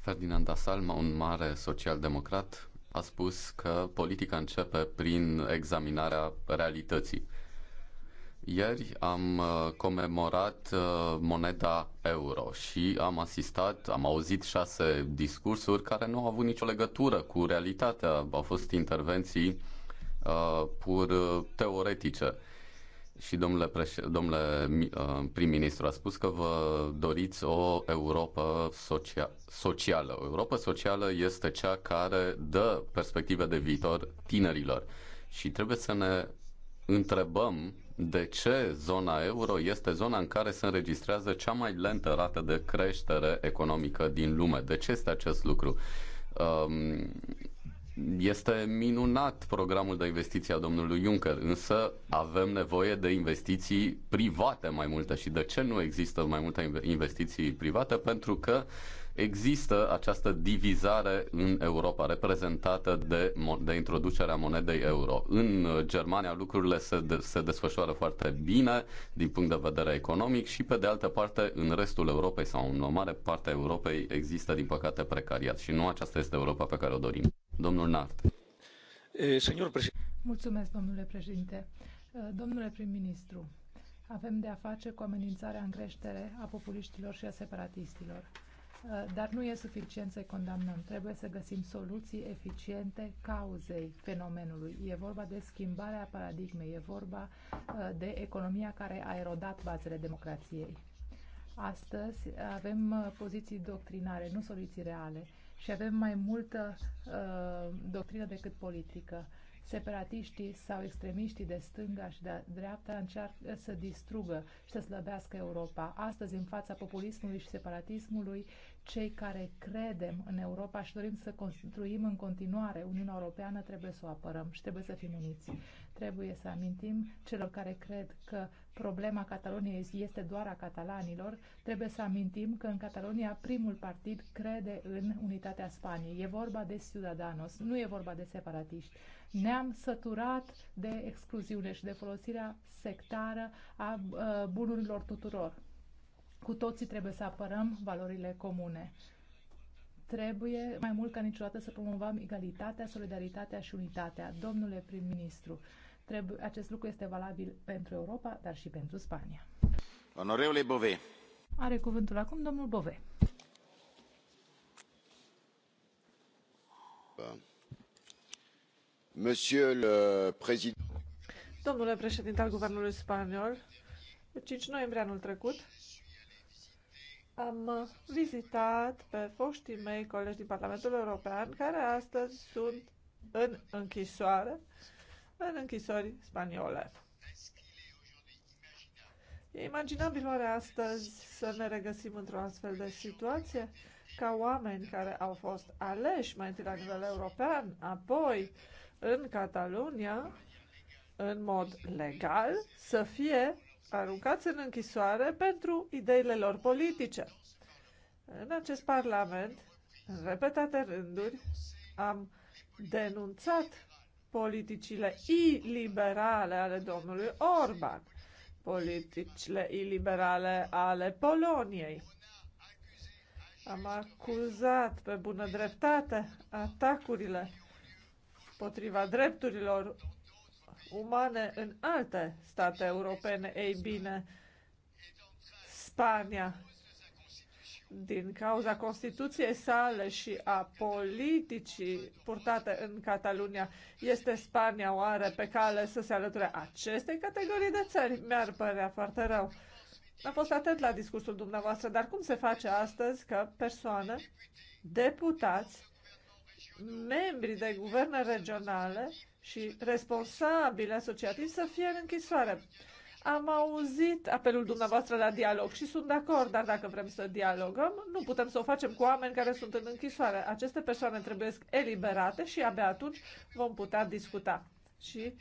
Ferdinand Asalma, un mare social-democrat, a spus că politica începe prin examinarea realității. Ieri am uh, comemorat uh, moneda euro și am asistat, am auzit șase discursuri care nu au avut nicio legătură cu realitatea. Au fost intervenții uh, pur teoretice și domnule, preș- domnule uh, prim-ministru a spus că vă doriți o Europa socia- socială. O Europa socială este cea care dă perspective de viitor tinerilor. Și trebuie să ne întrebăm de ce zona euro este zona în care se înregistrează cea mai lentă rată de creștere economică din lume. De ce este acest lucru? Um, este minunat programul de investiții, a domnului Juncker, însă avem nevoie de investiții private mai multe. Și de ce nu există mai multe investiții private? Pentru că uh, Există această divizare în Europa, reprezentată de, de introducerea monedei euro. În uh, Germania lucrurile se, de, se desfășoară foarte bine din punct de vedere economic și, pe de altă parte, în restul Europei sau în o mare parte a Europei există, din păcate, precariat și nu aceasta este Europa pe care o dorim. Domnul Nart. Mulțumesc, domnule președinte. Domnule prim-ministru, avem de a face cu amenințarea în creștere a populiștilor și a separatistilor Eh, dar nu e suficient să-i condamnăm. Trebuie să găsim soluții eficiente cauzei fenomenului. E vorba de schimbarea paradigmei, e vorba eh, de economia care a erodat bazele democrației. Astăzi avem eh, poziții doctrinare, nu soluții reale și avem mai multă uh, doctrină decât politică. Separatiștii sau extremiștii de stânga și de dreapta încearcă să distrugă și să slăbească Europa. Astăzi, în fața populismului și separatismului, cei care credem în Europa și dorim să construim în continuare Uniunea Europeană, trebuie să o apărăm și trebuie să fim uniți. Trebuie să amintim celor care cred că problema Cataloniei este doar a catalanilor, trebuie să amintim că în Catalonia primul partid crede în unitatea Spaniei. E vorba de Ciudadanos, nu e vorba de separatiști. Ne-am săturat de excluziune și de folosirea sectară a uh, bunurilor tuturor cu toții trebuie să apărăm valorile comune. Trebuie mai mult ca niciodată să promovăm egalitatea, solidaritatea și unitatea. Domnule prim-ministru, trebuie, acest lucru este valabil pentru Europa, dar și pentru Spania. Onoreule Bove. Are cuvântul acum domnul Bove. Monsieur le Président. Domnule președinte al Guvernului Spaniol, 5 noiembrie anul trecut, am vizitat pe foștii mei colegi din Parlamentul European, care astăzi sunt în închisoare, în închisori spaniole. E imaginabil oare astăzi să ne regăsim într-o astfel de situație? Ca oameni care au fost aleși mai întâi la nivel european, apoi în Catalunia, în mod legal, să fie aruncați în închisoare pentru ideile lor politice. În acest Parlament, în repetate rânduri, am denunțat politicile iliberale ale domnului Orban, politicile iliberale ale Poloniei. Am acuzat pe bună dreptate atacurile potriva drepturilor umane în alte state europene. Ei bine, Spania, din cauza Constituției sale și a politicii purtate în Catalunia, este Spania oare pe cale să se alăture acestei categorii de țări? Mi-ar părea foarte rău. Am fost atent la discursul dumneavoastră, dar cum se face astăzi că persoane, deputați, membri de guverne regionale și responsabil, asociativ să fie în închisoare. Am auzit apelul dumneavoastră la dialog și sunt de acord, dar dacă vrem să dialogăm, nu putem să o facem cu oameni care sunt în închisoare. Aceste persoane trebuie eliberate și abia atunci vom putea discuta. Și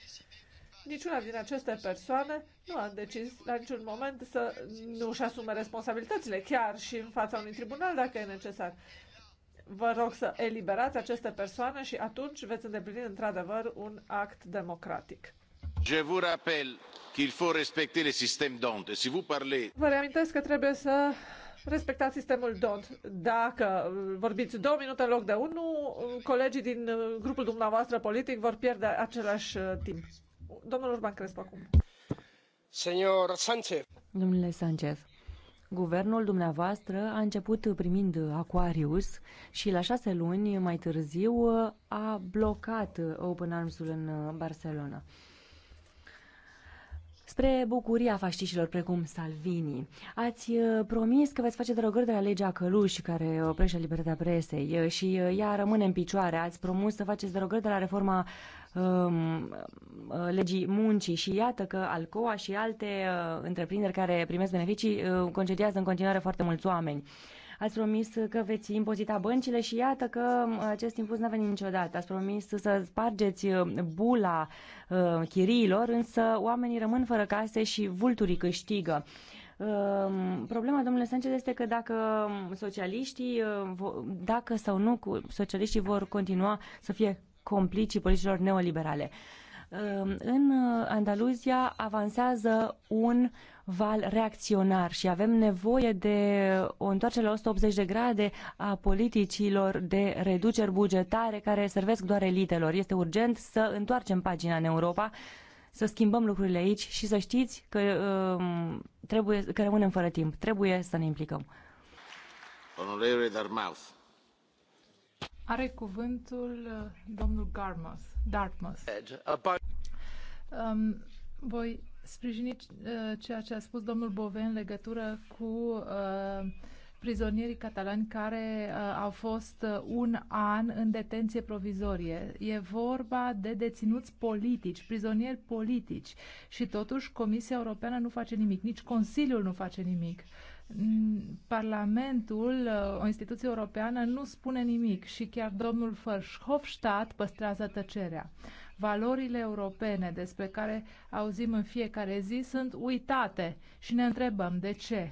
niciuna din aceste persoane nu a decis la niciun moment să nu și asume responsabilitățile, chiar și în fața unui tribunal, dacă e necesar. Vă rog să eliberați aceste persoane și atunci veți îndeplini într-adevăr un act democratic. Je vous rappelle qu'il faut respecter le système d'ont. Si vous parlez... Vă reamintesc că trebuie să respectați sistemul DONT. Dacă uh, vorbiți două minute în loc de unu, uh, colegii din uh, grupul dumneavoastră politic vor pierde același timp. Domnul Urban Crespo acum. Senor Sanchez. Domnule Sanchez, Guvernul dumneavoastră a început primind Aquarius și la șase luni mai târziu a blocat Open Arms-ul în Barcelona. Spre bucuria faștișilor precum Salvini, ați uh, promis că veți face derogări de la legea Căluși care oprește libertatea presei uh, și uh, ea rămâne în picioare. Ați promis să faceți derogări de la reforma Um, uh, legii muncii și iată că Alcoa și alte uh, întreprinderi care primesc beneficii uh, concediază în continuare foarte mulți oameni. Ați promis că veți impozita băncile și iată că um, acest impus n-a venit niciodată. Ați promis să spargeți uh, bula uh, chiriilor, însă oamenii rămân fără case și vulturii câștigă. Um, problema, domnule Sanchez, este că dacă socialiștii, uh, dacă sau nu, socialiștii vor continua să fie complicii politicilor neoliberale. Ehm, în uh, Andaluzia avansează un val reacționar și avem nevoie de o întoarcere la 180 de grade a politicilor de reduceri bugetare care servesc doar elitelor. Este urgent să întoarcem pagina în Europa, să schimbăm lucrurile aici și să știți că, um, trebuie, că rămânem fără timp. Trebuie să ne implicăm. Are cuvântul uh, domnul Garmouth, Dartmouth. Um, voi sprijini uh, ceea ce a spus domnul Bove în legătură cu uh, prizonierii catalani care uh, au fost uh, un an în detenție provizorie. E vorba de deținuți politici, prizonieri politici și totuși Comisia Europeană nu face nimic, nici Consiliul nu face nimic. Uh, Parlamentul, o instituție europeană, nu spune nimic și chiar domnul Fărșhofstadt păstrează tăcerea. Valorile europene despre care auzim în fiecare zi sunt uitate și ne întrebăm de ce.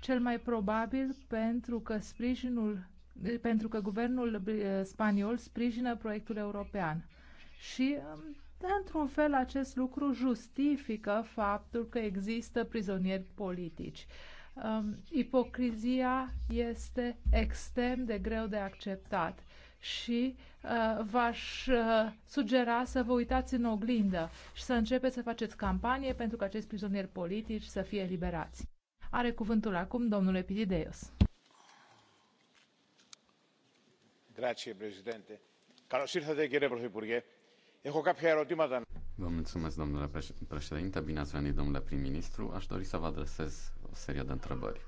Cel mai probabil pentru că sprijinul pentru că guvernul eh, spaniol sprijină proiectul european. Și mm, într-un fel acest lucru justifică faptul că există prizonieri politici. Um, ipocrizia este extrem de greu de acceptat și uh, v-aș uh, sugera să vă uitați în oglindă și să începeți să faceți campanie pentru că acești prizonieri politici să fie eliberați. Are cuvântul acum domnul Epidideus. Grazie, președinte. Καλώς ήρθατε κύριε Πρωθυπουργέ. Έχω κάποια ερωτήματα. Vă mulțumesc, domnule președinte. Bine ați venit, domnule prim-ministru. Aș dori să vă adresez seria de întrebări.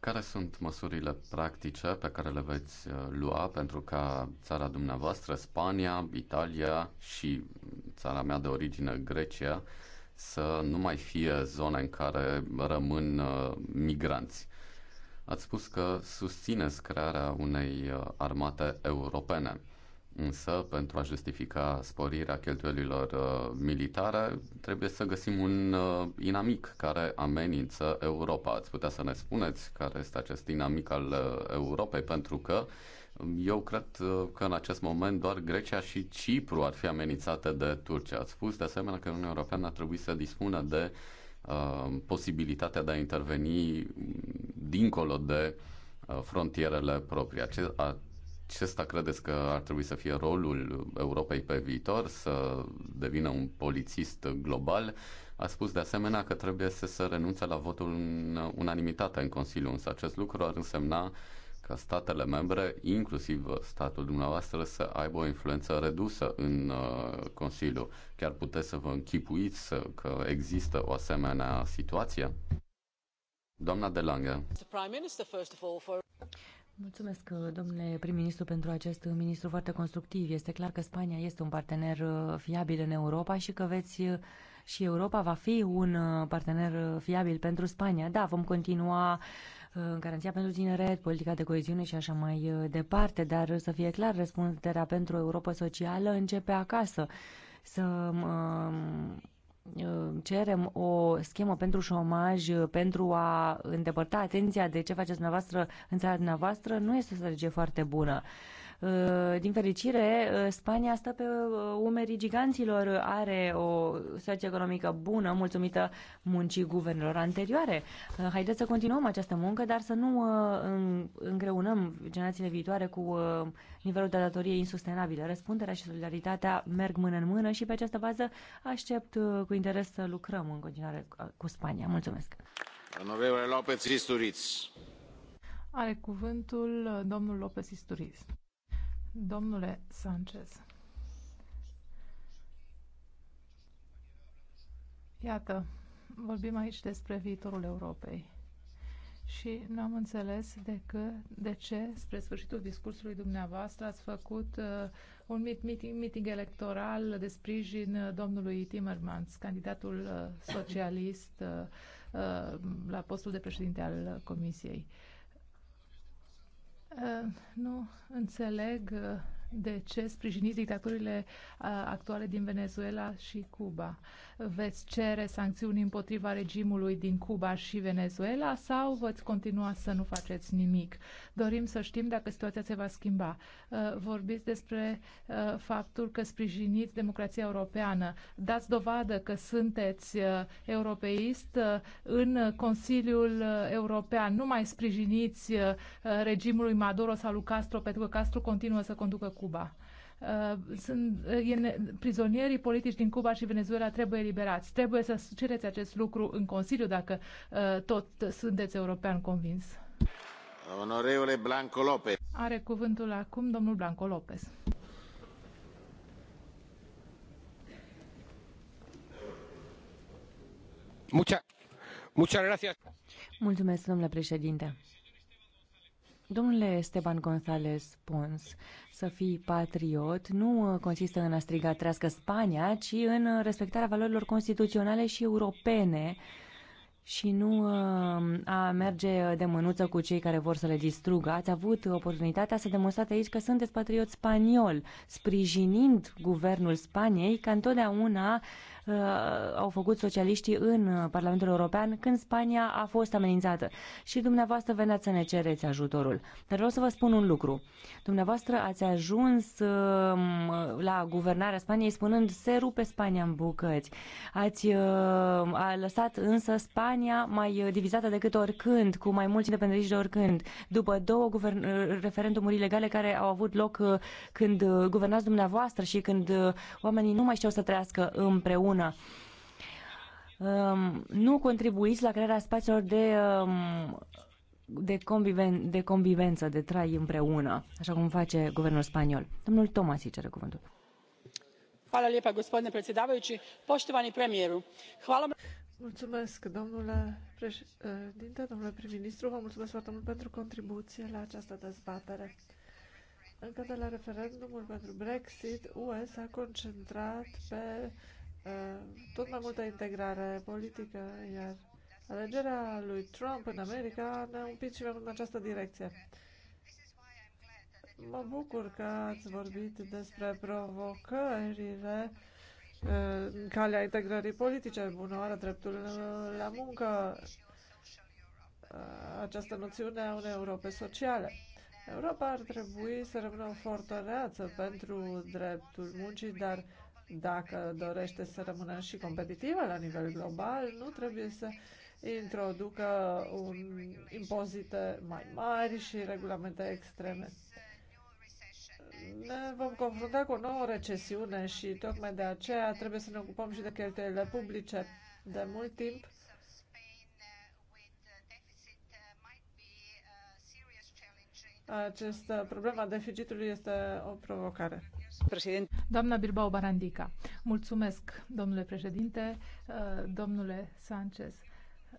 Care sunt măsurile practice pe care le veți uh, lua pentru ca țara dumneavoastră, Spania, Italia și țara mea de origine, Grecia, să nu mai fie zone în care rămân uh, migranți? Ați spus că susțineți crearea unei uh, armate europene. Însă, pentru a justifica sporirea cheltuielilor uh, militare, trebuie să găsim un uh, inamic care amenință Europa. Ați putea să ne spuneți care este acest inamic al uh, Europei, pentru că eu cred uh, că în acest moment doar Grecia și Cipru ar fi amenințate de Turcia. Ați spus de asemenea că Uniunea Europeană ar trebui să dispună de uh, posibilitatea de a interveni dincolo de uh, frontierele proprii. Ace- a, acesta credeți că ar trebui să fie rolul Europei pe viitor, să devină un polițist global? A spus de asemenea că trebuie să se renunțe la votul în unanimitate în Consiliu, însă acest lucru ar însemna ca statele membre, inclusiv statul dumneavoastră, să aibă o influență redusă în uh, Consiliu. Chiar puteți să vă închipuiți că există o asemenea situație? Doamna de Lange. Mulțumesc, domnule prim-ministru, pentru acest ministru foarte constructiv. Este clar că Spania este un partener uh, fiabil în Europa și că veți uh, și Europa va fi un uh, partener fiabil pentru Spania. Da, vom continua garanția pentru tineret, politica de coeziune și așa mai departe, dar să fie clar, răspunderea pentru Europa socială începe acasă. Să um, cerem o schemă pentru șomaj pentru a îndepărta atenția de ce faceți dumneavoastră în țara dumneavoastră nu este o strategie foarte bună. Uh, din fericire, uh, Spania stă pe uh, umerii giganților, are o situație economică bună, mulțumită muncii guvernelor anterioare. Haideți să continuăm această muncă, dar să nu îngreunăm generațiile viitoare cu nivelul de datorie insustenabilă. Răspunderea și solidaritatea merg mână în mână și pe această bază aștept cu interes să lucrăm în continuare cu Spania. Mulțumesc! Are cuvântul domnul Lopez Isturiz. Domnule Sanchez, iată, vorbim aici despre viitorul Europei și nu am înțeles de, că, de ce, spre sfârșitul discursului dumneavoastră, ați făcut uh, un meeting, meeting electoral de sprijin uh, domnului Timmermans, candidatul uh, socialist uh, uh, la postul de președinte al uh, Comisiei. Uh, Uh, nu înțeleg uh, de ce sprijiniți dictaturile uh, actuale din Venezuela și Cuba? Veți cere sancțiuni împotriva regimului din Cuba și Venezuela sau veți continua să nu faceți nimic? Dorim să știm dacă situația se va schimba. Uh, vorbiți despre uh, faptul că sprijiniți democrația europeană. Dați dovadă că sunteți europeist în Consiliul European. Nu mai sprijiniți regimului Maduro sau lui Castro pentru că Castro continuă să conducă Cuba. Uh, sunt, uh, e, prizonierii politici din Cuba și Venezuela trebuie eliberați. Trebuie să cereți acest lucru în Consiliu dacă uh, tot sunteți european convins. Onoreule Blanco Lopez. Are cuvântul acum domnul Blanco Lopez. Mucha, mucha gracias. Mulțumesc, domnule președinte. Domnule Esteban González Pons, să fii patriot nu uh, consistă în a striga trească Spania, ci în uh, respectarea valorilor constituționale și europene și nu uh, a merge de mânuță cu cei care vor să le distrugă. Ați avut oportunitatea să demonstrați aici că sunteți patriot spaniol, sprijinind guvernul Spaniei, ca întotdeauna Uh, au făcut socialiștii în uh, Parlamentul European când Spania a fost amenințată. Și dumneavoastră veneați să ne cereți ajutorul. Dar vreau să vă spun un lucru. Dumneavoastră ați ajuns uh, la guvernarea Spaniei spunând se rupe Spania în bucăți. Ați a lăsat însă Spania mai divizată decât oricând, cu mai mulți independenți de oricând. După două guvern- referendumuri legale care au avut loc când guvernați dumneavoastră și când oamenii nu mai știu să trăiască împreună bună. Um, nu contribuiți la crearea spațiilor de, um, de, conviven, de convivență, de trai împreună, așa cum face guvernul spaniol. Domnul Tomasi cere cuvântul. gospodine predsjedavajući poštovani premijeru hvala Mulțumesc, domnule președinte, domnule prim-ministru, vă mulțumesc foarte mult pentru contribuție la această dezbatere. Încă de la referendumul pentru Brexit, UE s-a concentrat pe tot mai multă integrare politică, iar alegerea lui Trump în America ne-a pic și mai mult în această direcție. Mă bucur că ați vorbit despre provocările uh, în calea integrării politice, bună oară, dreptul la muncă, uh, această noțiune a unei Europe sociale. Europa ar trebui să rămână o fortăreață pentru dreptul muncii, dar dacă dorește să rămână și competitivă la nivel global, nu trebuie să introducă un impozite mai mari și regulamente extreme. Ne vom confrunta cu o nouă recesiune și tocmai de aceea trebuie să ne ocupăm și de cheltuielile publice. De mult timp, această problema deficitului este o provocare președinte. Doamna Bilbao Barandica, mulțumesc, domnule președinte, uh, domnule Sanchez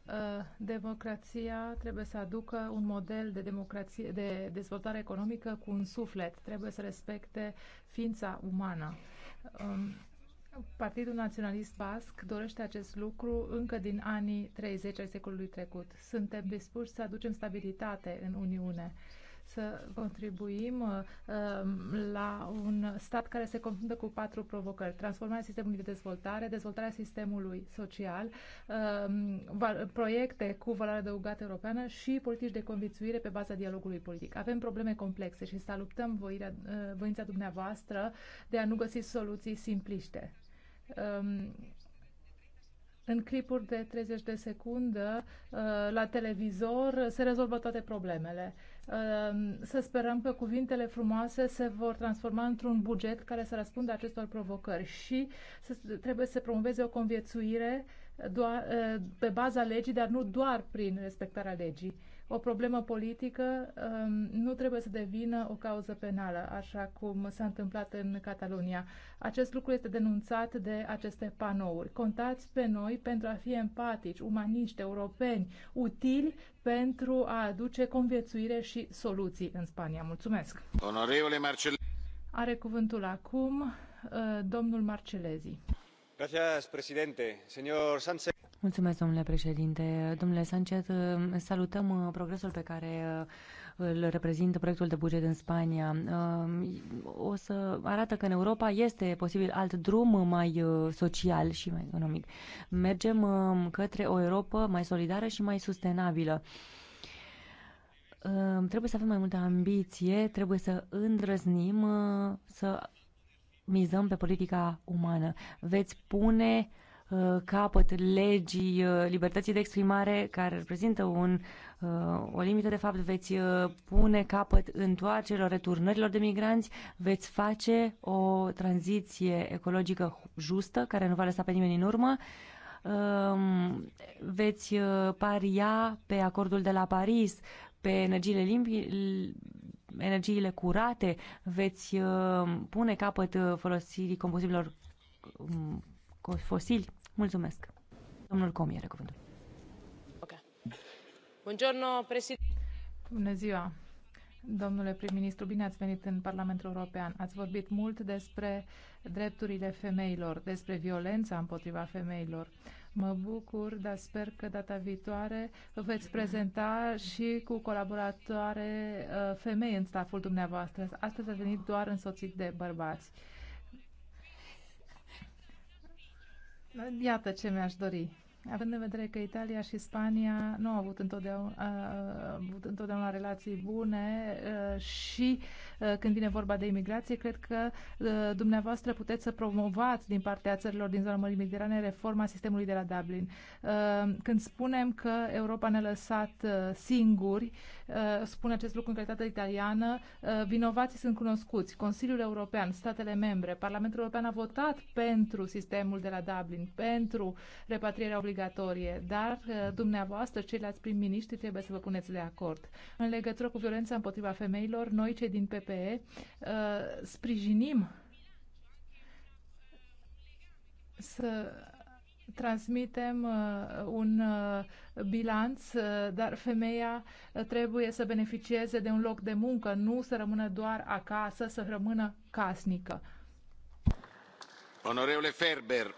uh, democrația trebuie să aducă un model de, democrație, de dezvoltare economică cu un suflet. Trebuie să respecte ființa umană. Um, Partidul Naționalist Basc dorește acest lucru încă din anii 30 ai secolului trecut. Suntem dispuși să aducem stabilitate în Uniune să contribuim uh, um, la un stat care se confundă cu patru provocări. Transformarea sistemului de dezvoltare, dezvoltarea sistemului social, um, proiecte cu valoare adăugată europeană și politici de convițuire pe baza dialogului politic. Avem probleme complexe și salutăm voirea, uh, voința dumneavoastră de a nu găsi soluții simpliște um, în clipuri de 30 de secundă uh, la televizor se rezolvă toate problemele. Ehm, să sperăm că cuvintele frumoase se vor transforma într-un buget care să răspundă acestor provocări și trebuie să promoveze o conviețuire doar, eh, pe baza legii, dar nu doar prin respectarea legii. O problemă politică um, nu trebuie să devină o cauză penală, așa cum s-a întâmplat în Catalunia. Acest lucru este denunțat de aceste panouri. Contați pe noi pentru a fi empatici, umaniști, europeni, utili pentru a aduce conviețuire și soluții în Spania. Mulțumesc! Onorevole Marcel... Are cuvântul acum uh, domnul Marcelezi. Gracias, presidente. Señor Sánchez. Mulțumesc, domnule președinte. Domnule Sanchez, salutăm uh, progresul pe care uh, îl reprezintă proiectul de buget în Spania. Uh, o să arată că în Europa este posibil alt drum mai social și mai economic. Mergem către o Europa mai solidară și mai sustenabilă trebuie să avem mai multă ambiție, trebuie să îndrăznim, să mizăm pe politica umană. Veți pune uh, Uh, capăt legii uh, libertății de exprimare, care reprezintă un, uh, o limită, de fapt, veți pune capăt întoarcerilor, returnărilor de migranți, veți face o tranziție ecologică justă, care nu va lăsa pe nimeni în urmă, um, veți paria pe acordul de la Paris, pe energiile limpi, energiile curate, veți pune capăt folosirii combustibilor um, fosili Mulțumesc. Domnul Comi are cuvântul. Okay. Buongiorno, Bună ziua, domnule prim-ministru. Bine ați venit în Parlamentul European. Ați vorbit mult despre drepturile femeilor, despre violența împotriva femeilor. Mă bucur, dar sper că data viitoare vă veți prezenta și cu colaboratoare uh, femei în staful dumneavoastră. Astăzi ați venit doar însoțit de bărbați. Iată ce mi-aș dori. Având în vedere că Italia și Spania nu au avut întotdeauna, uh, avut întotdeauna relații bune uh, și uh, când vine vorba de imigrație, cred că uh, dumneavoastră puteți să promovați din partea țărilor din zona Mării Mediterane reforma sistemului de la Dublin. Uh, când spunem că Europa ne-a lăsat uh, singuri, Uh, spune acest lucru în calitate italiană, uh, vinovații sunt cunoscuți. Consiliul European, statele membre, Parlamentul European a votat pentru sistemul de la Dublin, pentru repatrierea obligatorie, dar uh, dumneavoastră, ceilalți prim-miniștri, trebuie să vă puneți de acord. În legătură cu violența împotriva femeilor, noi, cei din PPE, sprijinim să transmitem uh, un uh, bilanț, uh, dar femeia trebuie să beneficieze de un loc de muncă, nu să rămână doar acasă, să rămână casnică. Onorevole Ferber.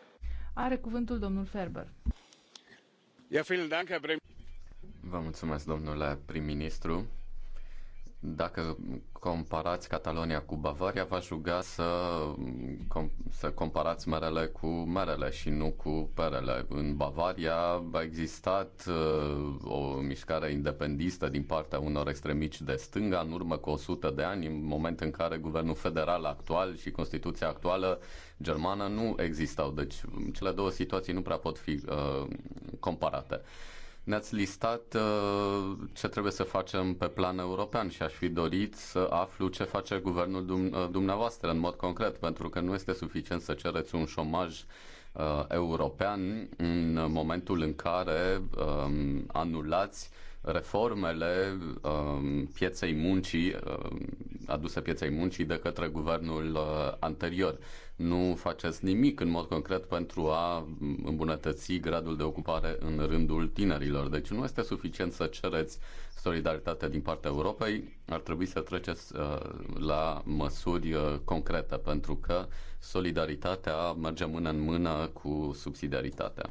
Are cuvântul domnul Ferber. Ja, Vă mulțumesc, domnule prim-ministru. Dacă comparați Catalonia cu Bavaria, v-aș ruga să, com- să comparați merele cu merele și nu cu perele. În Bavaria a existat uh, o mișcare independistă din partea unor extremici de stânga în urmă cu 100 de ani, în moment în care guvernul federal actual și Constituția actuală germană nu existau. Deci cele două situații nu prea pot fi uh, comparate. Ne-ați listat uh, ce trebuie să facem pe plan european și aș fi dorit să aflu ce face guvernul uh, dumneavoastră în mod concret, pentru că nu este suficient să cereți un șomaj uh, european în momentul în care um, anulați reformele um, pieței muncii, um, aduse pieței muncii de către guvernul uh, anterior nu faceți nimic în mod concret pentru a îmbunătăți gradul de ocupare în rândul tinerilor. Deci nu este suficient să cereți solidaritate din partea Europei, ar trebui să treceți uh, la măsuri uh, concrete, pentru că solidaritatea merge mână în mână cu subsidiaritatea.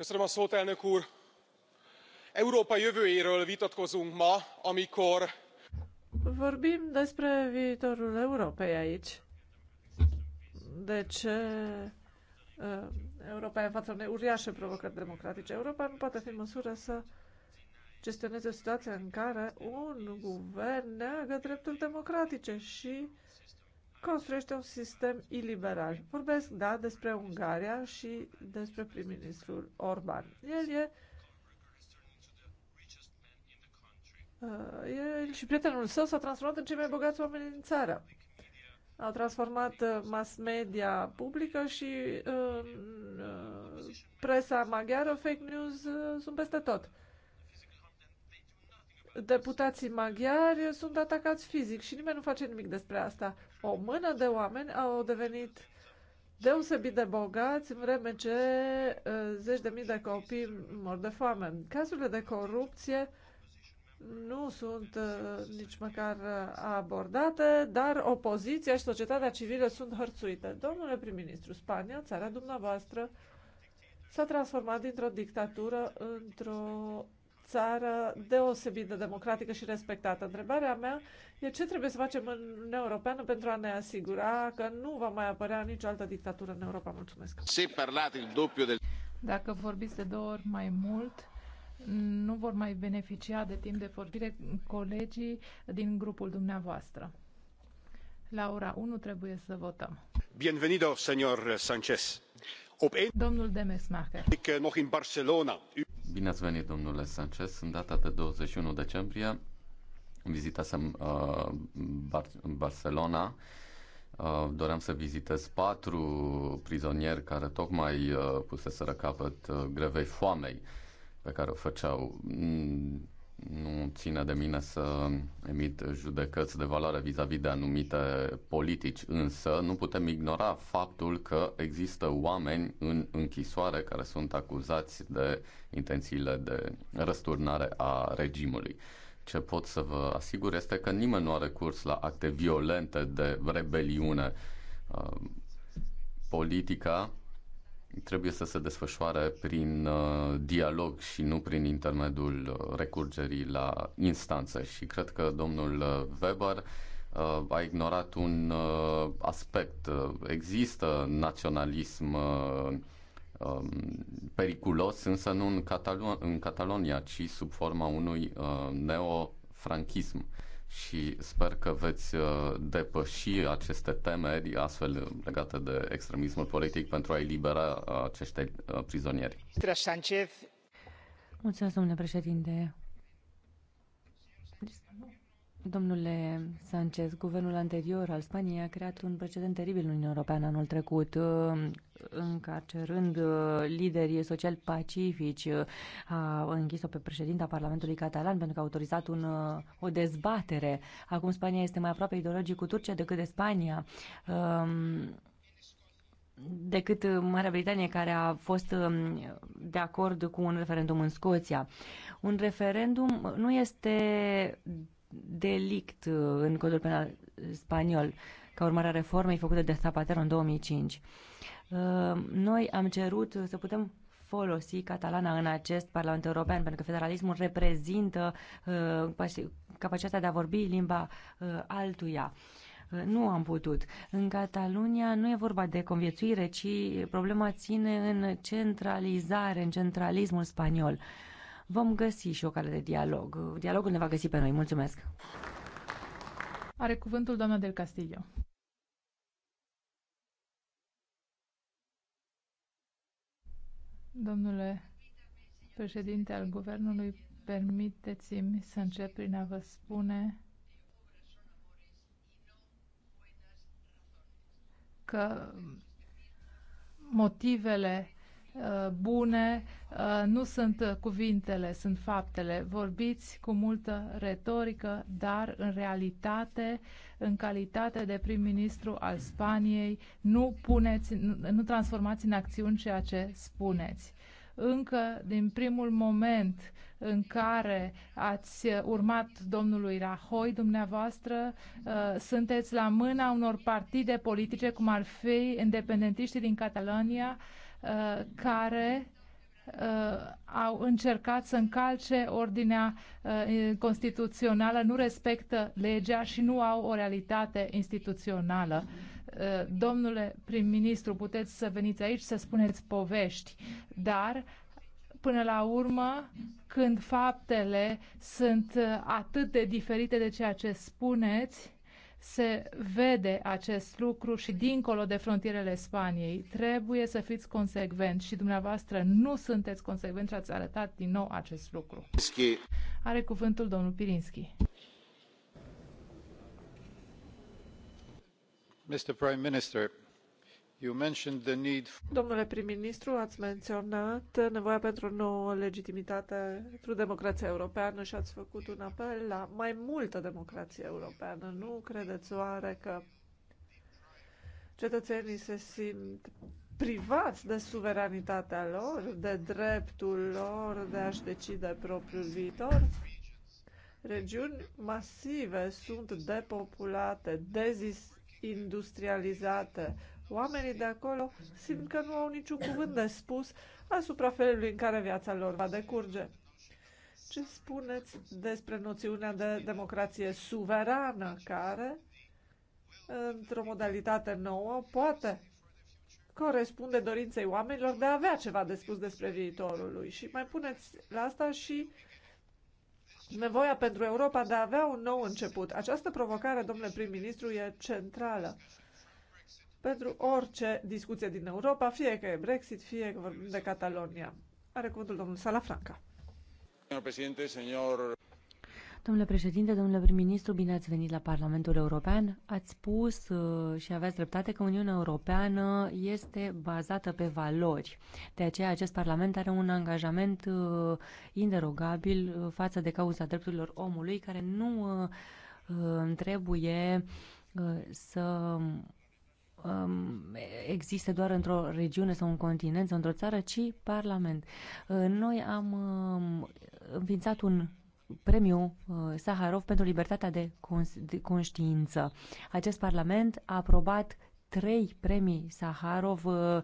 Köszönöm a szót, elnök úr! Európa jövőjéről vitatkozunk ma, amikor... Vorbim despre viitorul Europei aici. De deci, ce eh, eh, Europa e în fața unei uriașe provocări democratice? Europa nu poate fi în măsură să gestioneze o situație în care un guvern neagă drepturi democratice și construiește un sistem iliberal. Vorbesc, da, despre Ungaria și despre prim-ministrul Orban. El e Uh, el și prietenul său s-a transformat în cei mai bogați oameni din țară. Au transformat uh, mass media publică și uh, uh, presa maghiară, fake news uh, sunt peste tot. Deputații maghiari sunt atacați fizic și nimeni nu face nimic despre asta. O mână de oameni au devenit deosebit de bogați, în vreme ce uh, zeci de mii de copii mor de foame. Cazurile de corupție uh, nu sunt uh, nici măcar uh, abordate, dar opoziția și societatea civilă sunt hărțuite. Domnule prim-ministru, Spania, țara dumneavoastră, s-a transformat dintr-o dictatură într-o țară deosebit de democratică și respectată. Întrebarea mea e ce trebuie să facem în Uniunea Europeană pentru a ne asigura că nu va mai apărea nicio altă dictatură în Europa. Mulțumesc! Dacă vorbiți de două ori mai mult, nu vor mai beneficia de timp de vorbire colegii din grupul dumneavoastră. La ora 1 trebuie să votăm. Bienvenido, señor Sanchez. Domnul Demesmacher. Noch in Barcelona. Bine ați venit, domnule Sanchez. În data de 21 decembrie vizitasem uh, Bar- Barcelona. Uh, doream să vizitez patru prizonieri care tocmai uh, puseseră capăt uh, grevei foamei. Uh, pe care o făceau. Mm, nu ține de mine să emit judecăți de valoare vis-a-vis -vis de anumite politici, însă nu putem ignora faptul că există oameni în închisoare care sunt acuzați de intențiile de răsturnare a regimului ce pot să vă asigur este că nimeni nu are curs la acte violente de rebeliune. Uh, politica trebuie să se desfășoare prin uh, dialog și nu prin intermediul uh, recurgerii la instanțe. Și cred că domnul uh, Weber a ignorat un aspect. Există naționalism um, periculos, însă nu în, Catalo- în Catalonia, ci sub forma unui neofranchism și sper că veți uh, depăși aceste temeri astfel legate de extremismul politic pentru a elibera acești uh, prizonieri. Sanchez. Mulțumesc, domnule președinte. Domnule Sanchez, guvernul anterior al Spaniei a creat un precedent teribil în Uniunea Europeană anul trecut, încarcerând uh, liderii social pacifici, uh, a închis-o pe președinta Parlamentului Catalan pentru că a autorizat un, uh, o dezbatere. Acum Spania este mai aproape ideologic cu Turcia decât de Spania. Um, decât Marea Britanie, care a fost um, de acord cu un referendum în Scoția. Un referendum nu este delict în codul penal spaniol, ca urmare a reformei făcute de Zapatero în 2005. Uh, noi am cerut să putem folosi catalana în acest Parlament European, pentru că federalismul reprezintă uh, capacitatea de a vorbi limba uh, altuia. Nu am putut. În Catalunia nu e vorba de conviețuire, ci problema ține în centralizare, în centralismul spaniol. Vom găsi și o cale de dialog. Dialogul ne va găsi pe noi. Mulțumesc! Are cuvântul doamna del Castillo. Domnule președinte al guvernului, permiteți-mi să încep prin a vă spune că motivele Uh, bune uh, nu sunt uh, cuvintele, sunt faptele. Vorbiți cu multă retorică, dar în realitate, în calitate de prim-ministru al Spaniei, nu, puneți, nu transformați în acțiuni ceea ce spuneți. Încă din primul moment în care ați urmat domnului Rahoi, dumneavoastră, sunteți la mâna unor partide politice, cum ar fi independentiștii din Catalonia, Uh, care uh, au încercat să încalce ordinea uh, constituțională, nu respectă legea și nu au o realitate instituțională. Domnule prim-ministru, puteți să veniți aici să spuneți povești, dar până la urmă, când faptele sunt atât de diferite de ceea ce spuneți, se vede acest lucru și dincolo de frontierele Spaniei. Trebuie să fiți consecvent și dumneavoastră nu sunteți consecvent și ați arătat din nou acest lucru. Schi. Are cuvântul domnul Pirinski. Mr. Prime Minister, Domnule prim-ministru, ați menționat nevoia pentru o nouă legitimitate pentru democrația europeană și ați făcut un apel la mai multă democrație europeană. Nu credeți oare că cetățenii se simt privați de suveranitatea lor, de dreptul lor de a-și decide propriul viitor? Regiuni masive sunt depopulate, dezindustrializate, Oamenii de acolo simt că nu au niciun cuvânt de spus asupra felului în care viața lor va decurge. Ce spuneți despre noțiunea de democrație suverană care, într-o modalitate nouă, poate corespunde dorinței oamenilor de a avea ceva de spus despre viitorul lui. Și mai puneți la asta și nevoia pentru Europa de a avea un nou început. Această provocare, domnule prim-ministru, e centrală pentru orice discuție din Europa, fie că e Brexit, fie că vorbim de Catalonia. Are cuvântul domnul Salafranca. Domnule președinte, domnule prim-ministru, bine ați venit la Parlamentul European. Ați spus uh, și aveți dreptate că Uniunea Europeană este bazată pe valori. De aceea acest Parlament are un angajament uh, inderogabil uh, față de cauza drepturilor omului, care nu trebuie să um, existe doar într-o regiune sau un continent sau într-o țară, ci Parlament. Uh, noi am um, înființat un premiu uh, Saharov pentru libertatea de, cons- de conștiință. Acest Parlament a aprobat trei premii Saharov uh,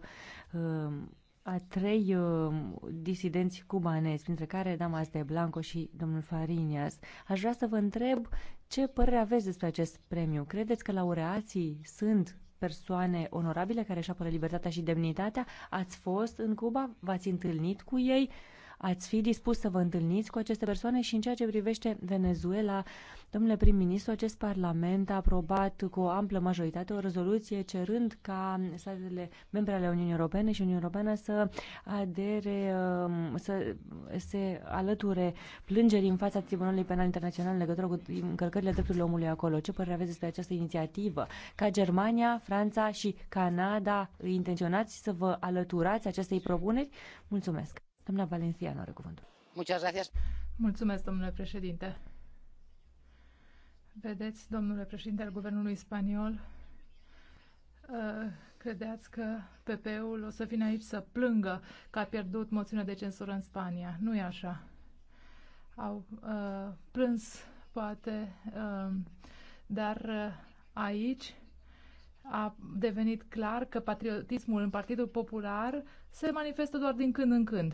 um, a trei uh, disidenți cubanezi, printre care Damas de Blanco și domnul Farinias. Aș vrea să vă întreb ce părere aveți despre acest premiu. Credeți că laureații sunt persoane onorabile care își apără libertatea și demnitatea. Ați fost în Cuba? V-ați întâlnit cu ei? ați fi dispus să vă întâlniți cu aceste persoane și în ceea ce privește Venezuela, domnule prim-ministru, acest parlament a aprobat cu o amplă majoritate o rezoluție cerând ca statele membre ale Uniunii Europene și Uniunea Europeană să adere, um, să se alăture plângerii în fața Tribunalului Penal Internațional în legătură cu încălcările drepturilor omului acolo. Ce părere aveți despre această inițiativă? Ca Germania, Franța și Canada intenționați să vă alăturați acestei propuneri? Mulțumesc! Doamna Valenciano are cuvântul. Mulțumesc, domnule președinte. Vedeți, domnule președinte al guvernului spaniol, uh, credeați că PP-ul o să vină aici să plângă că a pierdut moțiunea de censură în Spania. Nu e așa. Au uh, plâns, poate, uh, dar uh, aici a devenit clar că patriotismul în Partidul Popular se manifestă doar din când în când.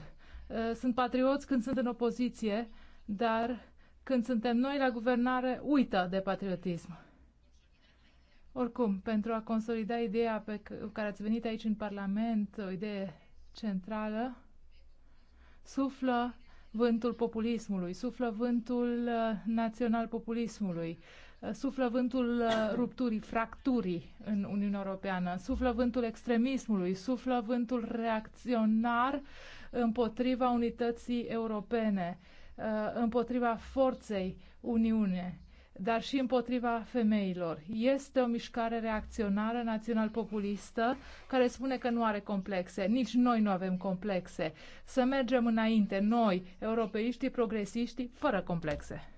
Eh, sunt patrioți când sunt în opoziție, dar când suntem noi la guvernare, uită de patriotism. Oricum, pentru a consolida ideea pe care ați venit aici în Parlament, o idee centrală, suflă vântul populismului, suflă vântul eh, național-populismului, eh, suflă vântul rupturii, fracturii în Uniunea Europeană, suflă vântul extremismului, suflă vântul reacționar împotriva unității europene, uh, împotriva forței Uniune, dar și împotriva femeilor. Este o mișcare reacționară național-populistă care spune că nu are complexe. Nici noi nu avem complexe. Să mergem înainte, noi, europeiștii, progresiștii, fără complexe.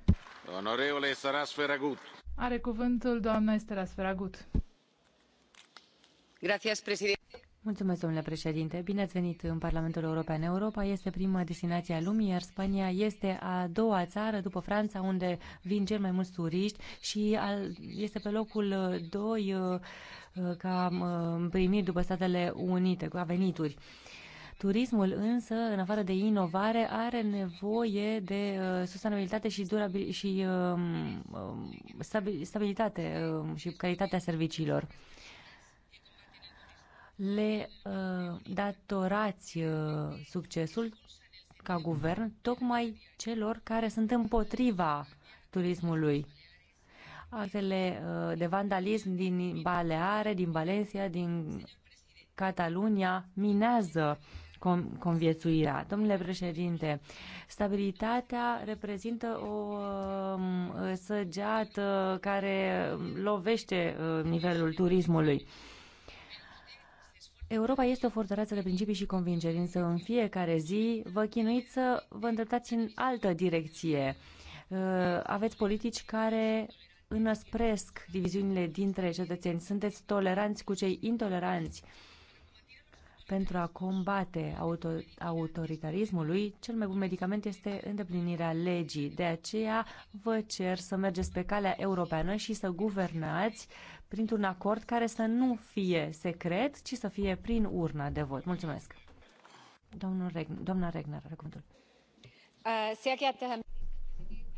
Onoreul Saras Feragut. Are cuvântul doamna Estera Sferagut. Grazie, președinte Mulțumesc, domnule președinte. Bine ați venit în Parlamentul European. Europa este prima destinație a lumii, iar Spania este a doua țară după Franța, unde vin cel mai mulți turiști și este pe locul doi uh, ca uh, primit după Statele Unite, cu venituri. Turismul însă, în afară de inovare, are nevoie de uh, sustenabilitate și, durabil- și uh, stabilitate uh, și calitatea serviciilor. Uh, le uh, datorați uh, succesul ca guvern tocmai celor care sunt împotriva turismului. Actele uh, de vandalism din Baleare, din Valencia, din Catalunia minează conviețuirea. Domnule președinte, stabilitatea reprezintă o um, săgeată care lovește uh, nivelul turismului. Europa este o fortăreață de principii și convingeri, însă în fiecare zi vă chinuiți să vă îndreptați în altă direcție. Uh, aveți politici care înăspresc diviziunile dintre cetățeni. Sunteți toleranți cu cei intoleranți pentru a combate auto- autoritarismului, cel mai bun medicament este îndeplinirea legii. De aceea vă cer să mergeți pe calea europeană și să guvernați uh, printr-un acord care să nu fie secret, ci să fie prin urna de vot. Mulțumesc. Domnul Reg doamna Regner, are cuvântul. Uh,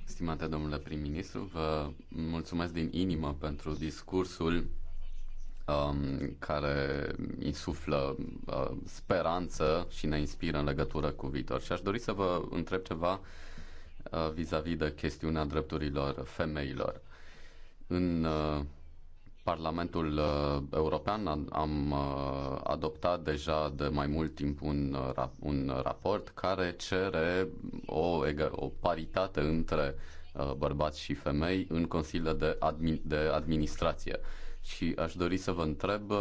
Stimate domnule prim-ministru, vă mulțumesc din inimă pentru discursul um, care insuflă uh, speranță și ne inspiră în legătură cu viitor. Și aș dori să vă întreb ceva uh, vis-a-vis uh, -vis de chestiunea drepturilor femeilor. În uh, Parlamentul uh, European am uh, adoptat deja de mai mult timp un, uh, un raport care cere o, o paritate între bărbați și femei în consiliile de, admi- de administrație. Și aș dori să vă întreb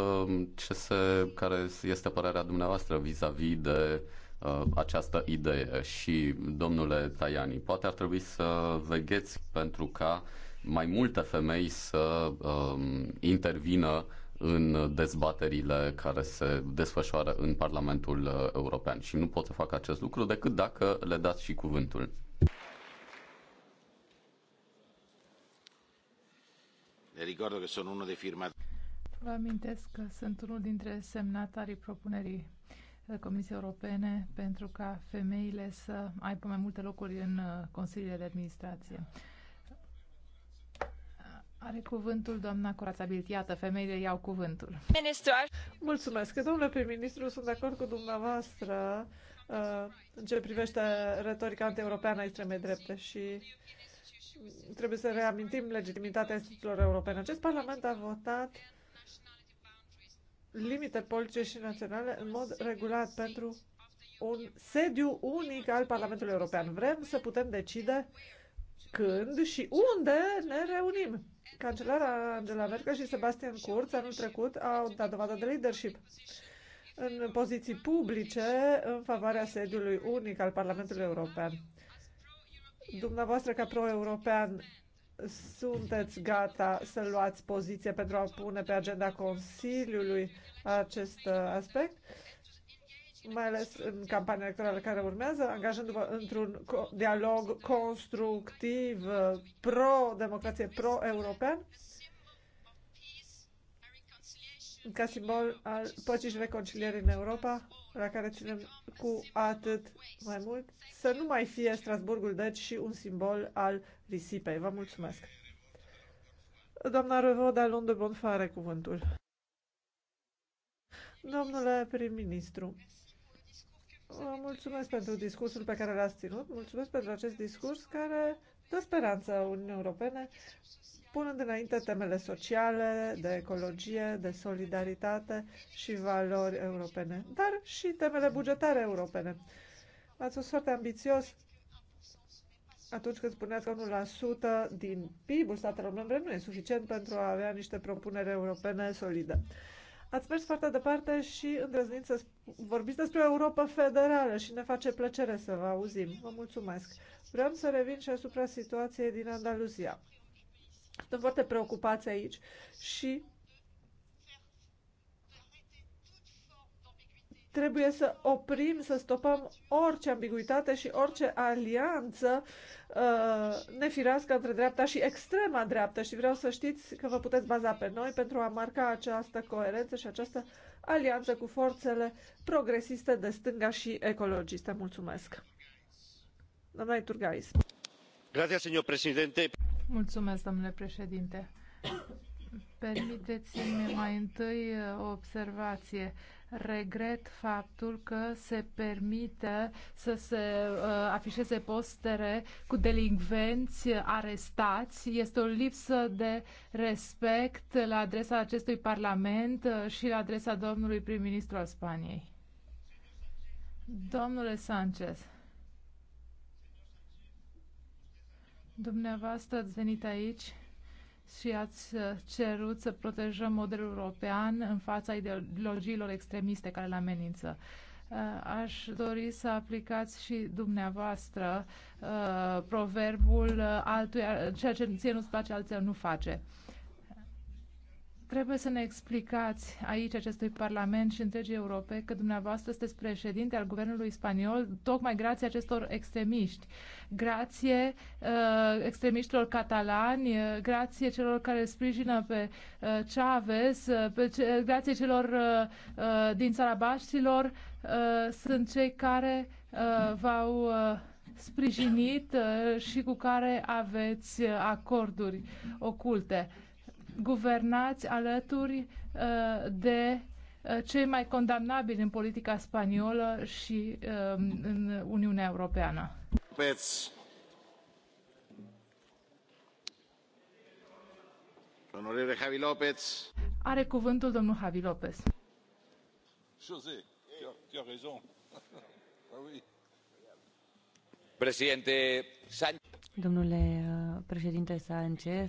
ce se, care este părerea dumneavoastră vis-a-vis -vis de uh, această idee. Și, domnule Tajani, poate ar trebui să vegheți pentru ca uh, mai multe femei să um, intervină în dezbaterile care se desfășoară în Parlamentul uh, European și nu pot să fac acest lucru decât dacă le dați și cuvântul. Le ricordo că sunt unul de firmatari. Vă amintesc că sunt unul dintre semnatarii propunerii uh, Comisiei Europene pentru ca femeile să aibă mai multe locuri în uh, consiliile de administrație. Are cuvântul doamna Curața Bilt. Iată, femeile iau cuvântul. Ministru. Mulțumesc. Domnule prim-ministru, sunt de acord cu dumneavoastră uh, în ce privește retorica anti-europeană a extremei drepte și trebuie să reamintim legitimitatea instituțiilor europene. Acest parlament a votat limite politice și naționale în mod regulat pentru un sediu unic al Parlamentului European. Vrem să putem decide când și unde ne reunim. Cancelara Angela Merkel și Sebastian Kurz anul trecut au dat dovadă de leadership în poziții publice în favoarea sediului unic al Parlamentului European. Dumneavoastră, ca pro-european, sunteți gata să luați poziție pentru a pune pe agenda Consiliului acest uh, aspect? mai ales în campania electorală care urmează, angajându-vă într-un dialog constructiv, uh, pro-democrație, pro-european, ca simbol al păcii și reconcilierii în Europa, la care ținem cu atât mai mult, să nu mai fie Strasburgul, deci, și un simbol al risipei. Vă mulțumesc! Doamna Revoda bun Bonfare, cuvântul. Domnule prim-ministru, Vă mulțumesc pentru discursul pe care l-ați ținut, mulțumesc pentru acest discurs care dă speranță Uniunii Europene, punând înainte temele sociale, de ecologie, de solidaritate și valori europene, dar și temele bugetare europene. Ați fost foarte ambițios atunci când spuneați că 1% din PIB-ul statelor membre nu e suficient pentru a avea niște propuneri europene solide. Ați mers foarte departe și îndrăzniți să vorbiți despre Europa federală și ne face plăcere să vă auzim. Vă mulțumesc. Vreau să revin și asupra situației din Andaluzia. Sunt foarte preocupați aici și Trebuie să oprim, să stopăm orice ambiguitate și orice alianță uh, nefirească între dreapta și extrema dreaptă și vreau să știți că vă puteți baza pe noi pentru a marca această coerență și această alianță cu forțele progresiste de stânga și ecologiste. Mulțumesc! Doamna Turgais. Mulțumesc, domnule președinte. Permiteți-mi mai întâi uh, o observație regret faptul că se permite să se uh, afișeze postere cu delinvenți arestați. Este o lipsă de respect la adresa acestui Parlament uh, și la adresa domnului prim-ministru al Spaniei. Domnule Sanchez, dumneavoastră ați venit aici și ați uh, cerut să protejăm modelul european în fața ideologiilor extremiste care îl amenință. Uh, aș dori să aplicați și dumneavoastră uh, proverbul uh, altuia, ceea ce ție nu-ți place, alții nu face. Trebuie să ne explicați aici acestui Parlament și întregii Europe că dumneavoastră sunteți președinte al guvernului spaniol tocmai grație acestor extremiști, grație uh, extremiștilor catalani, uh, grație celor care sprijină pe uh, Chavez, uh, pe ce, uh, grație celor uh, uh, din țara Baștilor, uh, sunt cei care uh, v-au uh, sprijinit uh, și cu care aveți uh, acorduri oculte guvernați alături uh, de uh, cei mai condamnabili în politica spaniolă și um, în Uniunea Europeană. López. Onorele Javi López. Are cuvântul domnul Javi López. José, tu as raison. Ah uh, președinte Sanchez. Domnule președinte Sanchez,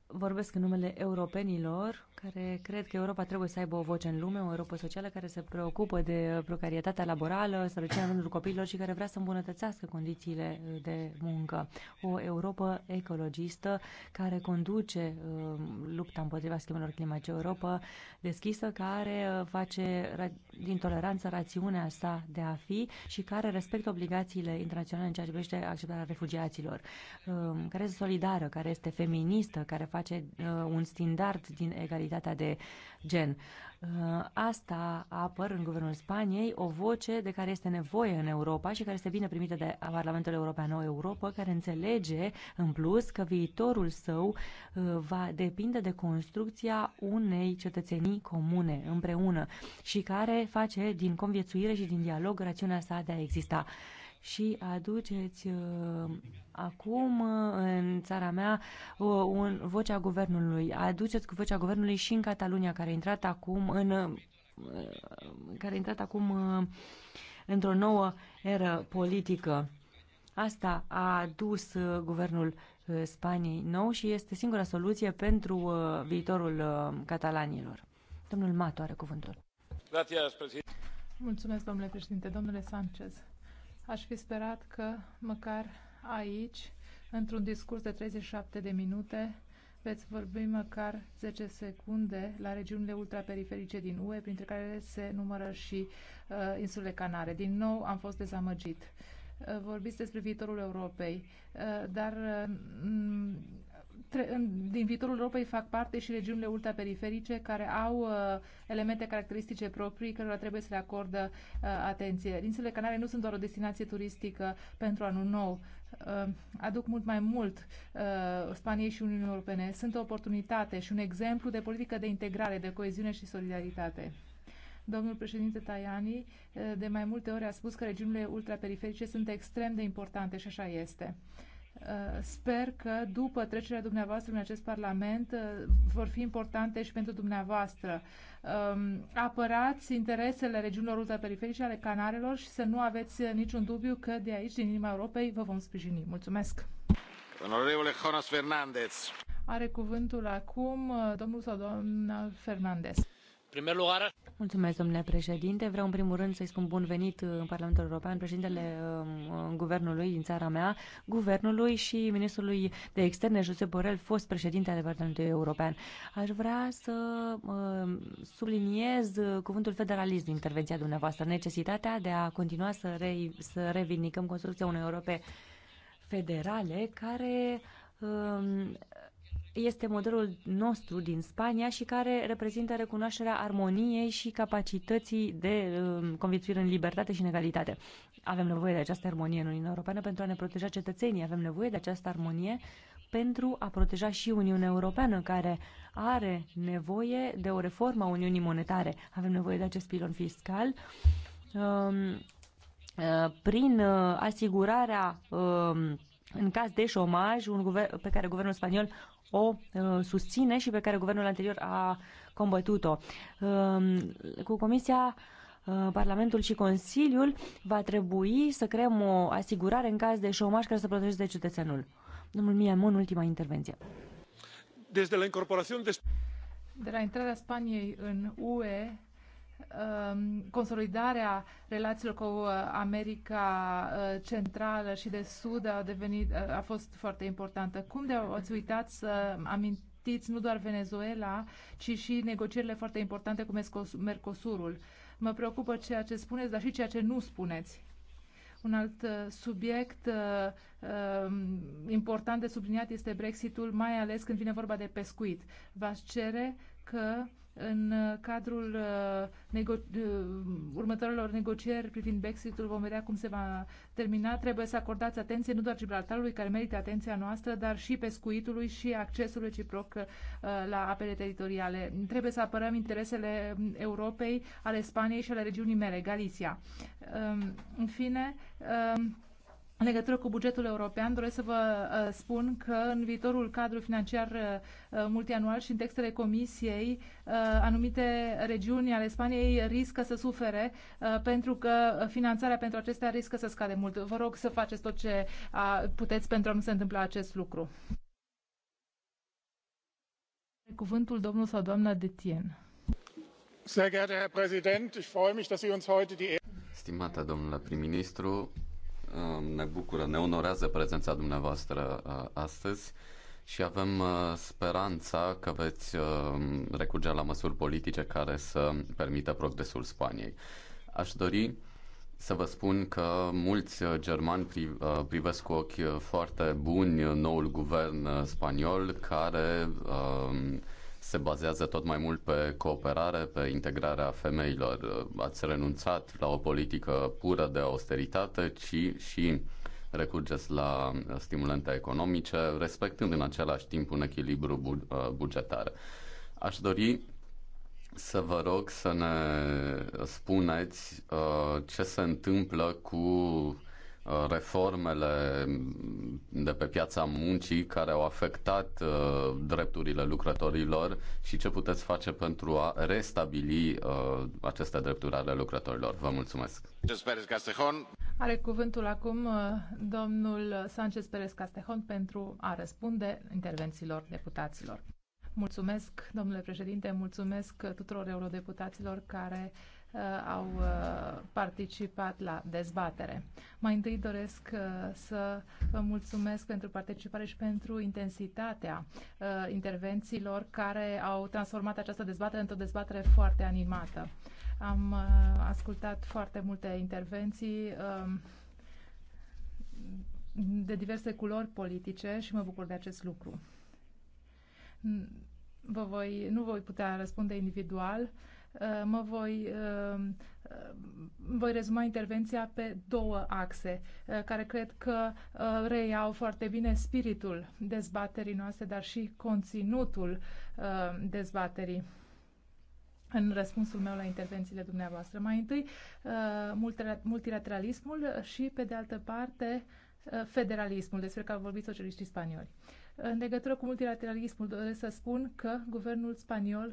vorbesc în numele europenilor care cred că Europa trebuie să aibă o voce în lume, o Europa socială care se preocupă de precarietatea laborală, sărăcia în rândul copiilor și care vrea să îmbunătățească condițiile de muncă. O Europa ecologistă care conduce um, lupta împotriva schimbărilor climatice, o Europa deschisă care uh, face din toleranță rațiunea sa de a fi și care respectă obligațiile internaționale în ceea ce privește acceptarea refugiaților, um, care este solidară, care este feministă, care face face uh, un standard din egalitatea de gen. Uh, asta apăr în guvernul Spaniei o voce de care este nevoie în Europa și care este bine primită de Parlamentul European o Europa, care înțelege în plus că viitorul său uh, va depinde de construcția unei cetățenii comune împreună și care face din conviețuire și din dialog rațiunea sa de a exista și aduceți uh, acum uh, în țara mea uh, un, vocea guvernului. Aduceți cu vocea guvernului și în Catalunia, care a intrat acum în care a intrat acum într-o nouă eră politică. Asta a adus guvernul Spaniei nou și este singura soluție pentru viitorul catalanilor. Domnul Mato are cuvântul. Mulțumesc, domnule președinte. Domnule Sanchez, Aș fi sperat că măcar aici, într-un discurs de 37 de minute, veți vorbi măcar 10 secunde la regiunile ultraperiferice din UE, printre care se numără și uh, insulele Canare. Din nou am fost dezamăgit. Uh, vorbiți despre viitorul Europei, uh, dar uh, din viitorul Europei fac parte și regiunile ultraperiferice care au uh, elemente caracteristice proprii cărora trebuie să le acordă uh, atenție. Insulele Canare nu sunt doar o destinație turistică pentru anul nou. Uh, aduc mult mai mult uh, Spaniei și Uniunii Europene. Sunt o oportunitate și un exemplu de politică de integrare, de coeziune și solidaritate. Domnul președinte Tajani uh, de mai multe ori a spus că regiunile ultraperiferice sunt extrem de importante și așa este. Uh, Uh, sper că după trecerea dumneavoastră în acest Parlament uh, vor fi importante și pentru dumneavoastră. Um, apărați interesele regiunilor ultraperiferice ale Canarelor și să nu aveți uh, niciun dubiu că de aici, din inima Europei, vă vom sprijini. Mulțumesc! Onorevole Jonas Fernandez. Are cuvântul acum domnul sau doamna Fernandez. Mulțumesc, domnule președinte. Vreau în primul rând să-i spun bun venit în uh, Parlamentul European președintele uh, uh, guvernului din țara mea, guvernului și ministrului de externe, Josep Borel, fost președinte al Parlamentului European. Aș vrea să subliniez cuvântul federalism din intervenția dumneavoastră, necesitatea de a continua să, re, să revindicăm construcția unei Europe federale care este modelul nostru din Spania și care reprezintă recunoașterea armoniei și capacității de um, conviețuire în libertate și în egalitate. Avem nevoie de această armonie în Uniunea Europeană pentru a ne proteja cetățenii, avem nevoie de această armonie pentru a proteja și Uniunea Europeană, care are nevoie de o reformă a Uniunii Monetare. Avem nevoie de acest pilon fiscal um, uh, prin uh, asigurarea um, în caz de șomaj un guver- pe care guvernul spaniol o uh, susține și pe care guvernul anterior a combătut-o. Um, cu Comisia uh, Parlamentul și Consiliul va trebui să creăm o asigurare în caz de șomaș care să protejeze cetățenul. Domnul Miamon, ultima intervenție. Desde la de... de la intrarea Spaniei în UE, Um, consolidarea relațiilor cu uh, America uh, Centrală și de Sud a, devenit, uh, a fost foarte importantă. Cum de ați uitat să amintiți nu doar Venezuela, ci și negocierile foarte importante cu Mercosurul? Mă preocupă ceea ce spuneți, dar și ceea ce nu spuneți. Un alt subiect uh, um, important de subliniat este Brexitul, mai ales când vine vorba de pescuit. V-aș cere că în uh, cadrul uh, nego- uh, următorilor negocieri privind Brexitul vom vedea cum se va termina. Trebuie să acordați atenție nu doar Gibraltarului, care merită atenția noastră, dar și pescuitului și accesul reciproc la apele teritoriale. Trebuie să apărăm interesele um, Europei, ale Spaniei și ale regiunii mele, Galicia. Um, în fine, um, în legătură cu bugetul european, doresc să vă uh, spun că în viitorul cadru financiar uh, multianual și în textele comisiei, uh, anumite regiuni ale Spaniei riscă să sufere pentru că finanțarea pentru acestea riscă să scade mult. Vă rog să faceți tot ce puteți pentru a nu se întâmpla acest lucru. Cuvântul domnul sau doamna Detien. Sehr geehrter Herr Präsident, ich freue mich, dass Sie uns heute die Stimata domnule prim-ministru, ne bucură, ne onorează prezența dumneavoastră astăzi și avem speranța că veți recurge la măsuri politice care să permită progresul Spaniei. Aș dori să vă spun că mulți germani privesc cu ochi foarte buni noul guvern spaniol care se bazează tot mai mult pe cooperare, pe integrarea femeilor. Ați renunțat la o politică pură de austeritate, ci și recurgeți la stimulente economice, respectând în același timp un echilibru uh, bugetar. Aș dori să vă rog să ne spuneți uh, ce se întâmplă cu reformele de pe piața muncii care au afectat uh, drepturile lucrătorilor și ce puteți face pentru a restabili uh, aceste drepturi ale lucrătorilor. Vă mulțumesc! Are cuvântul acum uh, domnul Sanchez Perez Castejon pentru a răspunde intervențiilor deputaților. Mulțumesc, domnule președinte, mulțumesc tuturor eurodeputaților care uh, Uh, au uh, participat la dezbatere. Mai întâi doresc uh, să vă mulțumesc pentru participare și pentru intensitatea intervențiilor care au transformat această dezbatere într-o dezbatere foarte animată. Am ascultat foarte multe intervenții um, de diverse culori politice și mă bucur de acest lucru. Vă voi, nu voi putea răspunde individual, Uh, mă voi, uh, uh, voi rezuma intervenția pe două axe, care cred că reiau foarte bine spiritul dezbaterii noastre, dar și conținutul dezbaterii în răspunsul meu la intervențiile dumneavoastră. Mai întâi, multilateralismul și, pe de altă parte, federalismul, despre care au vorbit socialiștii spanioli. În legătură cu multilateralismul, doresc să spun că guvernul spaniol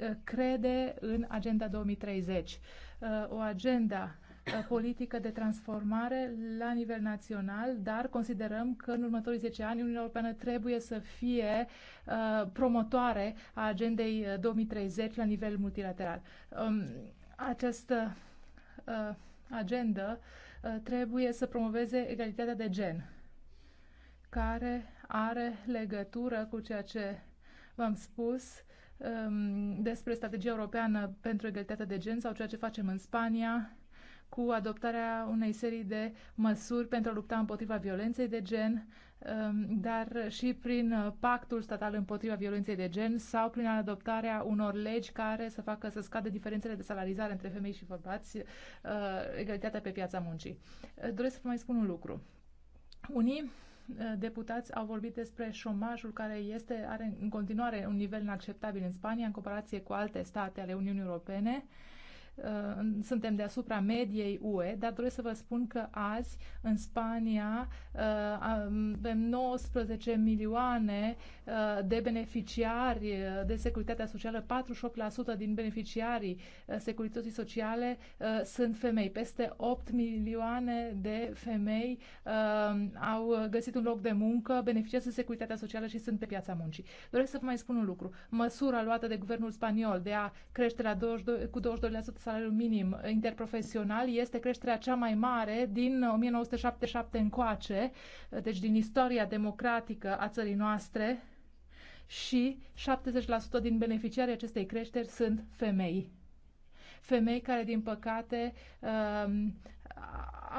Uh, crede în Agenda 2030, uh, o agenda uh, politică de transformare la nivel național, dar considerăm că în următorii 10 ani Uniunea Europeană trebuie să fie promotoare a agendei 2030 la nivel multilateral. Um, această agendă trebuie să promoveze egalitatea de gen, care are legătură cu ceea ce v-am spus Um, despre strategia europeană pentru egalitatea de gen sau ceea ce facem în Spania cu adoptarea unei serii de măsuri pentru a lupta împotriva violenței de gen, um, dar și prin uh, pactul statal împotriva violenței de gen sau prin adoptarea unor legi care să facă să scadă diferențele de salarizare între femei și bărbați, uh, egalitatea pe piața muncii. Uh, doresc să vă mai spun un lucru. Unii Eh, deputați au vorbit despre șomajul care este, are în continuare un nivel inacceptabil în Spania în comparație cu alte state ale Uniunii Europene. Uh, Uh, suntem deasupra mediei UE, dar doresc să vă spun că azi în Spania uh, avem 19 milioane uh, de beneficiari de securitatea socială, 48% din beneficiarii securității sociale sunt femei. Peste 8 milioane de femei au găsit un loc de muncă, beneficiază de securitatea socială și sunt pe piața muncii. Doresc să vă mai spun un lucru. Măsura luată de guvernul spaniol de a crește la 22, cu 22% salariul minim interprofesional este creșterea cea mai mare din 1977 încoace, deci din istoria democratică a țării noastre și 70% din beneficiarii acestei creșteri sunt femei. Femei care, din păcate, uh,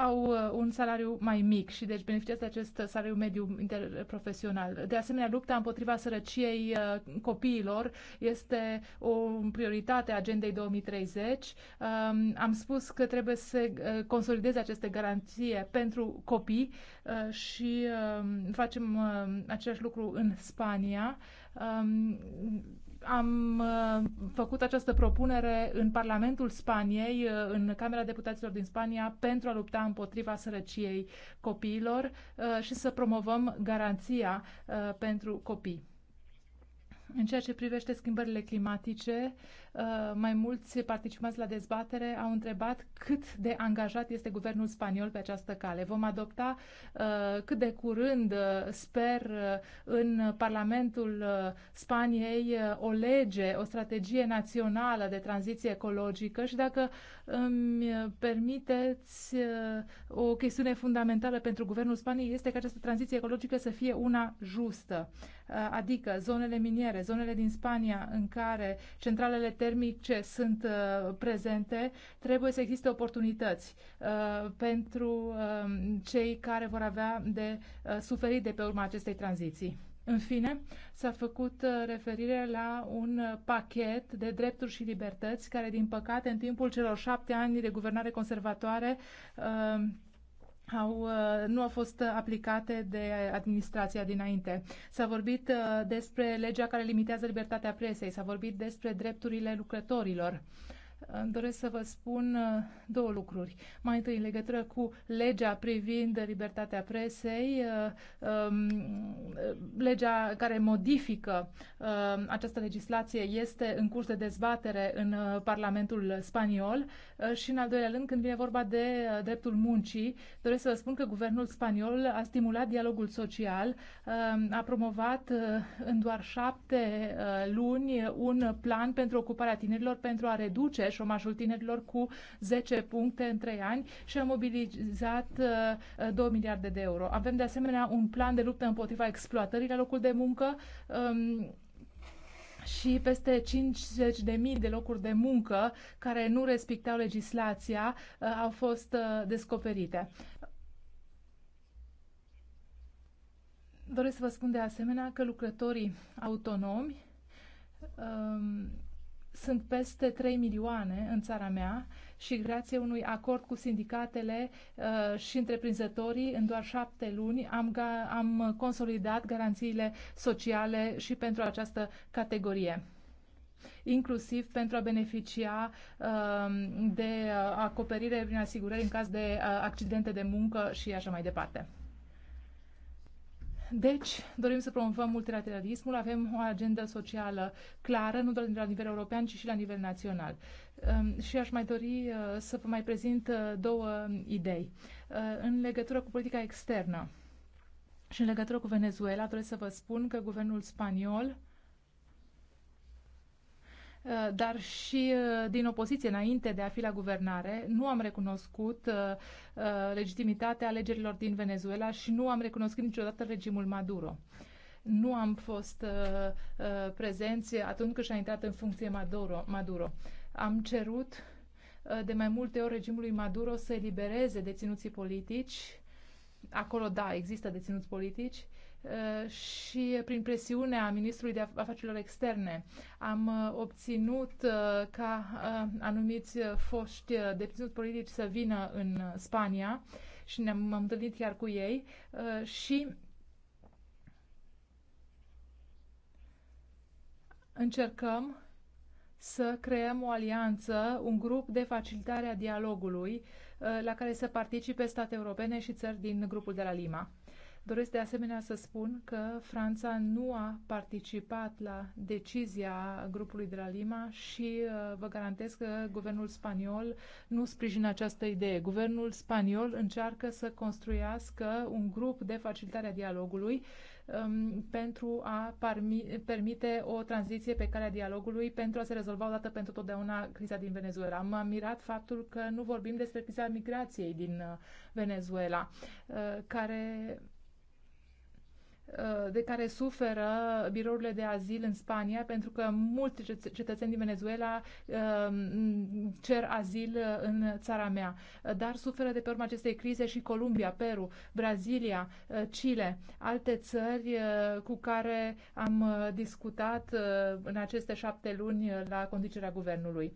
au uh, un salariu mai mic și deci beneficiază de acest salariu mediu interprofesional. De asemenea, lupta împotriva sărăciei uh, copiilor este o prioritate a agendei 2030. Um, am spus că trebuie să uh, consolideze aceste garanție pentru copii și um, facem același lucru în Spania um, am uh, făcut această propunere în Parlamentul Spaniei, uh, în Camera Deputaților din Spania, pentru a lupta împotriva sărăciei copiilor uh, și să promovăm garanția pentru copii. În ceea ce privește schimbările climatice, Uh, mai mulți participanți la dezbatere au întrebat cât de angajat este guvernul spaniol pe această cale. Vom adopta uh, cât de curând, uh, sper, în Parlamentul Spaniei o lege, o strategie națională de tranziție ecologică și dacă îmi permiteți o chestiune fundamentală pentru guvernul Spaniei este că această tranziție ecologică să fie una justă. Adică zonele miniere, zonele din Spania în care centralele termice sunt uh, prezente, trebuie să existe oportunități uh, pentru um, cei care vor avea de uh, suferit de pe urma acestei tranziții. În fine, s-a făcut referire la un pachet de drepturi și libertăți care, din păcate, în timpul celor șapte ani de guvernare conservatoare, um, au, uh, nu au fost aplicate de administrația dinainte. S-a vorbit uh, despre legea care limitează libertatea presei, s-a vorbit despre drepturile lucrătorilor. Uh, îmi doresc să vă spun uh, două lucruri. Mai întâi, în legătură cu legea privind libertatea presei, uh, um, uh, legea care modifică această legislație este în curs de dezbatere în Parlamentul spaniol și, în al doilea rând, când vine vorba de dreptul muncii, doresc să vă spun că guvernul spaniol a stimulat dialogul social, a promovat în doar șapte luni un plan pentru ocuparea tinerilor pentru a reduce șomajul tinerilor cu 10 puncte în 3 ani și a mobilizat 2 uh, miliarde de euro. Avem de asemenea un plan de luptă împotriva exploatării la locul de muncă um, și peste 50.000 de locuri de muncă care nu respectau legislația uh, au fost uh, descoperite. Doresc să vă spun de asemenea că lucrătorii autonomi um, sunt peste 3 milioane în țara mea și grație unui acord cu sindicatele uh, și întreprinzătorii, în doar șapte luni am, am consolidat garanțiile sociale și pentru această categorie inclusiv pentru a beneficia uh, de uh, acoperire prin asigurări în caz de uh, accidente de muncă și așa mai departe. Deci, dorim să promovăm multilateralismul, avem o agendă socială clară, nu doar la nivel european, ci și la nivel național. Ehm, și aș mai dori eh, să vă mai prezint eh, două idei eh, în legătură cu politica externă. Și în legătură cu Venezuela, doresc să vă spun că guvernul spaniol Eh, dar și eh, din opoziție înainte de a fi la guvernare. Nu am recunoscut eh, legitimitatea alegerilor din Venezuela și nu am recunoscut niciodată regimul Maduro nu am fost prezenți atunci când și-a intrat în funcție Maduro. Maduro. Am cerut de mai multe ori regimului Maduro să elibereze deținuții politici. Acolo, da, există deținuți politici Uh, și prin presiunea Ministrului de Afacerilor Externe am uh, obținut uh, ca anumiți foști deținuți politici să vină în Spania și ne-am întâlnit chiar cu ei și încercăm să creăm o alianță, un grup de facilitare a dialogului la care să participe state europene și țări din grupul de la Lima. Doresc de asemenea să spun că Franța nu a participat la decizia grupului de la Lima și uh, vă garantez că guvernul spaniol nu sprijină această idee. Guvernul spaniol încearcă să construiască un grup de facilitare a dialogului um, pentru a permite o tranziție pe calea dialogului pentru a se rezolva odată pentru totdeauna criza din Venezuela. M-am mirat faptul că nu vorbim despre criza migrației din uh, Venezuela, uh, care Uh, de care suferă birourile de azil în Spania, pentru că mulți cetățeni din Venezuela uh, cer azil uh, în țara mea, dar suferă de pe urma acestei crize și Columbia, Peru, Brazilia, Chile, alte țări cu care am discutat în aceste șapte luni la conducerea guvernului.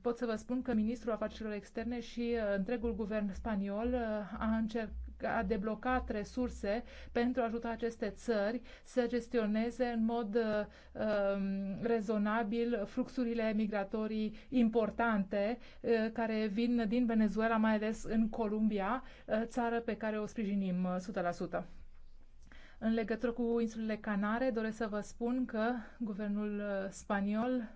Pot să vă spun că ministrul afacerilor externe și întregul guvern spaniol a încercat a deblocat resurse pentru a ajuta aceste țări să gestioneze în mod uh, um, rezonabil fluxurile migratorii importante uh, care vin din Venezuela, mai ales în Columbia, uh, țară pe care o sprijinim 100%. Uh, în legătură cu insulele Canare, doresc să vă spun că guvernul uh, spaniol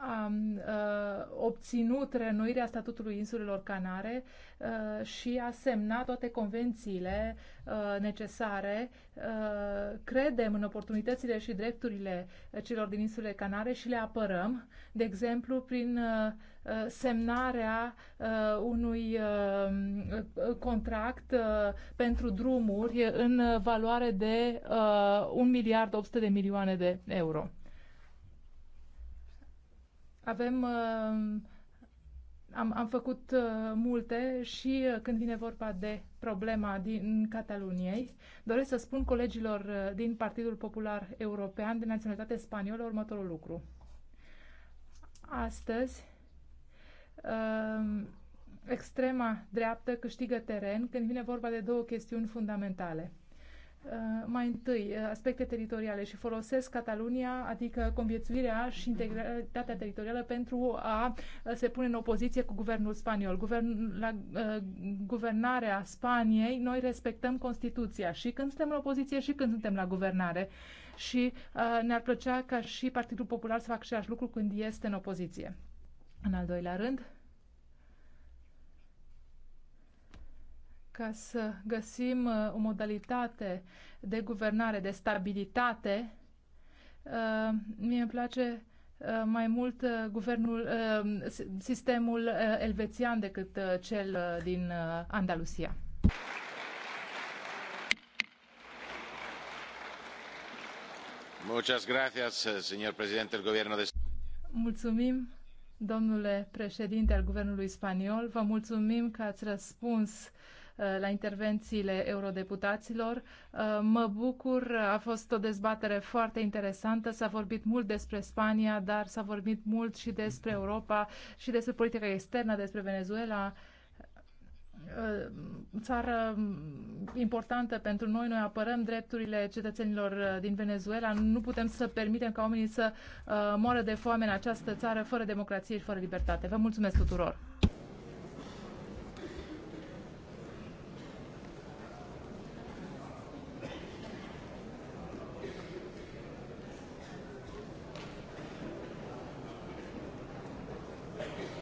a uh, obținut renuirea statutului insulelor Canare uh, și a semnat toate convențiile uh, necesare. Credem în oportunitățile și drepturile celor din insulele Canare și le apărăm, de exemplu, prin semnarea unui contract pentru drumuri în valoare de 1 miliard 800 de milioane de euro. Avem, uh, am, am făcut uh, multe și uh, când vine vorba de problema din Cataluniei, doresc să spun colegilor din Partidul Popular European de naționalitate spaniolă următorul lucru. Astăzi, um, extrema dreaptă câștigă teren când vine vorba de două chestiuni fundamentale – Uh, mai întâi uh, aspecte teritoriale și folosesc Catalunia, adică conviețuirea și integritatea teritorială pentru a se pune în opoziție cu guvernul spaniol. Guvern, la uh, guvernarea Spaniei noi respectăm Constituția și când suntem în opoziție și când suntem la guvernare și uh, ne-ar plăcea ca și Partidul Popular să facă același lucru când este în opoziție. În al doilea rând, ca să găsim uh, o modalitate de guvernare, de stabilitate. Uh, mie îmi place uh, mai mult guvernul, sistemul elvețian decât cel din Andalusia. Muchas gracias, eh, señor presidente del gobierno de Mulțumim, domnule președinte al guvernului spaniol. Vă mulțumim că ați răspuns la intervențiile eurodeputaților. Uh, mă bucur, a fost o dezbatere foarte interesantă, s-a vorbit mult despre Spania, dar s-a vorbit mult și despre Europa și despre politica externă, despre Venezuela uh, țară importantă pentru noi. Noi apărăm drepturile cetățenilor uh, din Venezuela. Nu putem să permitem ca oamenii să moară de foame în această țară fără democrație și fără libertate. Vă mulțumesc tuturor!